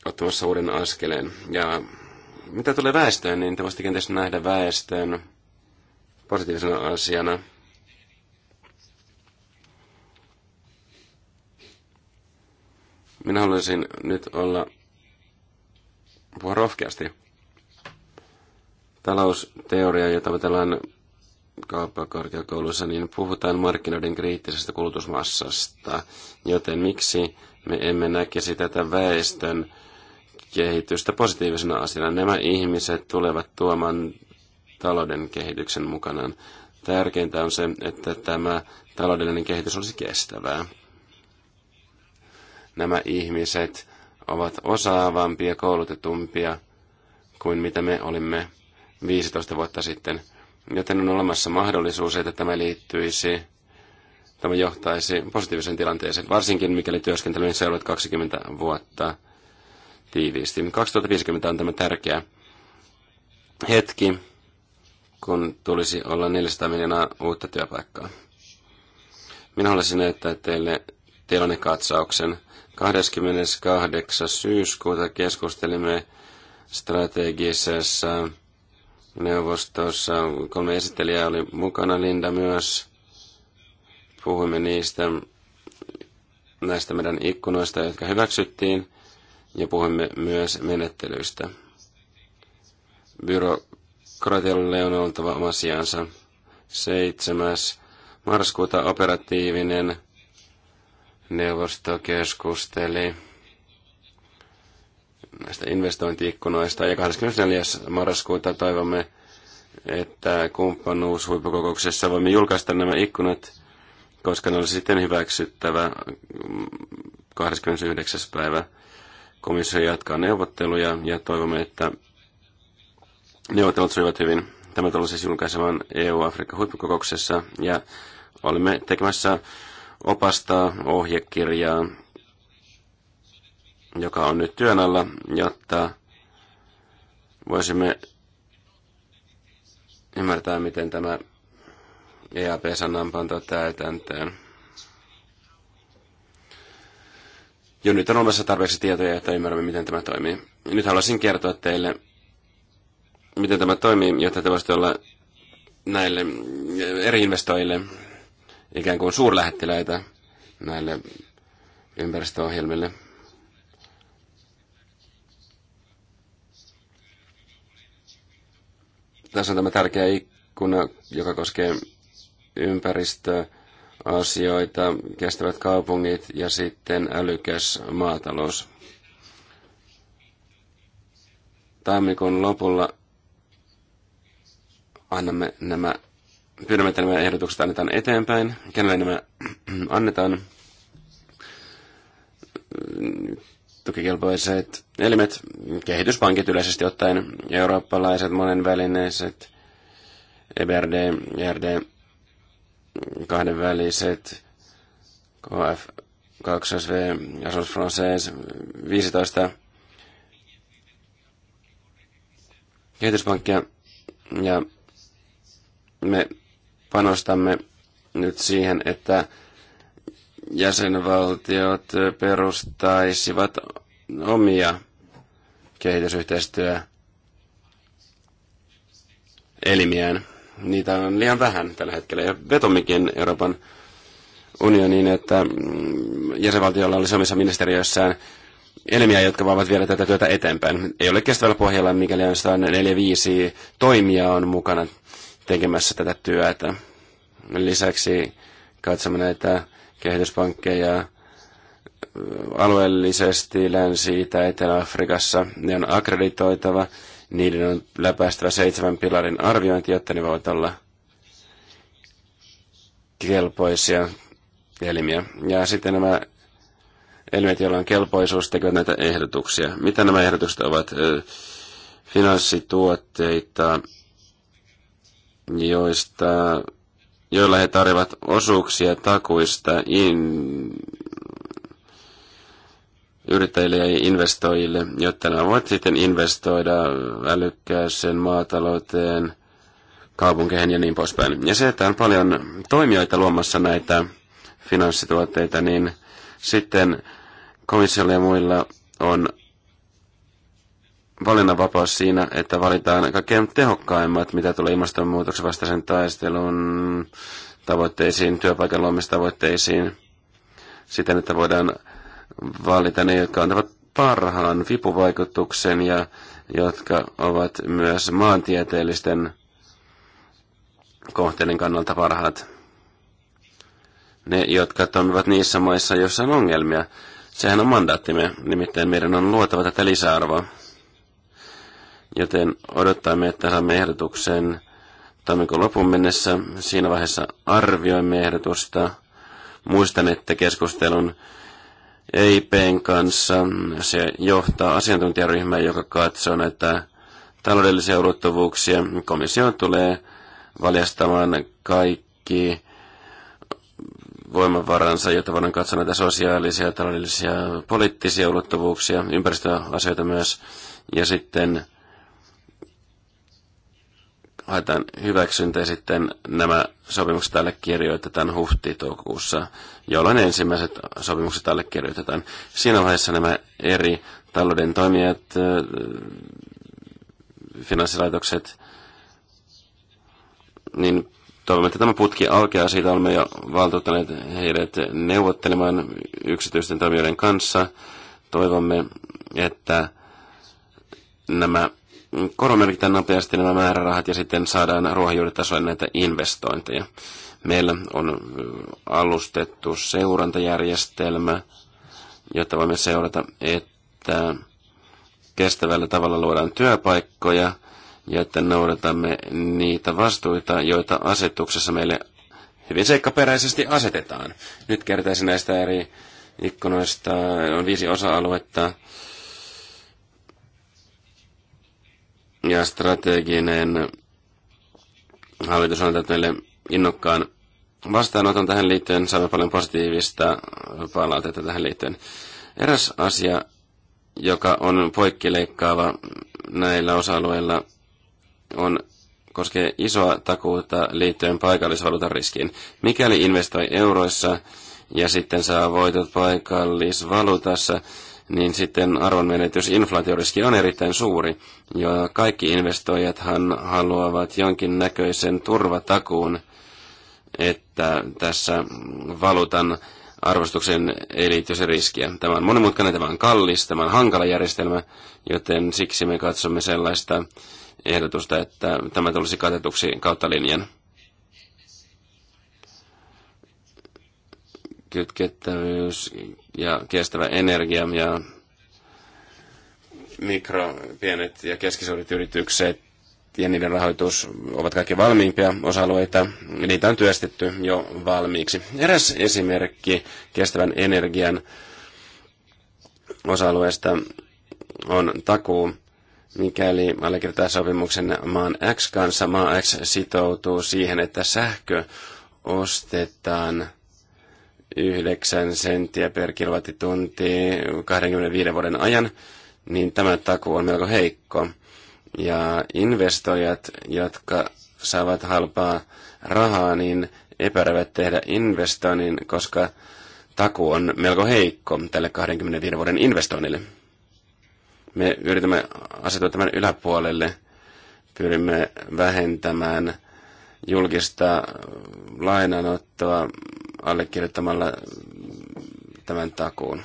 ottamassa uuden askeleen. Ja mitä tulee väestöön, niin te voisitte kenties nähdä väestön positiivisena asiana – Minä haluaisin nyt olla puhua rohkeasti. Talousteoria, jota opetellaan kauppakorkeakoulussa, niin puhutaan markkinoiden kriittisestä kulutusmassasta. Joten miksi me emme näkisi tätä väestön kehitystä positiivisena asiana? Nämä ihmiset tulevat tuomaan talouden kehityksen mukanaan. Tärkeintä on se, että tämä taloudellinen kehitys olisi kestävää nämä ihmiset ovat osaavampia, koulutetumpia kuin mitä me olimme 15 vuotta sitten. Joten on olemassa mahdollisuus, että tämä liittyisi, tämä johtaisi positiiviseen tilanteeseen, varsinkin mikäli työskentelyn seuraavat 20 vuotta tiiviisti. 2050 on tämä tärkeä hetki, kun tulisi olla 400 miljoonaa uutta työpaikkaa. Minä haluaisin näyttää teille tilannekatsauksen 28. syyskuuta keskustelimme strategisessa neuvostossa. Kolme esittelijää oli mukana, Linda myös. Puhuimme niistä näistä meidän ikkunoista, jotka hyväksyttiin, ja puhuimme myös menettelyistä. Byrokratialle on oltava oma sijansa. 7. marraskuuta operatiivinen neuvosto keskusteli näistä investointiikkunoista. Ja 24. marraskuuta toivomme, että kumppanuushuippukokouksessa voimme julkaista nämä ikkunat, koska ne olisi sitten hyväksyttävä 29. päivä. Komissio jatkaa neuvotteluja ja toivomme, että neuvottelut sujuvat hyvin. Tämä tullaan siis julkaisemaan EU-Afrikka huippukokouksessa ja olemme tekemässä opasta, ohjekirjaa, joka on nyt työn alla, jotta voisimme ymmärtää, miten tämä EAP-sana on täytäntöön. Jo nyt on olemassa tarpeeksi tietoja, että ymmärrämme, miten tämä toimii. Nyt haluaisin kertoa teille, miten tämä toimii, jotta te voisitte olla näille eri investoijille ikään kuin suurlähettiläitä näille ympäristöohjelmille. Tässä on tämä tärkeä ikkuna, joka koskee ympäristöasioita, kestävät kaupungit ja sitten älykäs maatalous. Tammikuun lopulla annamme nämä pyydämme, että nämä ehdotukset annetaan eteenpäin. Kenelle nämä annetaan? Tukikelpoiset elimet, kehityspankit yleisesti ottaen, eurooppalaiset monenvälineiset, EBRD, ERD, kahdenväliset, KF, 2SV, Asos Française, 15 kehityspankkia ja me panostamme nyt siihen, että jäsenvaltiot perustaisivat omia kehitysyhteistyö elimiään. Niitä on liian vähän tällä hetkellä. Ja vetomikin Euroopan unioniin, että mm, jäsenvaltioilla olisi omissa ministeriöissään elimiä, jotka voivat viedä tätä työtä eteenpäin. Ei ole kestävällä pohjalla, mikäli on 4-5 toimia on mukana tekemässä tätä työtä. Lisäksi katsomme näitä kehityspankkeja alueellisesti Länsi- ja Etelä-Afrikassa. Ne on akkreditoitava, niiden on läpäistävä seitsemän pilarin arviointi, jotta ne voivat olla kelpoisia elimiä. Ja sitten nämä elimet, joilla on kelpoisuus, tekevät näitä ehdotuksia. Mitä nämä ehdotukset ovat? Finanssituotteita, joista, joilla he tarjoavat osuuksia takuista in, yrittäjille ja investoijille, jotta nämä voivat sitten investoida älykkääseen maatalouteen, kaupunkeihin ja niin poispäin. Ja se, että on paljon toimijoita luomassa näitä finanssituotteita, niin sitten komissiolla ja muilla on valinnanvapaus siinä, että valitaan kaikkein tehokkaimmat, mitä tulee ilmastonmuutoksen vastaisen taistelun tavoitteisiin, työpaikan luomistavoitteisiin, siten, että voidaan valita ne, jotka antavat parhaan vipuvaikutuksen ja jotka ovat myös maantieteellisten kohteiden kannalta parhaat. Ne, jotka toimivat niissä maissa, joissa on ongelmia. Sehän on mandaattimme, nimittäin meidän on luotava tätä lisäarvoa joten odottamme, että saamme ehdotuksen tammikuun lopun mennessä. Siinä vaiheessa arvioimme ehdotusta. Muistan, että keskustelun EIPn kanssa se johtaa asiantuntijaryhmää, joka katsoo näitä taloudellisia ulottuvuuksia. Komissio tulee valjastamaan kaikki voimavaransa, jotta voidaan katsoa näitä sosiaalisia, taloudellisia, poliittisia ulottuvuuksia, ympäristöasioita myös, ja sitten haetaan hyväksyntä ja sitten nämä sopimukset allekirjoitetaan huhti-toukokuussa, jolloin ensimmäiset sopimukset allekirjoitetaan. Siinä vaiheessa nämä eri talouden toimijat, finanssilaitokset, niin toivomme, että tämä putki alkaa Siitä olemme jo valtuuttaneet heidät neuvottelemaan yksityisten toimijoiden kanssa. Toivomme, että nämä koromerkitään nopeasti nämä määrärahat ja sitten saadaan ruohonjuuritasolla näitä investointeja. Meillä on alustettu seurantajärjestelmä, jotta voimme seurata, että kestävällä tavalla luodaan työpaikkoja ja että noudatamme niitä vastuita, joita asetuksessa meille hyvin seikkaperäisesti asetetaan. Nyt kertaisin näistä eri ikkunoista, on viisi osa-aluetta, ja strateginen hallitus on antanut meille innokkaan vastaanoton tähän liittyen. Saamme paljon positiivista palautetta tähän liittyen. Eräs asia, joka on poikkileikkaava näillä osa-alueilla, on, koskee isoa takuuta liittyen paikallisvaluutan riskiin. Mikäli investoi euroissa ja sitten saa voitot paikallisvaluutassa, niin sitten arvonmenetys inflaatioriski on erittäin suuri. Ja kaikki investoijathan haluavat jonkin näköisen turvatakuun, että tässä valuutan arvostuksen ei liity se riskiä. Tämä on monimutkainen, tämä on kallis, tämä on hankala järjestelmä, joten siksi me katsomme sellaista ehdotusta, että tämä tulisi katetuksi kautta linjan. Kytkettävyys ja kestävä energia ja mikro, pienet ja keskisuuret yritykset ja niiden rahoitus ovat kaikki valmiimpia osa-alueita. Niitä on työstetty jo valmiiksi. Eräs esimerkki kestävän energian osa-alueesta on takuu. Mikäli allekirjoittaa sopimuksen maan X kanssa, maa X sitoutuu siihen, että sähkö ostetaan 9 senttiä per kilowattitunti 25 vuoden ajan, niin tämä takuu on melko heikko. Ja investoijat, jotka saavat halpaa rahaa, niin epäröivät tehdä investoinnin, koska taku on melko heikko tälle 25 vuoden investoinnille. Me yritämme asettua tämän yläpuolelle, pyrimme vähentämään julkista lainanottoa allekirjoittamalla tämän takuun.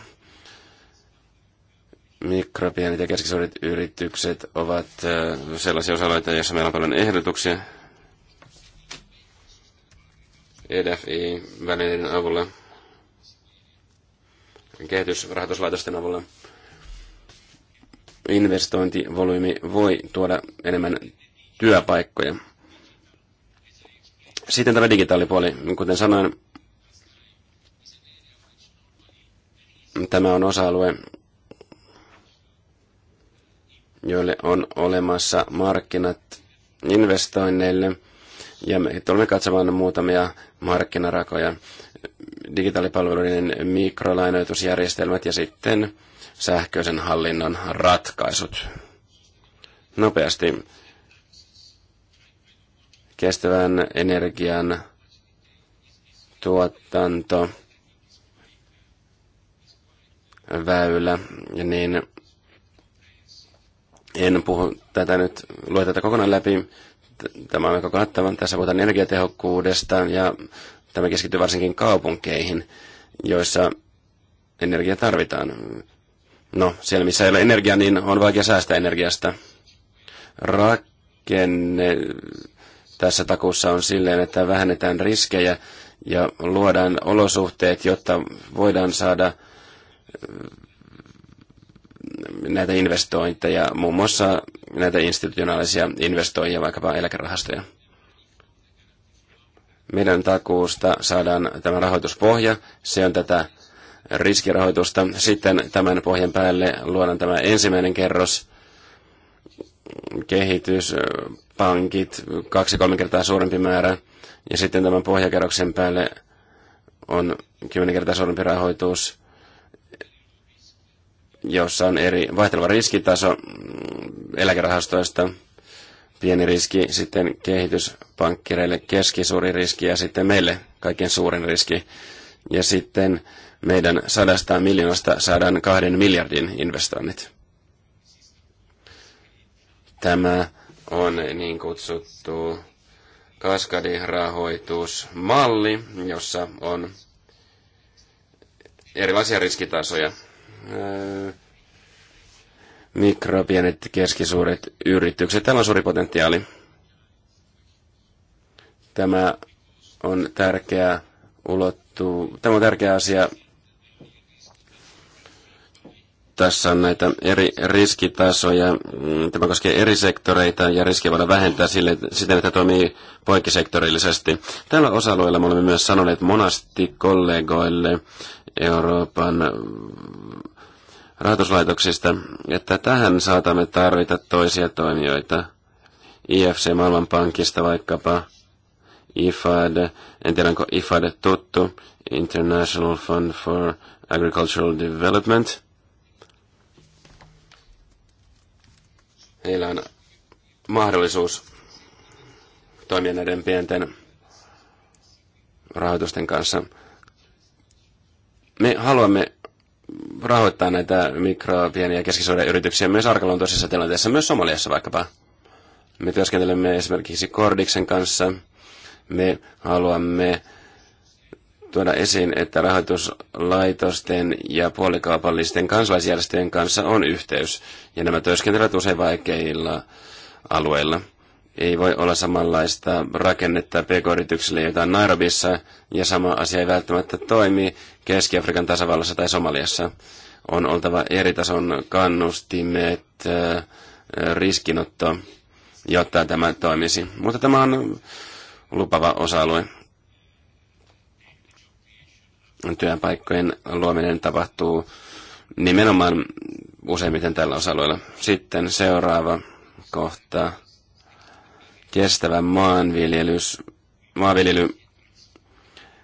Mikro, ja keskisuuret yritykset ovat sellaisia osa-alueita, joissa meillä on paljon ehdotuksia. EDFI-välineiden avulla, kehitysrahoituslaitosten avulla, investointivolyymi voi tuoda enemmän työpaikkoja. Sitten tämä digitaalipuoli, kuten sanoin, Tämä on osa-alue, joille on olemassa markkinat investoinneille. Ja me tulemme katsomaan muutamia markkinarakoja, digitaalipalveluiden mikrolainoitusjärjestelmät ja sitten sähköisen hallinnon ratkaisut. Nopeasti kestävän energian tuotanto – väylä, niin en puhu tätä nyt, lue tätä kokonaan läpi. Tämä on aika kattava. Tässä puhutaan energiatehokkuudesta ja tämä keskittyy varsinkin kaupunkeihin, joissa energia tarvitaan. No, siellä missä ei ole energiaa, niin on vaikea säästää energiasta. Rakenne tässä takussa on silleen, että vähennetään riskejä ja luodaan olosuhteet, jotta voidaan saada – näitä investointeja, muun muassa näitä institutionaalisia investoijia, vaikkapa eläkerahastoja. Meidän takuusta saadaan tämä rahoituspohja, se on tätä riskirahoitusta. Sitten tämän pohjan päälle luodaan tämä ensimmäinen kerros, kehityspankit, kaksi-kolme kertaa suurempi määrä, ja sitten tämän pohjakerroksen päälle on kymmenen kertaa suurempi rahoitus, jossa on eri vaihteleva riskitaso eläkerahastoista, pieni riski, sitten kehityspankkireille keskisuuri riski ja sitten meille kaiken suurin riski. Ja sitten meidän sadasta miljoonasta saadaan kahden miljardin investoinnit. Tämä on niin kutsuttu kaskadirahoitusmalli, jossa on erilaisia riskitasoja mikro, pienet, keskisuuret yritykset. Tällä on suuri potentiaali. Tämä on tärkeä ulottu. Tämä on tärkeä asia. Tässä on näitä eri riskitasoja. Mm, tämä koskee eri sektoreita ja riski voidaan vähentää sille, siten, että toimii poikkisektorillisesti. Tällä osa-alueella me olemme myös sanoneet monasti kollegoille Euroopan rahoituslaitoksista, että tähän saatamme tarvita toisia toimijoita. IFC Maailmanpankista vaikkapa, IFAD, en tiedä onko IFAD tuttu, International Fund for Agricultural Development. Heillä on mahdollisuus toimia näiden pienten rahoitusten kanssa. Me haluamme rahoittaa näitä mikro-, pieniä ja keskisuuden yrityksiä myös toisessa tilanteessa, myös Somaliassa vaikkapa. Me työskentelemme esimerkiksi Kordiksen kanssa. Me haluamme tuoda esiin, että rahoituslaitosten ja puolikaupallisten kansalaisjärjestöjen kanssa on yhteys, ja nämä työskentelevät usein vaikeilla alueilla ei voi olla samanlaista rakennetta pk-yrityksille, joita on Nairobissa, ja sama asia ei välttämättä toimi Keski-Afrikan tasavallassa tai Somaliassa. On oltava eri tason kannustimet, äh, riskinotto, jotta tämä toimisi. Mutta tämä on lupava osa-alue. Työpaikkojen luominen tapahtuu nimenomaan useimmiten tällä osa-alueella. Sitten seuraava kohta kestävä maanviljelys, maanviljely,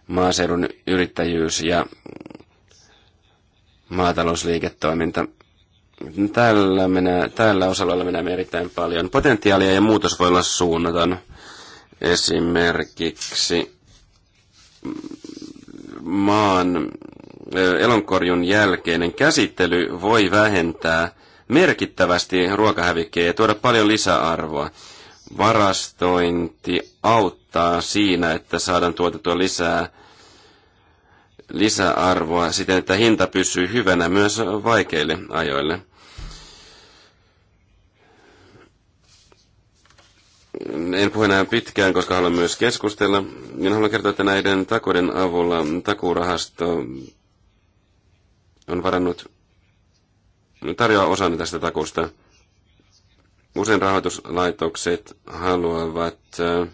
maaseudun yrittäjyys ja maatalousliiketoiminta. Tällä, minä, tällä osalla mennään erittäin paljon. Potentiaalia ja muutos voi olla suunnaton. Esimerkiksi maan elonkorjun jälkeinen käsittely voi vähentää merkittävästi ruokahävikkiä ja tuoda paljon lisäarvoa varastointi auttaa siinä, että saadaan tuotettua lisää lisäarvoa siten, että hinta pysyy hyvänä myös vaikeille ajoille. En puhu enää pitkään, koska haluan myös keskustella. Minä haluan kertoa, että näiden takuiden avulla takurahasto on varannut tarjoaa osan tästä takusta. Usein rahoituslaitokset haluavat äh,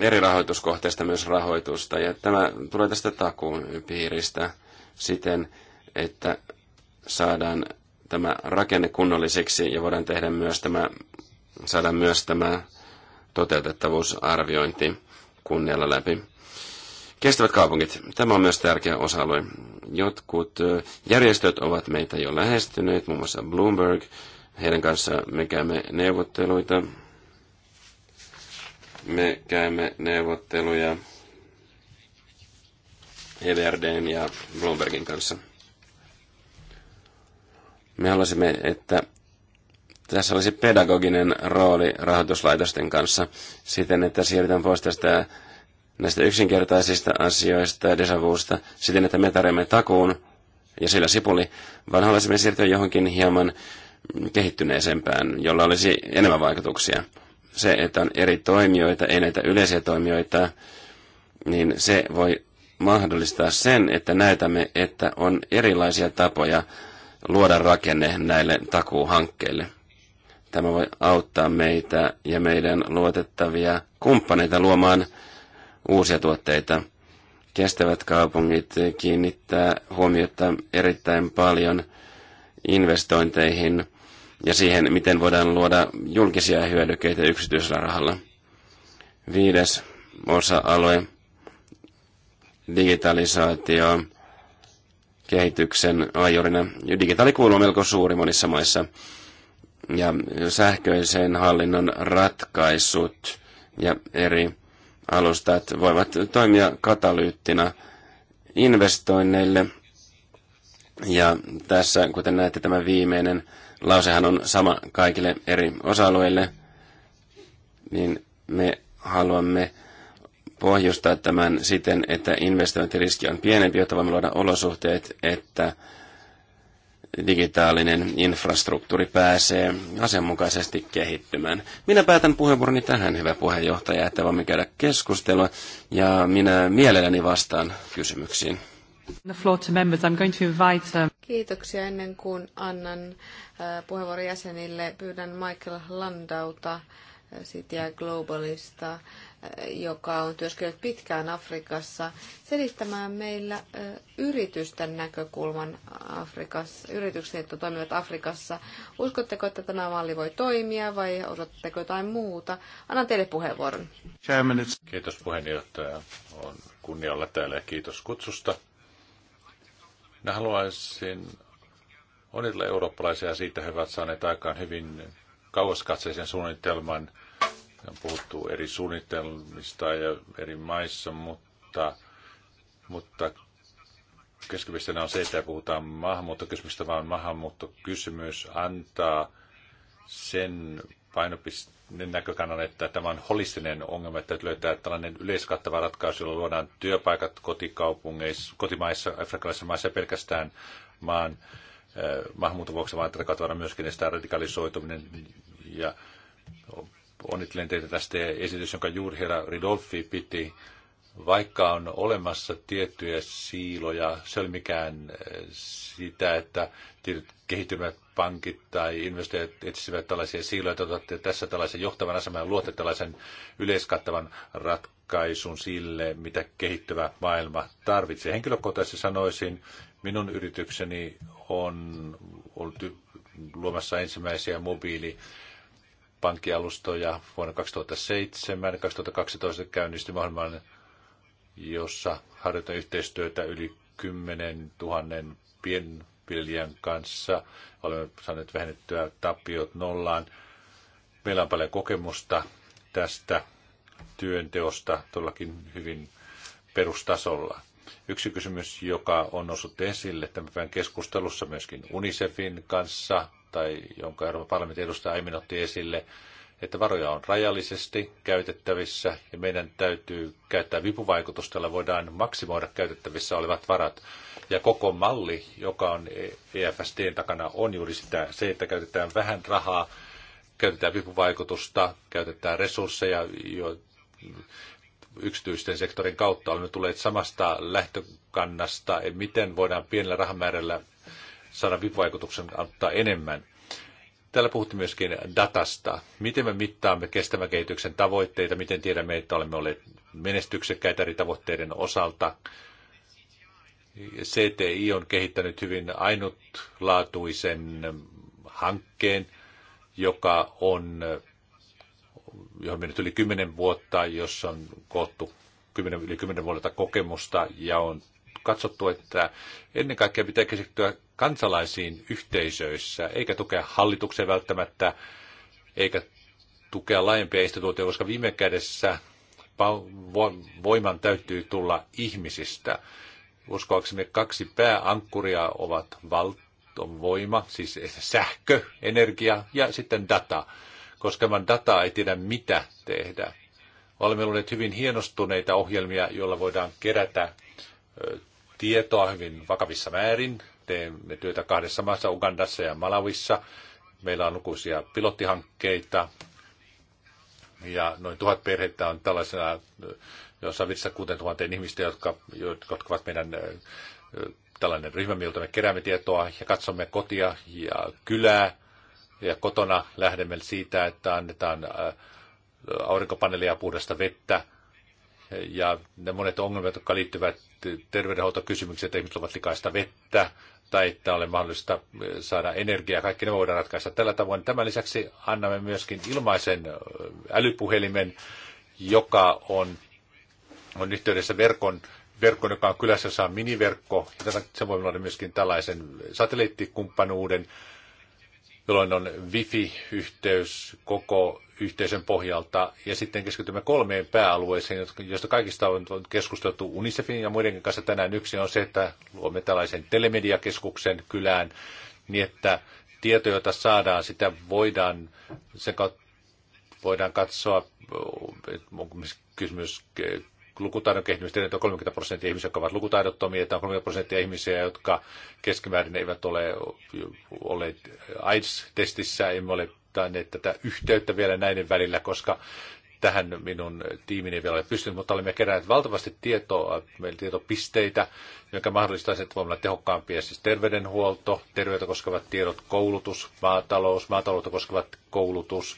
eri rahoituskohteista myös rahoitusta, ja tämä tulee tästä takuun piiristä siten, että saadaan tämä rakenne kunnolliseksi ja voidaan tehdä myös tämä, saada myös tämä toteutettavuusarviointi kunnialla läpi. Kestävät kaupungit. Tämä on myös tärkeä osa-alue. Jotkut järjestöt ovat meitä jo lähestyneet, muun muassa Bloomberg. Heidän kanssa me käymme neuvotteluita. Me käymme neuvotteluja EVRDn ja Bloombergin kanssa. Me haluaisimme, että tässä olisi pedagoginen rooli rahoituslaitosten kanssa siten, että siirrytään pois tästä näistä yksinkertaisista asioista ja desavuusta siten, että me tarjoamme takuun ja sillä sipuli, vaan haluaisimme siirtyä johonkin hieman kehittyneisempään, jolla olisi enemmän vaikutuksia. Se, että on eri toimijoita, ei näitä yleisiä toimijoita, niin se voi mahdollistaa sen, että näytämme, että on erilaisia tapoja luoda rakenne näille takuuhankkeille. Tämä voi auttaa meitä ja meidän luotettavia kumppaneita luomaan uusia tuotteita. Kestävät kaupungit kiinnittää huomiota erittäin paljon investointeihin ja siihen, miten voidaan luoda julkisia hyödykkeitä yksityisellä rahalla. Viides osa-alue, digitalisaatio, kehityksen ajurina. Digitaali kuuluu melko suuri monissa maissa. Ja sähköisen hallinnon ratkaisut ja eri alustat voivat toimia katalyyttina investoinneille. Ja tässä, kuten näette, tämä viimeinen lausehan on sama kaikille eri osa-alueille, niin me haluamme pohjustaa tämän siten, että investointiriski on pienempi, jotta voimme luoda olosuhteet, että digitaalinen infrastruktuuri pääsee asianmukaisesti kehittymään. Minä päätän puheenvuoroni tähän, hyvä puheenjohtaja, että voimme käydä keskustelua, ja minä mielelläni vastaan kysymyksiin. Um, Kiitoksia ennen kuin annan äh, puheenvuoron jäsenille. Pyydän Michael Landauta äh, City Globalista joka on työskennellyt pitkään Afrikassa, selittämään meillä yritysten näkökulman Afrikassa, yritykset, jotka toimivat Afrikassa. Uskotteko, että tämä malli voi toimia vai odotatteko jotain muuta? Annan teille puheenvuoron. Kiitos puheenjohtaja. On kunnia olla täällä ja kiitos kutsusta. Minä haluaisin onnitella eurooppalaisia siitä, he ovat saaneet aikaan hyvin kauaskatseisen suunnitelman – on puhuttu eri suunnitelmista ja eri maissa, mutta, mutta keskipisteenä on se, että puhutaan maahanmuuttokysymystä, vaan maahanmuuttokysymys antaa sen painopisteen näkökannan, että tämä on holistinen ongelma, että löytää tällainen yleiskattava ratkaisu, jolla luodaan työpaikat kotikaupungeissa, kotimaissa, afrikkalaisissa maissa pelkästään maan eh, maahanmuuton vuoksi, vaan tätä kautta myöskin estää radikalisoituminen ja Onnittelen teitä tästä esitys, jonka juuri herra Ridolfi piti. Vaikka on olemassa tiettyjä siiloja, se oli mikään eh, sitä, että tietyt kehittymät pankit tai investoijat etsivät tällaisia siiloja, että otatte tässä tällaisen johtavan aseman ja luotte tällaisen yleiskattavan ratkaisun sille, mitä kehittyvä maailma tarvitsee. Henkilökohtaisesti sanoisin, minun yritykseni on ollut luomassa ensimmäisiä mobiili pankkialustoja vuonna 2007. 2012 käynnisti maailman, jossa harjoitetaan yhteistyötä yli 10 000 pienviljelijän kanssa. Olemme saaneet vähennettyä tappiot nollaan. Meillä on paljon kokemusta tästä työnteosta todellakin hyvin perustasolla. Yksi kysymys, joka on noussut esille tämän päivän keskustelussa myöskin UNICEFin kanssa, tai jonka Euroopan parlamentin edustaja aiemmin otti esille, että varoja on rajallisesti käytettävissä ja meidän täytyy käyttää vipuvaikutusta, jolla voidaan maksimoida käytettävissä olevat varat. Ja koko malli, joka on EFSDn e takana, on juuri sitä, se, että käytetään vähän rahaa, käytetään vipuvaikutusta, käytetään resursseja, jo yksityisten sektorin kautta olemme tulleet samasta lähtökannasta, miten voidaan pienellä rahamäärällä saada vipuvaikutuksen antaa enemmän. Täällä puhuttiin myöskin datasta. Miten me mittaamme kestävän kehityksen tavoitteita, miten tiedämme, että olemme olleet menestyksekkäitä eri tavoitteiden osalta. CTI on kehittänyt hyvin ainutlaatuisen hankkeen, joka on, johon mennyt yli kymmenen vuotta, jossa on koottu 10, yli kymmenen vuotta kokemusta ja on katsottu, että ennen kaikkea pitää keskittyä kansalaisiin yhteisöissä, eikä tukea hallituksen välttämättä, eikä tukea laajempia instituutioita, koska viime kädessä voiman täytyy tulla ihmisistä. Uskoakseni kaksi pääankkuria ovat valtovoima, voima, siis sähkö, energia ja sitten data, koska ilman dataa ei tiedä mitä tehdä. Olemme luoneet hyvin hienostuneita ohjelmia, joilla voidaan kerätä tietoa hyvin vakavissa määrin. Teemme työtä kahdessa maassa, Ugandassa ja Malawissa. Meillä on lukuisia pilottihankkeita ja noin tuhat perhettä on tällaisena, jossa on 56 000 ihmistä, jotka, jotka ovat meidän tällainen ryhmä, miltä me keräämme tietoa ja katsomme kotia ja kylää. Ja kotona lähdemme siitä, että annetaan aurinkopaneelia puhdasta vettä – ja ne monet ongelmat, jotka liittyvät terveydenhuoltokysymyksiin, että ihmiset ovat likaista vettä tai että ole mahdollista eh, saada energiaa, kaikki ne voidaan ratkaista tällä tavoin. Tämän lisäksi annamme myöskin ilmaisen eh, älypuhelimen, joka on, on yhteydessä verkon, verkon, joka on kylässä, jossa on miniverkko. Ja se voi olla myöskin tällaisen satelliittikumppanuuden, jolloin on wifi-yhteys koko yhteisön pohjalta, ja sitten keskitymme kolmeen pääalueeseen, joista kaikista on keskusteltu UNICEFin ja muidenkin kanssa tänään. Yksi on se, että luomme tällaisen telemediakeskuksen kylään, niin että tieto, jota saadaan, sitä voidaan, sen kautta voidaan katsoa, onko kysymys lukutaidon kehittymistä, että on 30 prosenttia ihmisiä, jotka ovat lukutaidottomia, että on 30 prosenttia ihmisiä, jotka keskimäärin eivät ole olleet AIDS-testissä, emme ole ne, tätä yhteyttä vielä näiden välillä, koska tähän minun tiimini ei vielä ole pystynyt, mutta olemme keränneet valtavasti tietoa, meillä tietopisteitä, joka mahdollistaa että voimme olla tehokkaampia, siis terveydenhuolto, terveyttä koskevat tiedot, koulutus, maatalous, maataloutta koskevat koulutus,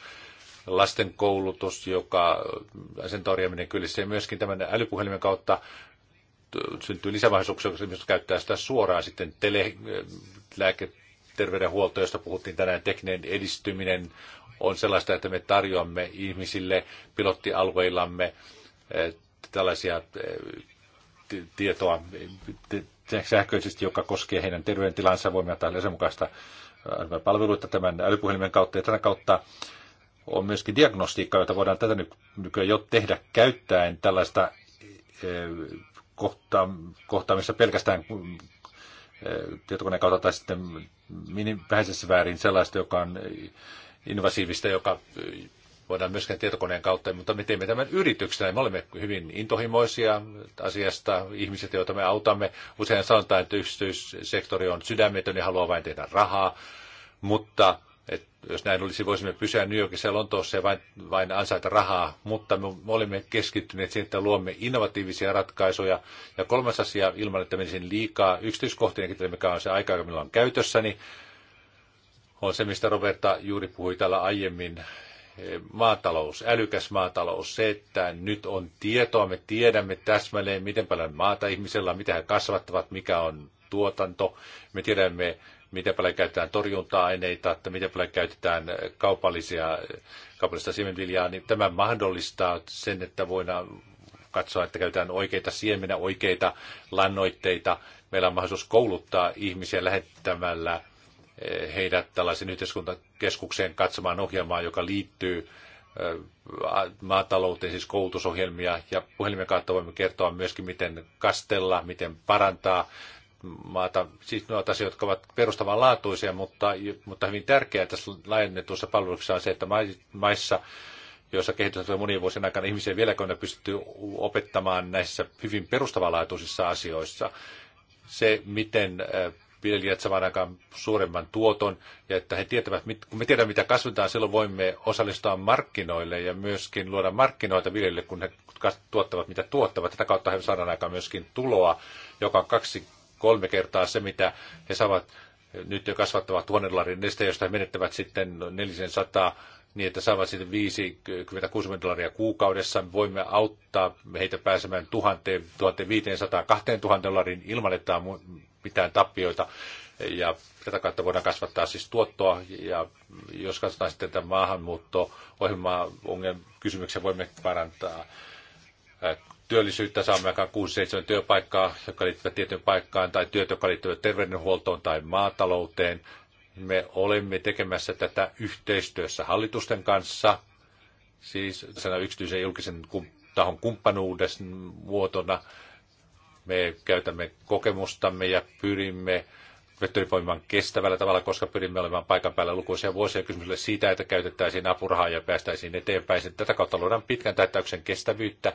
lasten koulutus, joka, sen torjaminen kyllä se myöskin tämän älypuhelimen kautta syntyy lisämahdollisuuksia, jos käyttää sitä suoraan sitten tele, lääke, terveydenhuolto, josta puhuttiin tänään, tekninen edistyminen on sellaista, että me tarjoamme ihmisille pilottialueillamme eh, tällaisia eh, tietoa sähköisesti, joka koskee heidän terveydentilansa, voimme antaa asianmukaista eh, palveluita tämän älypuhelimen kautta ja tämän kautta on myöskin diagnostiikkaa, jota voidaan tätä nykyään jo tehdä käyttäen tällaista kohtaamista pelkästään tietokoneen kautta tai sitten vähäisessä väärin sellaista, joka on invasiivista, joka voidaan myöskään tietokoneen kautta, mutta me teemme tämän yrityksenä. Me olemme hyvin intohimoisia asiasta. Ihmiset, joita me autamme, usein sanotaan, että yksityissektori on sydämetön ja haluaa vain tehdä rahaa, mutta jos näin olisi, voisimme pysyä New Yorkissa ja Lontoossa ja vain, vain ansaita rahaa, mutta me, me olemme keskittyneet siihen, että luomme innovatiivisia ratkaisuja. Ja kolmas asia, ilman että menisin liikaa yksityiskohtiin, mikä on se aika, joka meillä on käytössäni, niin on se, mistä Roberta juuri puhui täällä aiemmin, maatalous, älykäs maatalous, se, että nyt on tietoa, me tiedämme täsmälleen, miten paljon maata ihmisellä on, mitä he kasvattavat, mikä on tuotanto, me tiedämme miten paljon käytetään torjunta-aineita, että miten paljon käytetään kaupallisia, kaupallista siemenviljaa, niin tämä mahdollistaa sen, että voidaan katsoa, että käytetään oikeita siemenä, oikeita lannoitteita. Meillä on mahdollisuus kouluttaa ihmisiä lähettämällä eh, heidät tällaisen yhteiskuntakeskukseen katsomaan ohjelmaa, joka liittyy eh, maatalouteen, siis koulutusohjelmia, ja puhelimen kautta voimme kertoa myöskin, miten kastella, miten parantaa maata, siis noita asioita, jotka ovat perustavanlaatuisia, mutta, mutta hyvin tärkeää tässä laajennetussa palveluksessa on se, että maissa, joissa kehitys on monien vuosien aikana ihmisiä vieläkö ne pystyy opettamaan näissä hyvin perustavanlaatuisissa asioissa. Se, miten äh, viljelijät saavat aikaan suuremman tuoton ja että he tietävät, kun me tiedämme mitä kasvataan, silloin voimme osallistua markkinoille ja myöskin luoda markkinoita viljelijöille, kun he tuottavat mitä tuottavat. Tätä kautta he saadaan aikaan myöskin tuloa, joka on kaksi kolme kertaa se, mitä he saavat nyt jo kasvattavat tuhannen dollarin neste, josta he menettävät sitten 400 niin, että saavat sitten 50-60 dollaria kuukaudessa. Me voimme auttaa heitä pääsemään 1500-2000 dollarin ilman, että on mitään tappioita. Ja tätä kautta voidaan kasvattaa siis tuottoa. Ja jos katsotaan sitten tätä maahanmuutto-ohjelmaa, ongelmia, kysymyksiä voimme parantaa äh, työllisyyttä, saamme aikaan 6-7 työpaikkaa, jotka liittyvät tietyn paikkaan, tai työt, jotka liittyvät terveydenhuoltoon tai maatalouteen. Me olemme tekemässä tätä yhteistyössä hallitusten kanssa, siis sana yksityisen ja julkisen tahon kumppanuuden muotona. Me käytämme kokemustamme ja pyrimme vettorivoimaan kestävällä tavalla, koska pyrimme olemaan paikan päällä lukuisia vuosia kysymykselle siitä, että käytettäisiin apurahaa ja päästäisiin eteenpäin. Tätä kautta luodaan pitkän täyttäyksen kestävyyttä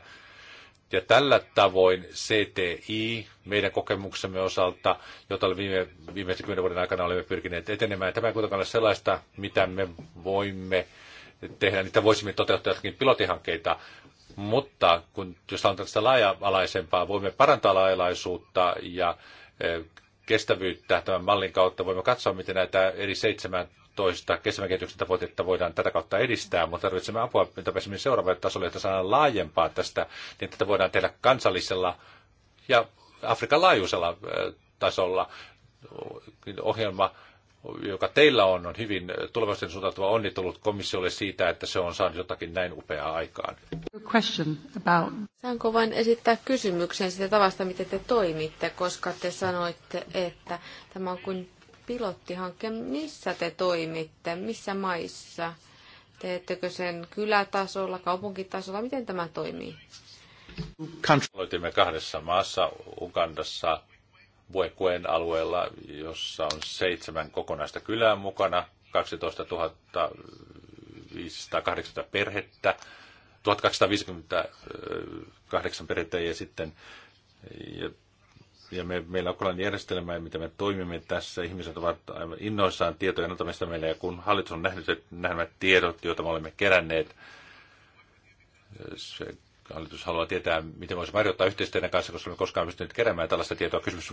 ja tällä tavoin CTI, meidän kokemuksemme osalta, jota viime, viimeisen kymmenen vuoden aikana olemme pyrkineet etenemään, tämä ei kuitenkaan ole sellaista, mitä me voimme tehdä, niitä voisimme toteuttaa jotakin pilotihankkeita, mutta kun, jos on tällaista laaja-alaisempaa, voimme parantaa laajalaisuutta ja eh, kestävyyttä tämän mallin kautta. Voimme katsoa, miten näitä eri seitsemän toista kestävän kehityksen tavoitetta voidaan tätä kautta edistää, mutta tarvitsemme apua mitä pääsemme seuraavalle tasolle, että saadaan laajempaa tästä, niin tätä voidaan tehdä kansallisella ja Afrikan laajuisella tasolla. Ohjelma, joka teillä on, on hyvin tulevaisuuden suuntautuva onnittelut komissiolle siitä, että se on saanut jotakin näin upeaa aikaan. About... Saanko vain esittää kysymyksen sitä tavasta, miten te toimitte, koska te sanoitte, että tämä on kuin pilottihankke, Missä te toimitte? Missä maissa? Teettekö sen kylätasolla, kaupunkitasolla? Miten tämä toimii? Kansaloitimme kahdessa maassa, Ugandassa, Buekuen alueella, jossa on seitsemän kokonaista kylää mukana, 12 580 perhettä, 1258 perhettä ja sitten ja me, meillä on kokonainen järjestelmä, mitä me toimimme tässä. Ihmiset ovat aivan innoissaan tietojen antamista meille, ja kun hallitus on nähnyt nämä tiedot, joita me olemme keränneet, se hallitus haluaa tietää, miten voisi harjoittaa yhteistyötä kanssa, koska olemme koskaan pystyneet keräämään tällaista tietoa. Kysymys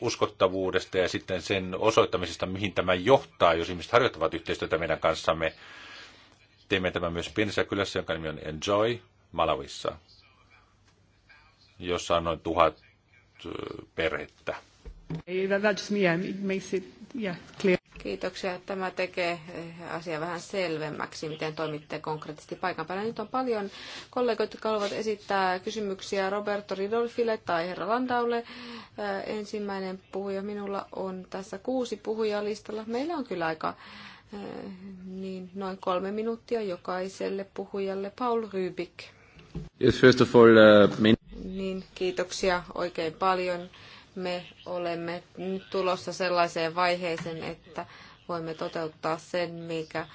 uskottavuudesta ja sitten sen osoittamisesta, mihin tämä johtaa, jos ihmiset harjoittavat yhteistyötä meidän kanssamme. Teemme tämän myös pienessä kylässä, jonka nimi on Enjoy Malawissa, jossa on noin tuhat perhettä. Kiitoksia. Tämä tekee eh, asia vähän selvemmäksi, miten toimitte konkreettisesti paikan päällä. Nyt on paljon kollegoita, jotka haluavat esittää kysymyksiä Roberto Ridolfille tai herra Landaulle. Eh, ensimmäinen puhuja minulla on tässä kuusi puhujaa listalla. Meillä on kyllä aika eh, niin noin kolme minuuttia jokaiselle puhujalle. Paul Rybik. Yes, first of all, uh, niin, kiitoksia oikein paljon. Me olemme nyt tulossa sellaiseen vaiheeseen, että voimme toteuttaa sen, mikä äh,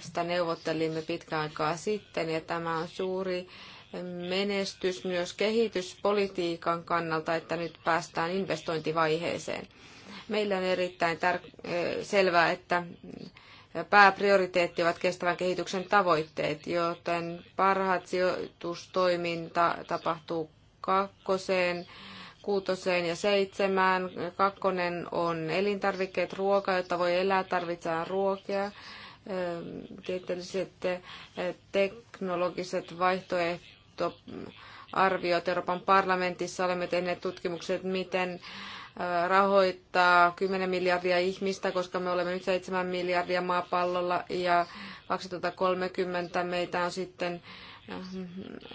sitä neuvottelimme pitkään aikaa sitten. Ja tämä on suuri menestys myös kehityspolitiikan kannalta, että nyt päästään investointivaiheeseen. Meillä on erittäin tär- äh, selvää, että pääprioriteetti ovat kestävän kehityksen tavoitteet, joten parhaat sijoitustoiminta tapahtuu kakkoseen, kuutoseen ja seitsemään. Kakkonen on elintarvikkeet, ruoka, jotta voi elää, tarvitsee ruokia. Ehm, tieteelliset eh, teknologiset vaihtoehtoarviot Euroopan parlamentissa. Olemme tehneet tutkimukset, miten rahoittaa 10 miljardia ihmistä, koska me olemme nyt 7 miljardia maapallolla ja 2030 meitä on sitten mm,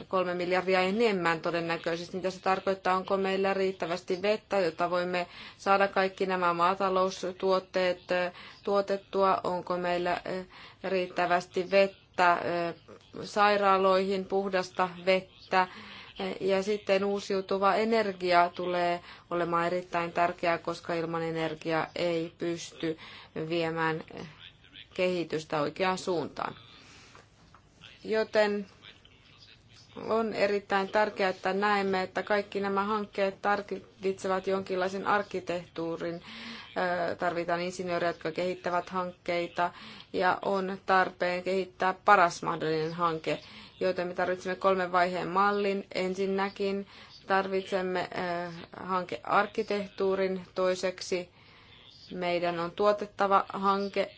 kolme miljardia enemmän todennäköisesti. Mitä se tarkoittaa? Onko meillä riittävästi vettä, jota voimme saada kaikki nämä maataloustuotteet tuotettua? Onko meillä riittävästi vettä sairaaloihin, puhdasta vettä? Ja sitten uusiutuva energia tulee olemaan erittäin tärkeää, koska ilman energiaa ei pysty viemään kehitystä oikeaan suuntaan. Joten on erittäin tärkeää, että näemme, että kaikki nämä hankkeet tarvitsevat jonkinlaisen arkkitehtuurin. Tarvitaan insinöörejä, jotka kehittävät hankkeita ja on tarpeen kehittää paras mahdollinen hanke joten me tarvitsemme kolmen vaiheen mallin. Ensinnäkin tarvitsemme eh, hankearkkitehtuurin, toiseksi meidän on tuotettava hanke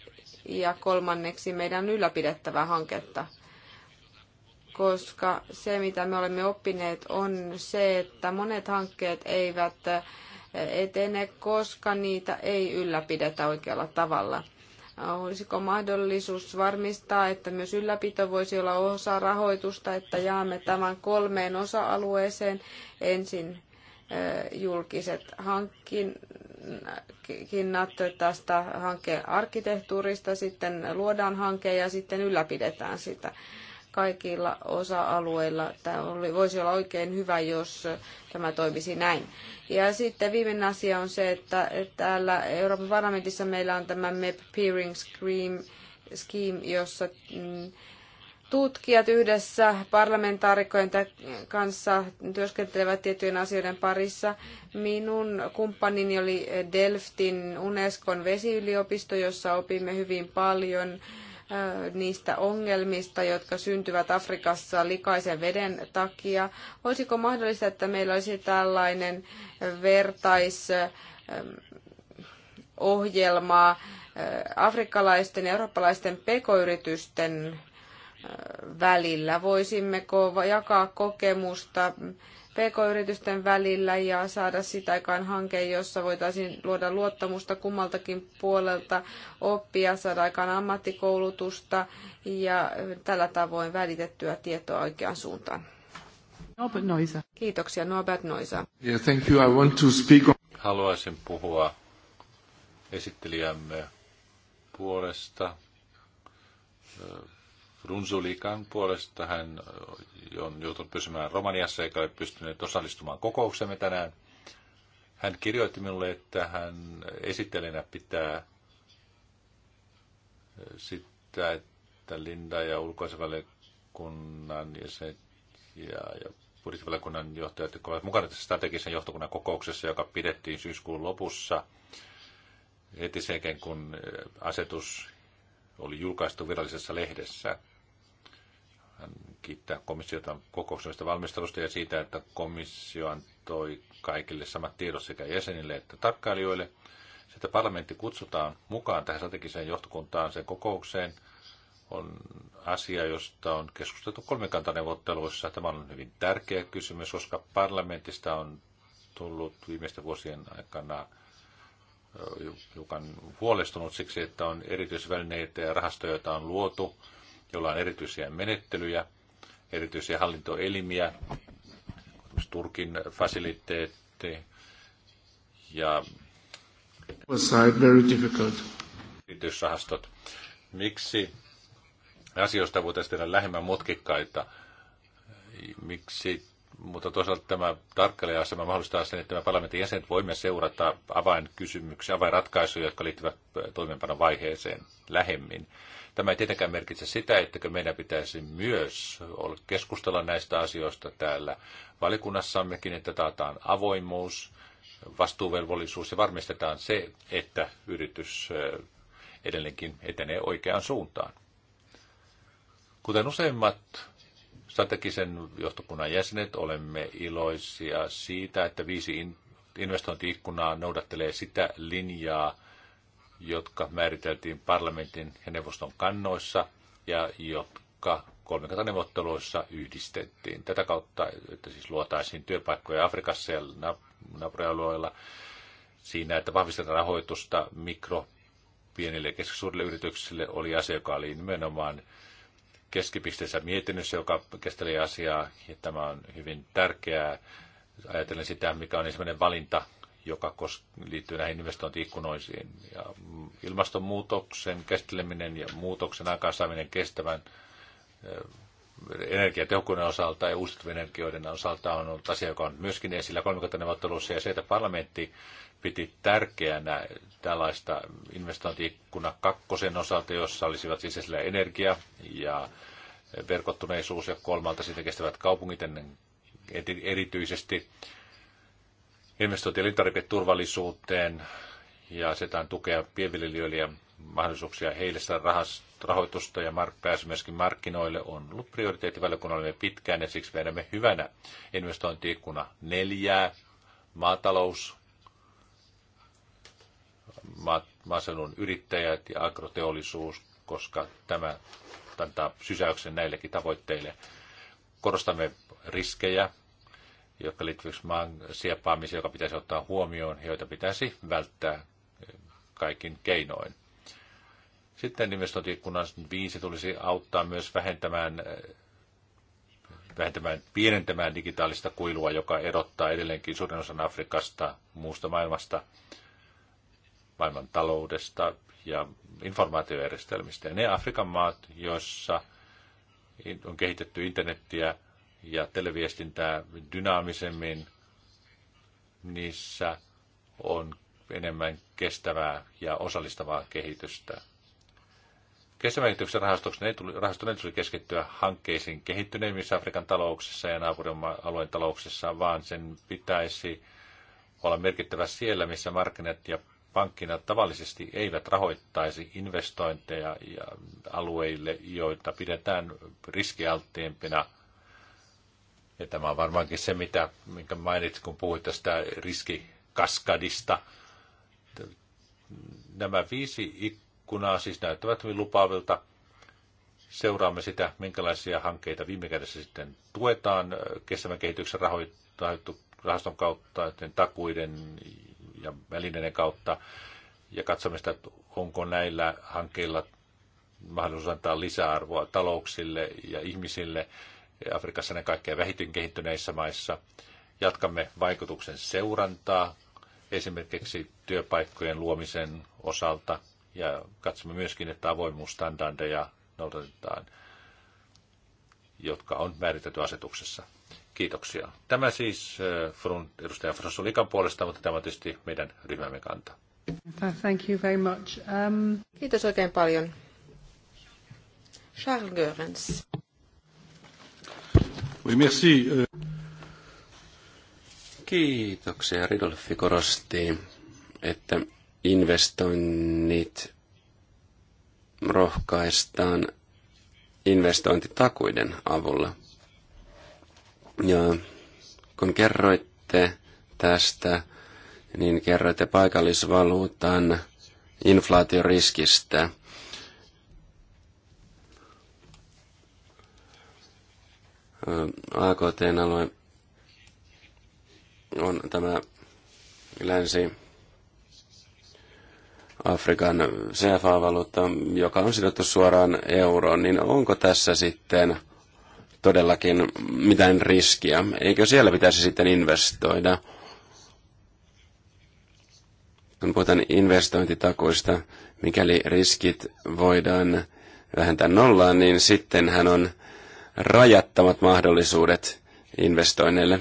ja kolmanneksi meidän on ylläpidettävä hanketta. Koska se, mitä me olemme oppineet, on se, että monet hankkeet eivät eh, etene, koska niitä ei ylläpidetä oikealla tavalla. Olisiko mahdollisuus varmistaa, että myös ylläpito voisi olla osa rahoitusta, että jaamme tämän kolmeen osa-alueeseen ensin julkiset hankinnat tästä hankkeen arkkitehtuurista, sitten luodaan hanke ja sitten ylläpidetään sitä kaikilla osa-alueilla. Tämä oli, voisi olla oikein hyvä, jos tämä toimisi näin. Ja sitten viimeinen asia on se, että täällä Euroopan parlamentissa meillä on tämä MEP Peering Scheme, jossa mm, tutkijat yhdessä parlamentaarikkojen kanssa työskentelevät tiettyjen asioiden parissa. Minun kumppanini oli Delftin Unescon vesiyliopisto, jossa opimme hyvin paljon niistä ongelmista, jotka syntyvät Afrikassa likaisen veden takia. Olisiko mahdollista, että meillä olisi tällainen vertaisohjelma afrikkalaisten ja eurooppalaisten pekoyritysten välillä? Voisimmeko jakaa kokemusta pk-yritysten välillä ja saada sitä aikaan hanke, jossa voitaisiin luoda luottamusta kummaltakin puolelta, oppia, saada aikaan ammattikoulutusta ja tällä tavoin välitettyä tietoa oikeaan suuntaan. Norbert Noisa. Kiitoksia Norbert Noisa. Yeah, thank you. I want to speak on... Haluaisin puhua esittelijämme puolesta Runzulikan puolesta. Hän on joutunut pysymään Romaniassa eikä ole pystynyt osallistumaan kokouksemme tänään. Hän kirjoitti minulle, että hän esittelenä pitää sitä, että Linda ja ulkoasevaliokunnan ja, se, ja, ja budjettivaliokunnan johtajat, jotka ovat mukana tässä strategisen johtokunnan kokouksessa, joka pidettiin syyskuun lopussa, heti sen kun asetus oli julkaistu virallisessa lehdessä kiittää komissiota kokouksesta valmistelusta ja siitä, että komissio antoi kaikille samat tiedot sekä jäsenille että tarkkailijoille. Sitten parlamentti kutsutaan mukaan tähän strategiseen johtokuntaan sen kokoukseen. On asia, josta on keskusteltu kolmikantaneuvotteluissa. Tämä on hyvin tärkeä kysymys, koska parlamentista on tullut viimeisten vuosien aikana hiukan huolestunut siksi, että on erityisvälineitä ja rahastoja, joita on luotu jolla on erityisiä menettelyjä, erityisiä hallintoelimiä, Turkin fasiliteetti ja erityisrahastot. Miksi asioista voitaisiin tehdä lähemmän mutkikkaita? Miksi mutta toisaalta tämä tarkkailija-asema mahdollistaa sen, että parlamentin jäsenet voimme seurata avainkysymyksiä, avainratkaisuja, jotka liittyvät toimeenpanon vaiheeseen lähemmin. Tämä ei tietenkään merkitse sitä, että meidän pitäisi myös keskustella näistä asioista täällä valikunnassammekin, että taataan avoimuus, vastuuvelvollisuus ja varmistetaan se, että yritys edelleenkin etenee oikeaan suuntaan. Kuten useimmat strategisen johtokunnan jäsenet, olemme iloisia siitä, että viisi investointiikkunaa noudattelee sitä linjaa, jotka määriteltiin parlamentin ja neuvoston kannoissa ja jotka kolmikantaneuvotteluissa yhdistettiin. Tätä kautta, että siis luotaisiin työpaikkoja Afrikassa ja naapurialueilla siinä, että vahvistetaan rahoitusta mikro, pienille ja keskisuurille yrityksille oli asia, joka oli nimenomaan keskipisteessä mietinnössä, joka kesteli asiaa, ja tämä on hyvin tärkeää. Ajatellen sitä, mikä on ensimmäinen valinta joka liittyy näihin investointiikkunoisiin. Ja ilmastonmuutoksen käsitteleminen ja muutoksen aikaansaaminen kestävän energiatehokkuuden osalta ja uusiutuvien energioiden osalta on ollut asia, joka on myöskin esillä kolmikantaneuvottelussa ja se, että parlamentti piti tärkeänä tällaista investointiikkuna kakkosen osalta, jossa olisivat sisäisellä energia ja verkottuneisuus ja kolmalta sitten kestävät kaupungit ennen erityisesti investointi elintarviketurvallisuuteen ja asetetaan tukea pienviljelijöille ja mahdollisuuksia heille saada rahoitusta ja mark, pääsy myöskin markkinoille on ollut prioriteetti valiokunnalle pitkään ja siksi vedämme hyvänä investointiikkuna neljää, maatalous, ma, maaseudun yrittäjät ja agroteollisuus, koska tämä antaa sysäyksen näillekin tavoitteille. Korostamme riskejä, jotka liittyvät maan sieppaamiseen, joka pitäisi ottaa huomioon, joita pitäisi välttää eh, kaikin keinoin. Sitten investointikunnan viisi tulisi auttaa myös vähentämään, eh, vähentämään, pienentämään digitaalista kuilua, joka erottaa edelleenkin suurin osan Afrikasta, muusta maailmasta, maailman taloudesta ja informaatiojärjestelmistä. Ja ne Afrikan maat, joissa on kehitetty internettiä, ja televiestintää dynaamisemmin, niissä on enemmän kestävää ja osallistavaa kehitystä. Kestävän kehityksen rahaston ei, tuli, rahaston ei tuli keskittyä hankkeisiin kehittyneimmissä Afrikan talouksissa ja naapurialueen talouksissa, vaan sen pitäisi olla merkittävä siellä, missä markkinat ja pankkina tavallisesti eivät rahoittaisi investointeja ja alueille, joita pidetään riskialttiimpina – ja tämä on varmaankin se, mitä, minkä mainit, kun puhuit tästä riskikaskadista. Nämä viisi ikkunaa siis näyttävät hyvin lupaavilta. Seuraamme sitä, minkälaisia hankkeita viime kädessä sitten tuetaan kestävän kehityksen rahaston kautta, takuiden ja välineiden kautta. Ja katsomme sitä, onko näillä hankkeilla mahdollisuus antaa lisäarvoa talouksille ja ihmisille Afrikassa ne kaikkea vähiten kehittyneissä maissa. Jatkamme vaikutuksen seurantaa esimerkiksi työpaikkojen luomisen osalta ja katsomme myöskin, että avoimuusstandardeja noudatetaan, jotka on määritelty asetuksessa. Kiitoksia. Tämä siis äh, Frun, edustaja Likan puolesta, mutta tämä on tietysti meidän ryhmämme kanta. Thank you very much. Um... Kiitos oikein paljon. Charles Görens. Oui, merci. Kiitoksia. Ridolfi korosti, että investoinnit rohkaistaan investointitakuiden avulla. Ja kun kerroitte tästä, niin kerroitte paikallisvaluutan inflaatioriskistä – AKT-alue on tämä länsi Afrikan CFA-valuutta, joka on sidottu suoraan euroon, niin onko tässä sitten todellakin mitään riskiä? Eikö siellä pitäisi sitten investoida? Kun puhutaan investointitakuista, mikäli riskit voidaan vähentää nollaan, niin sittenhän on rajattomat mahdollisuudet investoinneille.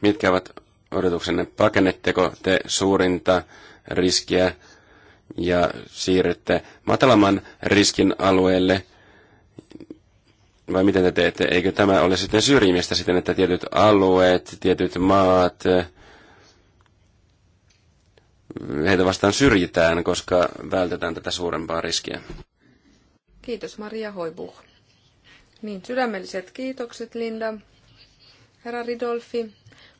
Mitkä ovat odotuksenne? Pakennetteko te suurinta riskiä ja siirrytte matalamman riskin alueelle – vai miten te teette? Eikö tämä ole sitten syrjimistä siten, että tietyt alueet, tietyt maat, heitä vastaan syrjitään, koska vältetään tätä suurempaa riskiä. Kiitos Maria Hoibuh. Niin, sydämelliset kiitokset Linda. Herra Ridolfi,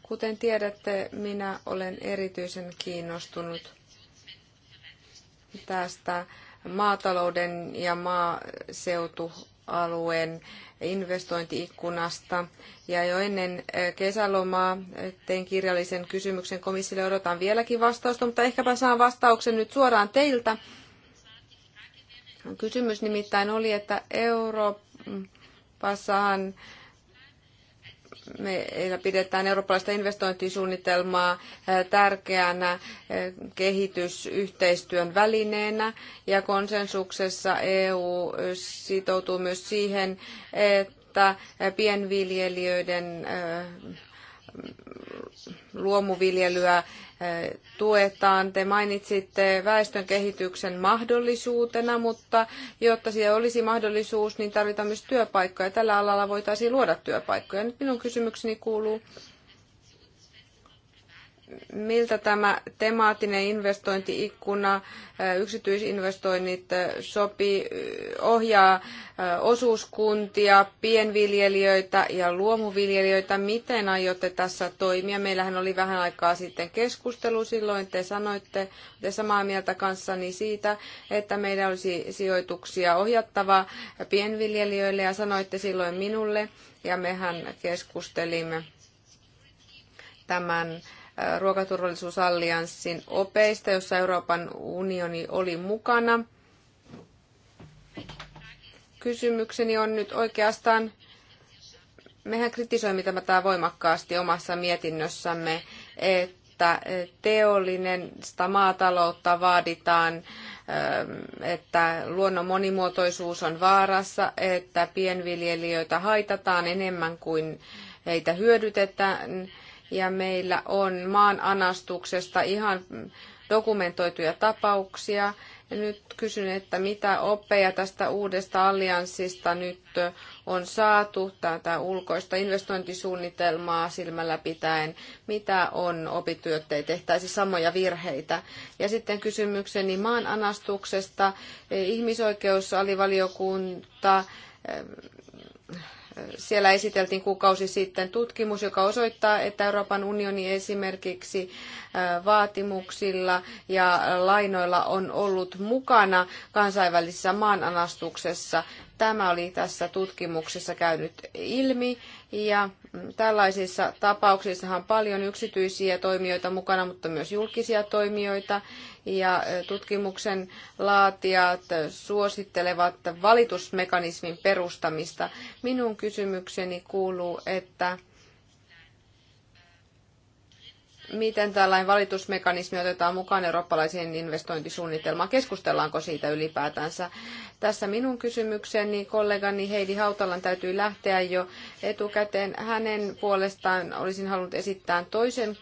kuten tiedätte, minä olen erityisen kiinnostunut tästä maatalouden ja maaseutu alueen investointiikkunasta. Ja jo ennen kesälomaa tein kirjallisen kysymyksen komissiolle. Odotan vieläkin vastausta, mutta ehkäpä saan vastauksen nyt suoraan teiltä. Kysymys nimittäin oli, että Euroopassahan meillä pidetään eurooppalaista investointisuunnitelmaa eh, tärkeänä eh, kehitysyhteistyön välineenä ja konsensuksessa EU eh, sitoutuu myös siihen, että pienviljelijöiden luomuviljelyä eh, tuetaan. Te mainitsitte väestön kehityksen mahdollisuutena, mutta jotta siellä olisi mahdollisuus, niin tarvitaan myös työpaikkoja. Tällä alalla voitaisiin luoda työpaikkoja. Nyt minun kysymykseni kuuluu, miltä tämä temaattinen investointiikkuna, yksityisinvestoinnit sopii, ohjaa osuuskuntia, pienviljelijöitä ja luomuviljelijöitä. Miten aiotte tässä toimia? Meillähän oli vähän aikaa sitten keskustelu silloin. Te sanoitte, te samaa mieltä kanssani siitä, että meidän olisi sijoituksia ohjattava pienviljelijöille ja sanoitte silloin minulle ja mehän keskustelimme tämän ruokaturvallisuusallianssin opeista, jossa Euroopan unioni oli mukana. Kysymykseni on nyt oikeastaan, mehän kritisoimme tätä voimakkaasti omassa mietinnössämme, että teollinen maataloutta vaaditaan, ähm, että luonnon monimuotoisuus on vaarassa, että pienviljelijöitä haitataan enemmän kuin heitä hyödytetään ja meillä on maan anastuksesta ihan dokumentoituja tapauksia. Ja nyt kysyn, että mitä oppeja tästä uudesta allianssista nyt on saatu, tätä ulkoista investointisuunnitelmaa silmällä pitäen, mitä on opittu, jotta ei tehtäisi samoja virheitä. Ja sitten kysymykseni maan anastuksesta, ihmisoikeusalivaliokunta, siellä esiteltiin kuukausi sitten tutkimus, joka osoittaa, että Euroopan unioni esimerkiksi vaatimuksilla ja lainoilla on ollut mukana kansainvälisessä maananastuksessa Tämä oli tässä tutkimuksessa käynyt ilmi ja tällaisissa tapauksissahan paljon yksityisiä toimijoita mukana, mutta myös julkisia toimijoita ja tutkimuksen laatijat suosittelevat valitusmekanismin perustamista. Minun kysymykseni kuuluu, että miten tällainen valitusmekanismi otetaan mukaan eurooppalaisiin investointisuunnitelmaan? Keskustellaanko siitä ylipäätänsä? Tässä minun kysymykseni kollegani Heidi Hautalan täytyy lähteä jo etukäteen. Hänen puolestaan olisin halunnut esittää toisen,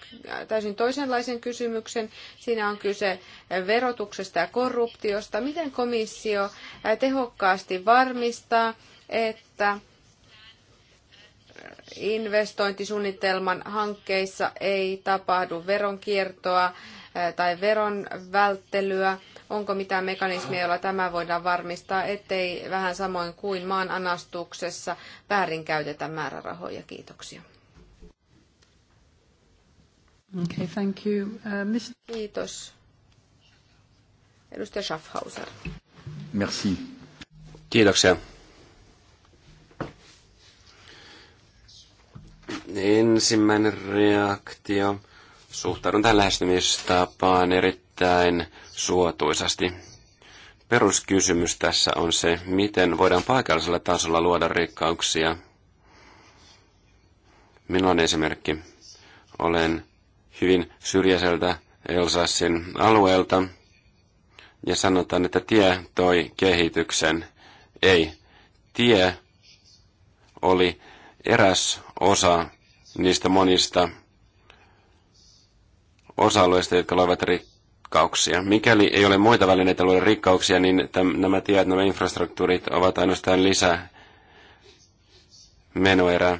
täysin toisenlaisen kysymyksen. Siinä on kyse verotuksesta ja korruptiosta. Miten komissio eh, tehokkaasti varmistaa, että investointisuunnitelman hankkeissa ei tapahdu veronkiertoa eh, tai veron välttelyä. Onko mitään mekanismia, jolla tämä voidaan varmistaa, ettei vähän samoin kuin maan anastuksessa väärinkäytetä määrärahoja? Kiitoksia. Okay, thank you. Uh, miss... Kiitos. Edustaja Schaffhauser. Merci. Kiitoksia. Ensimmäinen reaktio. Suhtaudun tähän lähestymistapaan erittäin suotuisasti. Peruskysymys tässä on se, miten voidaan paikallisella tasolla luoda rikkauksia. Minulla on esimerkki. Olen hyvin syrjäiseltä Elsassin alueelta ja sanotaan, että tie toi kehityksen. Ei, tie oli eräs osa niistä monista osa-alueista, jotka loivat rikkauksia. Mikäli ei ole muita välineitä luoda rikkauksia, niin täm, nämä tiet, nämä infrastruktuurit ovat ainoastaan lisää menoerää.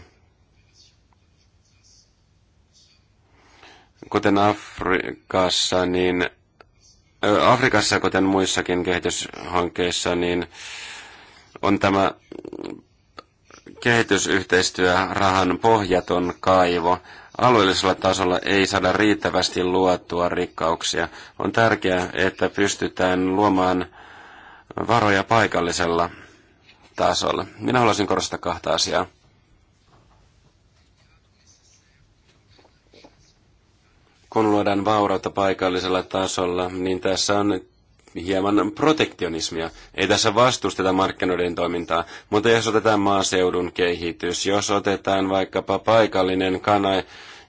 Kuten Afrikassa, niin Afrikassa, kuten muissakin kehityshankkeissa, niin on tämä kehitysyhteistyörahan pohjaton kaivo. Alueellisella tasolla ei saada riittävästi luotua rikkauksia. On tärkeää, että pystytään luomaan varoja paikallisella tasolla. Minä haluaisin korostaa kahta asiaa. Kun luodaan vaurautta paikallisella tasolla, niin tässä on hieman protektionismia. Ei tässä vastusteta markkinoiden toimintaa, mutta jos otetaan maaseudun kehitys, jos otetaan vaikkapa paikallinen kana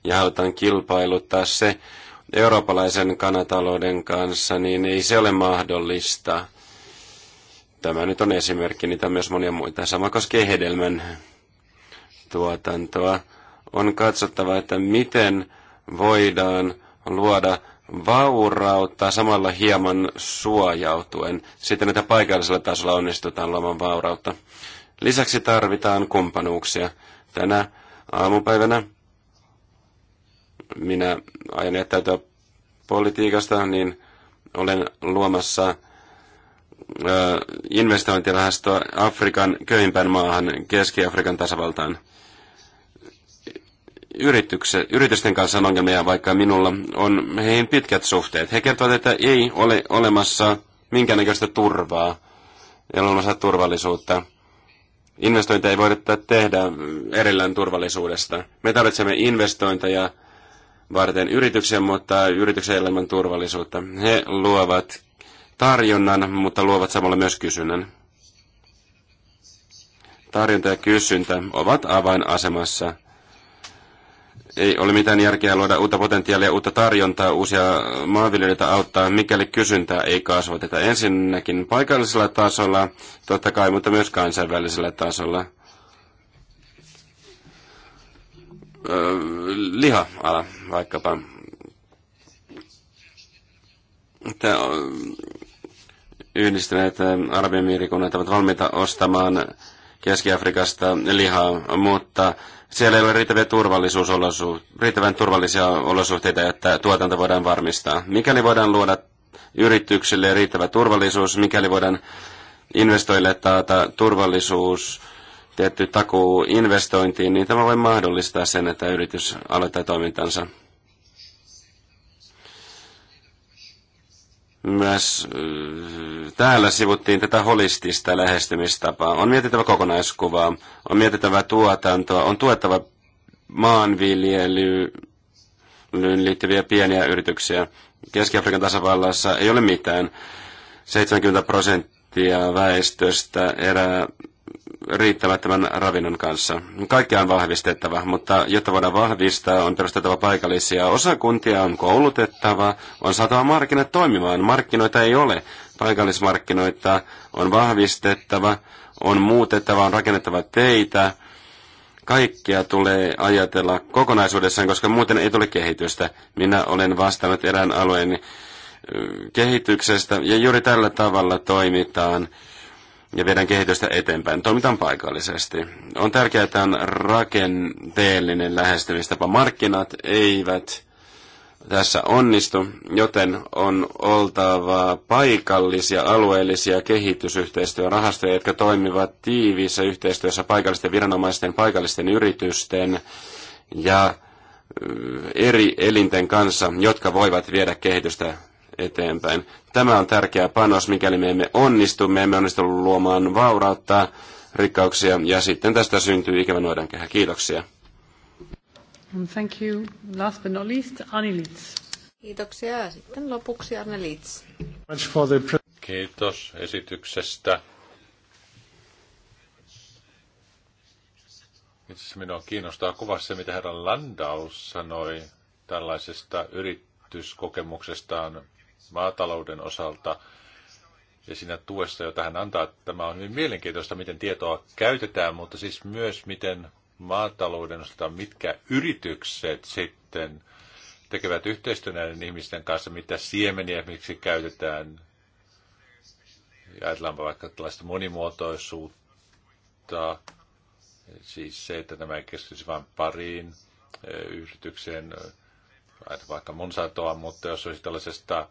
ja halutaan kilpailuttaa se eurooppalaisen kanatalouden kanssa, niin ei se ole mahdollista. Tämä nyt on esimerkki, niitä on myös monia muita. Sama koskee hedelmän tuotantoa. On katsottava, että miten voidaan luoda vaurautta samalla hieman suojautuen. Sitten näitä paikallisella tasolla onnistutaan luomaan vaurautta. Lisäksi tarvitaan kumppanuuksia. Tänä aamupäivänä minä ajan jättäytyä politiikasta, niin olen luomassa investointirahastoa Afrikan köyhimpään maahan, Keski-Afrikan tasavaltaan yritykse, yritysten kanssa on ongelmia, vaikka minulla on heihin pitkät suhteet. He kertovat, että ei ole olemassa minkäännäköistä turvaa, ei ole olemassa turvallisuutta. Investointeja ei voida tehdä erillään turvallisuudesta. Me tarvitsemme investointeja varten yrityksen, mutta yrityksen elämän turvallisuutta. He luovat tarjonnan, mutta luovat samalla myös kysynnän. Tarjonta ja kysyntä ovat avainasemassa – ei ole mitään järkeä luoda uutta potentiaalia, uutta tarjontaa, uusia maanviljelijöitä auttaa, mikäli kysyntää ei kasvateta. Ensinnäkin paikallisella tasolla, totta kai, mutta myös kansainvälisellä tasolla. Öö, liha-ala vaikkapa. Tämä yhdistyneet arabiemiirikunnat ovat valmiita ostamaan Keski-Afrikasta lihaa, mutta siellä ei ole riittäviä turvallisuusolosu- riittävän turvallisia olosuhteita, että tuotanto voidaan varmistaa. Mikäli voidaan luoda yrityksille riittävä turvallisuus, mikäli voidaan investoille taata turvallisuus, tietty takuu investointiin, niin tämä voi mahdollistaa sen, että yritys aloittaa toimintansa. Myös äh, täällä sivuttiin tätä holistista lähestymistapaa. On mietittävä kokonaiskuvaa, on mietittävä tuotantoa, on tuettava maanviljelyyn liittyviä pieniä yrityksiä. Keski-Afrikan tasavallassa ei ole mitään. 70 prosenttia väestöstä erää riittävät tämän ravinnon kanssa. Kaikkea on vahvistettava, mutta jotta voidaan vahvistaa, on perustettava paikallisia osakuntia, on koulutettava, on saatava markkinat toimimaan. Markkinoita ei ole. Paikallismarkkinoita on vahvistettava, on muutettava, on rakennettava teitä. Kaikkea tulee ajatella kokonaisuudessaan, koska muuten ei tule kehitystä. Minä olen vastannut erään alueen kehityksestä ja juuri tällä tavalla toimitaan ja viedään kehitystä eteenpäin. Toimitaan paikallisesti. On tärkeää, että on rakenteellinen lähestymistapa. Markkinat eivät tässä onnistu, joten on oltava paikallisia alueellisia kehitysyhteistyörahastoja, jotka toimivat tiiviissä yhteistyössä paikallisten viranomaisten, paikallisten yritysten ja eri elinten kanssa, jotka voivat viedä kehitystä eteenpäin. Tämä on tärkeä panos, mikäli me emme onnistu, me emme onnistu luomaan vaurautta, rikkauksia, ja sitten tästä syntyy ikävä noidankehä. Kiitoksia. Thank you. Last but not least, Anilits. Kiitoksia. Ja sitten lopuksi Arne Litz. Kiitos esityksestä. Itse minua kiinnostaa kovasti se, mitä herra Landau sanoi tällaisesta yrityskokemuksestaan maatalouden osalta ja siinä tuessa, jota hän antaa. Tämä on hyvin mielenkiintoista, miten tietoa käytetään, mutta siis myös miten maatalouden osalta, mitkä yritykset sitten tekevät yhteistyön näiden ihmisten kanssa, mitä siemeniä miksi käytetään. Ja ajatellaanpa vaikka tällaista monimuotoisuutta, siis se, että tämä ei keskittyisi vain pariin eh, yritykseen, vaikka Monsantoa, mutta jos olisi tällaisesta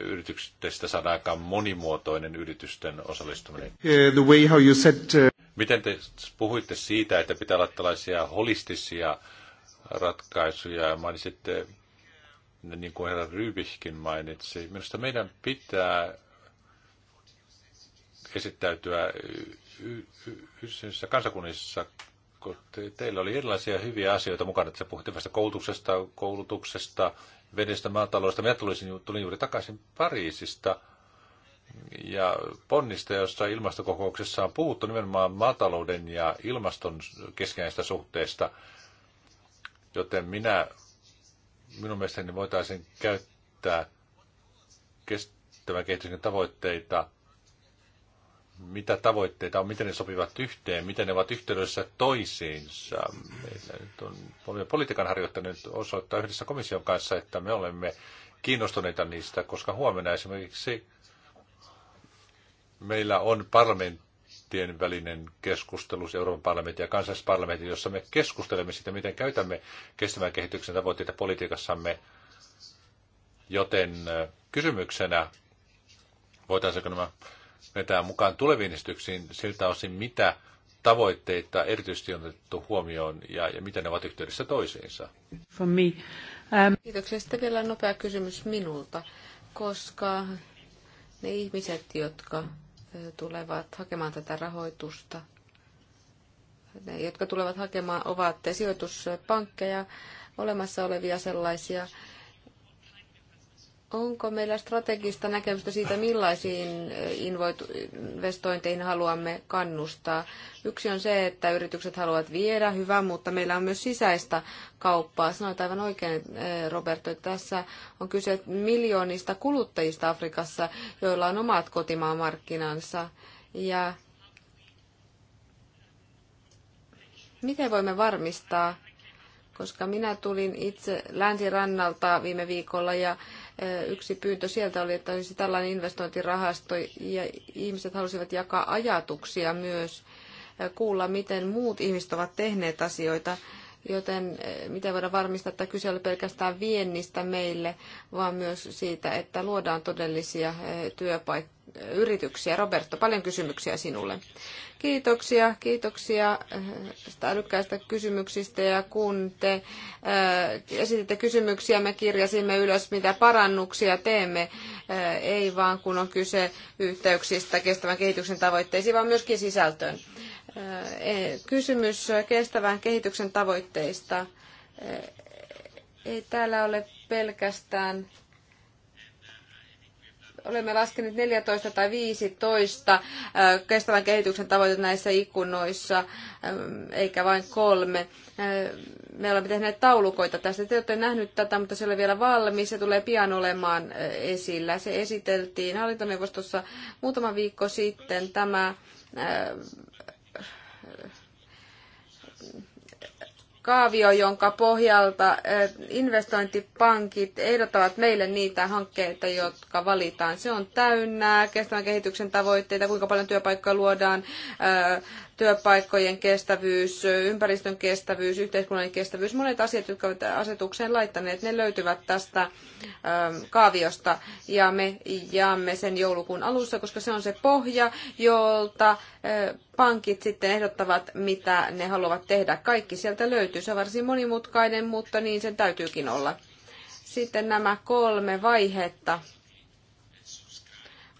yrityksestä saada aikaan monimuotoinen yritysten osallistuminen. Uh, the way how you said, uh... Miten te puhuitte siitä, että pitää olla tällaisia holistisia ratkaisuja ja mainitsitte, niin kuin herra Rybihkin mainitsi, minusta meidän pitää esittäytyä yhdessä kansakunnissa, kun teillä oli erilaisia hyviä asioita mukana, että puhuitte vasta koulutuksesta, koulutuksesta, vedestä maataloista. Minä tulisin, tulin juuri takaisin Pariisista ja Ponnista, jossa ilmastokokouksessa on puhuttu nimenomaan maatalouden ja ilmaston keskinäistä suhteesta, joten minä, minun mielestäni voitaisiin käyttää kestävän kehityksen tavoitteita – mitä tavoitteita on, miten ne sopivat yhteen, miten ne ovat yhteydessä toisiinsa. Meillä nyt on politiikan harjoittanut osoittaa yhdessä komission kanssa, että me olemme kiinnostuneita niistä, koska huomenna esimerkiksi meillä on parlamenttien välinen keskustelu, siis Euroopan parlamentin ja kansallisparlamentin, jossa me keskustelemme siitä, miten käytämme kestävän kehityksen tavoitteita politiikassamme. Joten kysymyksenä, voitaisiinko nämä vetää mukaan tuleviin esityksiin siltä osin, mitä tavoitteita erityisesti on otettu huomioon ja, ja miten ne ovat yhteydessä toisiinsa? For me. Um... Kiitoksia. Sitten vielä nopea kysymys minulta, koska ne ihmiset, jotka tulevat hakemaan tätä rahoitusta, ne, jotka tulevat hakemaan, ovat sijoituspankkeja, olemassa olevia sellaisia, Onko meillä strategista näkemystä siitä, millaisiin eh, investointeihin haluamme kannustaa? Yksi on se, että yritykset haluavat viedä, hyvä, mutta meillä on myös sisäistä kauppaa. Sanoit aivan oikein, eh, Roberto, että tässä on kyse miljoonista kuluttajista Afrikassa, joilla on omat kotimaamarkkinansa. Ja miten voimme varmistaa, koska minä tulin itse länsirannalta viime viikolla ja yksi pyyntö sieltä oli, että olisi tällainen investointirahasto ja ihmiset halusivat jakaa ajatuksia myös, kuulla miten muut ihmiset ovat tehneet asioita joten eh, miten voidaan varmistaa, että kyse oli pelkästään viennistä meille, vaan myös siitä, että luodaan todellisia eh, työpaikkoja eh, yrityksiä. Roberto, paljon kysymyksiä sinulle. Kiitoksia, kiitoksia älykkäistä kysymyksistä ja kun te esititte kysymyksiä, me kirjasimme ylös, mitä parannuksia teemme, ei vaan kun on kyse yhteyksistä kestävän kehityksen tavoitteisiin, vaan myöskin sisältöön. E, kysymys kestävän kehityksen tavoitteista. Ei täällä ole pelkästään olemme laskeneet 14 tai 15 kestävän kehityksen tavoite näissä ikkunoissa, eikä vain kolme. Me olemme tehneet taulukoita tästä. Te olette nähneet tätä, mutta se ei ole vielä valmis. Se tulee pian olemaan esillä. Se esiteltiin hallintoneuvostossa muutama viikko sitten. Tämä kaavio, jonka pohjalta eh, investointipankit ehdottavat meille niitä hankkeita, jotka valitaan. Se on täynnä kestävän kehityksen tavoitteita, kuinka paljon työpaikkoja luodaan, eh, työpaikkojen kestävyys, ympäristön kestävyys, yhteiskunnallinen kestävyys, monet asiat, jotka ovat asetukseen laittaneet, ne löytyvät tästä ähm, kaaviosta ja me jaamme sen joulukuun alussa, koska se on se pohja, jolta äh, pankit sitten ehdottavat, mitä ne haluavat tehdä. Kaikki sieltä löytyy. Se on varsin monimutkainen, mutta niin sen täytyykin olla. Sitten nämä kolme vaihetta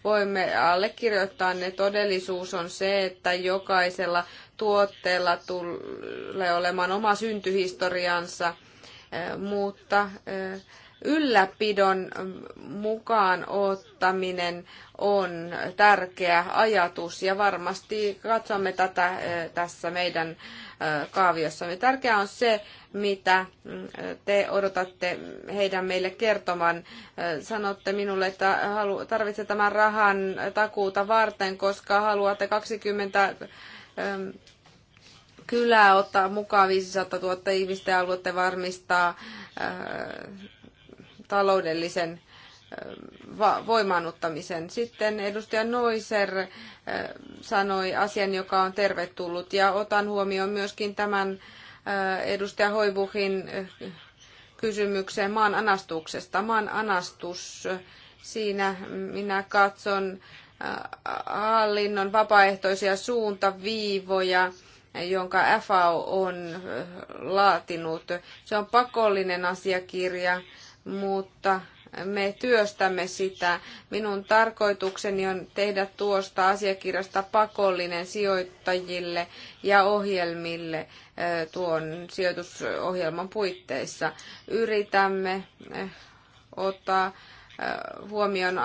voimme allekirjoittaa ne. Todellisuus on se, että jokaisella tuotteella tulee olemaan oma syntyhistoriansa, eh, mutta eh, ylläpidon mukaan ottaminen on tärkeä ajatus ja varmasti katsomme tätä eh, tässä meidän eh, kaaviossa. Tärkeää on se, mitä eh, te odotatte heidän meille kertoman. Sanotte minulle, että tarvitset tämän rahan takuuta varten, koska haluatte 20 kylää ottaa mukaan 500 000 ihmistä ja haluatte varmistaa taloudellisen voimaannuttamisen. Sitten edustaja Noiser sanoi asian, joka on tervetullut, ja otan huomioon myöskin tämän edustaja Hoivuhin kysymykseen maan anastuksesta. Maan anastus, siinä minä katson hallinnon vapaaehtoisia suuntaviivoja, jonka FAO on laatinut. Se on pakollinen asiakirja mutta me työstämme sitä. Minun tarkoitukseni on tehdä tuosta asiakirjasta pakollinen sijoittajille ja ohjelmille tuon sijoitusohjelman puitteissa. Yritämme ottaa huomion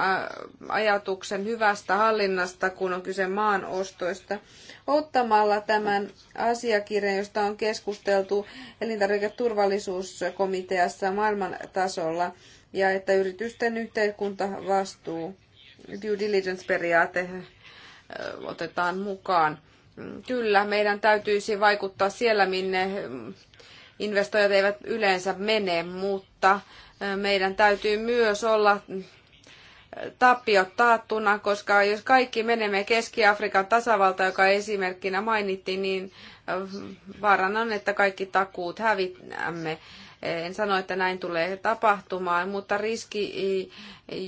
ajatuksen hyvästä hallinnasta, kun on kyse maanostoista. Ottamalla tämän asiakirjan, josta on keskusteltu elintarviketurvallisuuskomiteassa maailman tasolla, ja että yritysten yhteiskuntavastuu, due diligence-periaate otetaan mukaan. Kyllä, meidän täytyisi vaikuttaa siellä, minne investoijat eivät yleensä mene, mutta meidän täytyy myös olla mm, tappiot taattuna, koska jos kaikki menemme Keski-Afrikan tasavalta, joka esimerkkinä mainittiin, niin vaarana on, että kaikki takuut hävitämme. En sano, että näin tulee tapahtumaan, mutta riski,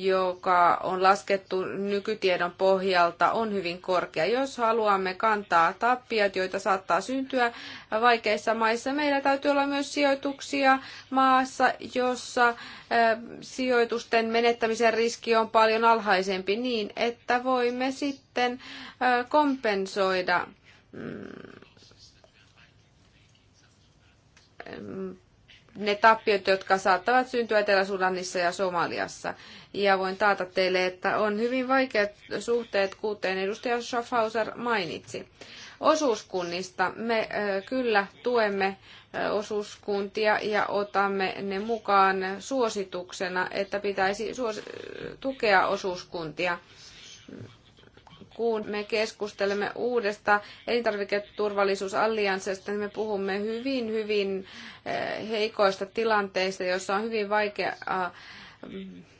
joka on laskettu nykytiedon pohjalta, on hyvin korkea. Jos haluamme kantaa tappiat, joita saattaa syntyä vaikeissa maissa, meillä täytyy olla myös sijoituksia maassa, jossa sijoitusten menettämisen riski on paljon alhaisempi niin, että voimme sitten kompensoida mm, ne tappiot, jotka saattavat syntyä Etelä-Sudanissa ja Somaliassa. Ja voin taata teille, että on hyvin vaikeat suhteet, kuten edustaja Schaffhauser mainitsi. Osuuskunnista me kyllä tuemme osuuskuntia ja otamme ne mukaan suosituksena, että pitäisi tukea osuuskuntia kun me keskustelemme uudesta elintarviketurvallisuusallianssista, niin me puhumme hyvin, hyvin eh, heikoista tilanteista, joissa on hyvin vaikea ah,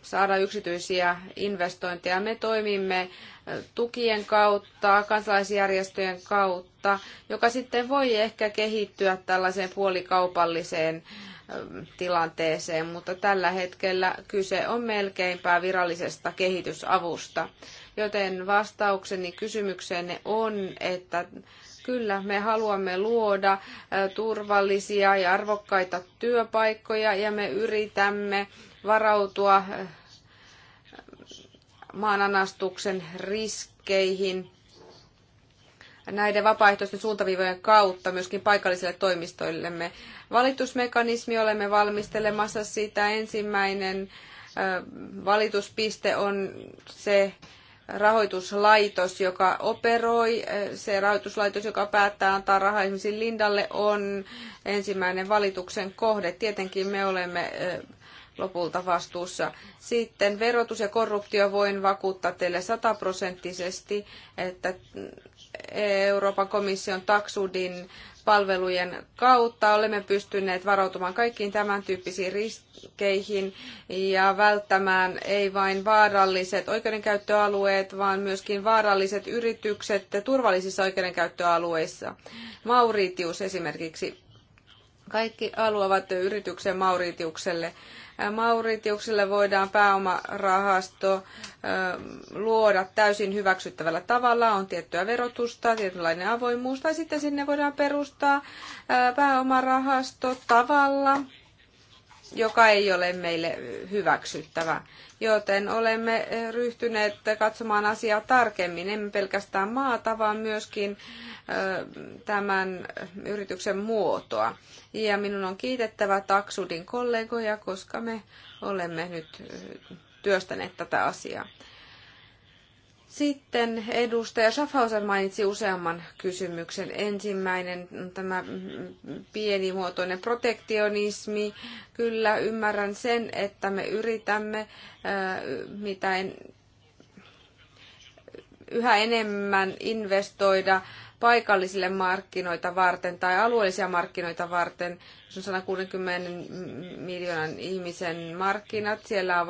saada yksityisiä investointeja. Me toimimme eh, tukien kautta, kansalaisjärjestöjen kautta, joka sitten voi ehkä kehittyä tällaiseen puolikaupalliseen eh, tilanteeseen, mutta tällä hetkellä kyse on melkeinpä virallisesta kehitysavusta. Joten vastaukseni kysymykseenne on, että kyllä me haluamme luoda turvallisia ja arvokkaita työpaikkoja ja me yritämme varautua maananastuksen riskeihin näiden vapaaehtoisten suuntaviivojen kautta myöskin paikallisille toimistoillemme. Valitusmekanismi olemme valmistelemassa sitä. Ensimmäinen valituspiste on se, rahoituslaitos, joka operoi, se rahoituslaitos, joka päättää antaa rahaa esimerkiksi Lindalle, on ensimmäinen valituksen kohde. Tietenkin me olemme lopulta vastuussa. Sitten verotus ja korruptio voin vakuuttaa teille sataprosenttisesti, että Euroopan komission taksudin palvelujen kautta olemme pystyneet varautumaan kaikkiin tämän tyyppisiin riskeihin ja välttämään ei vain vaaralliset oikeudenkäyttöalueet, vaan myöskin vaaralliset yritykset turvallisissa oikeudenkäyttöalueissa. Mauritius esimerkiksi. Kaikki haluavat yrityksen Mauritiukselle Mauritiukselle voidaan pääomarahasto luoda täysin hyväksyttävällä tavalla. On tiettyä verotusta, tietynlainen avoimuus, tai sitten sinne voidaan perustaa pääomarahasto tavalla, joka ei ole meille hyväksyttävä. Joten olemme eh, ryhtyneet katsomaan asiaa tarkemmin, emme pelkästään maata, vaan myöskin eh, tämän yrityksen muotoa. Ja minun on kiitettävä Taksudin kollegoja, koska me olemme nyt eh, työstäneet tätä asiaa. Sitten edustaja Schaffhauser mainitsi useamman kysymyksen. Ensimmäinen tämä pienimuotoinen protektionismi. Kyllä ymmärrän sen, että me yritämme mitä en, yhä enemmän investoida paikallisille markkinoita varten tai alueellisia markkinoita varten. Se on 160 miljoonan ihmisen markkinat. Siellä on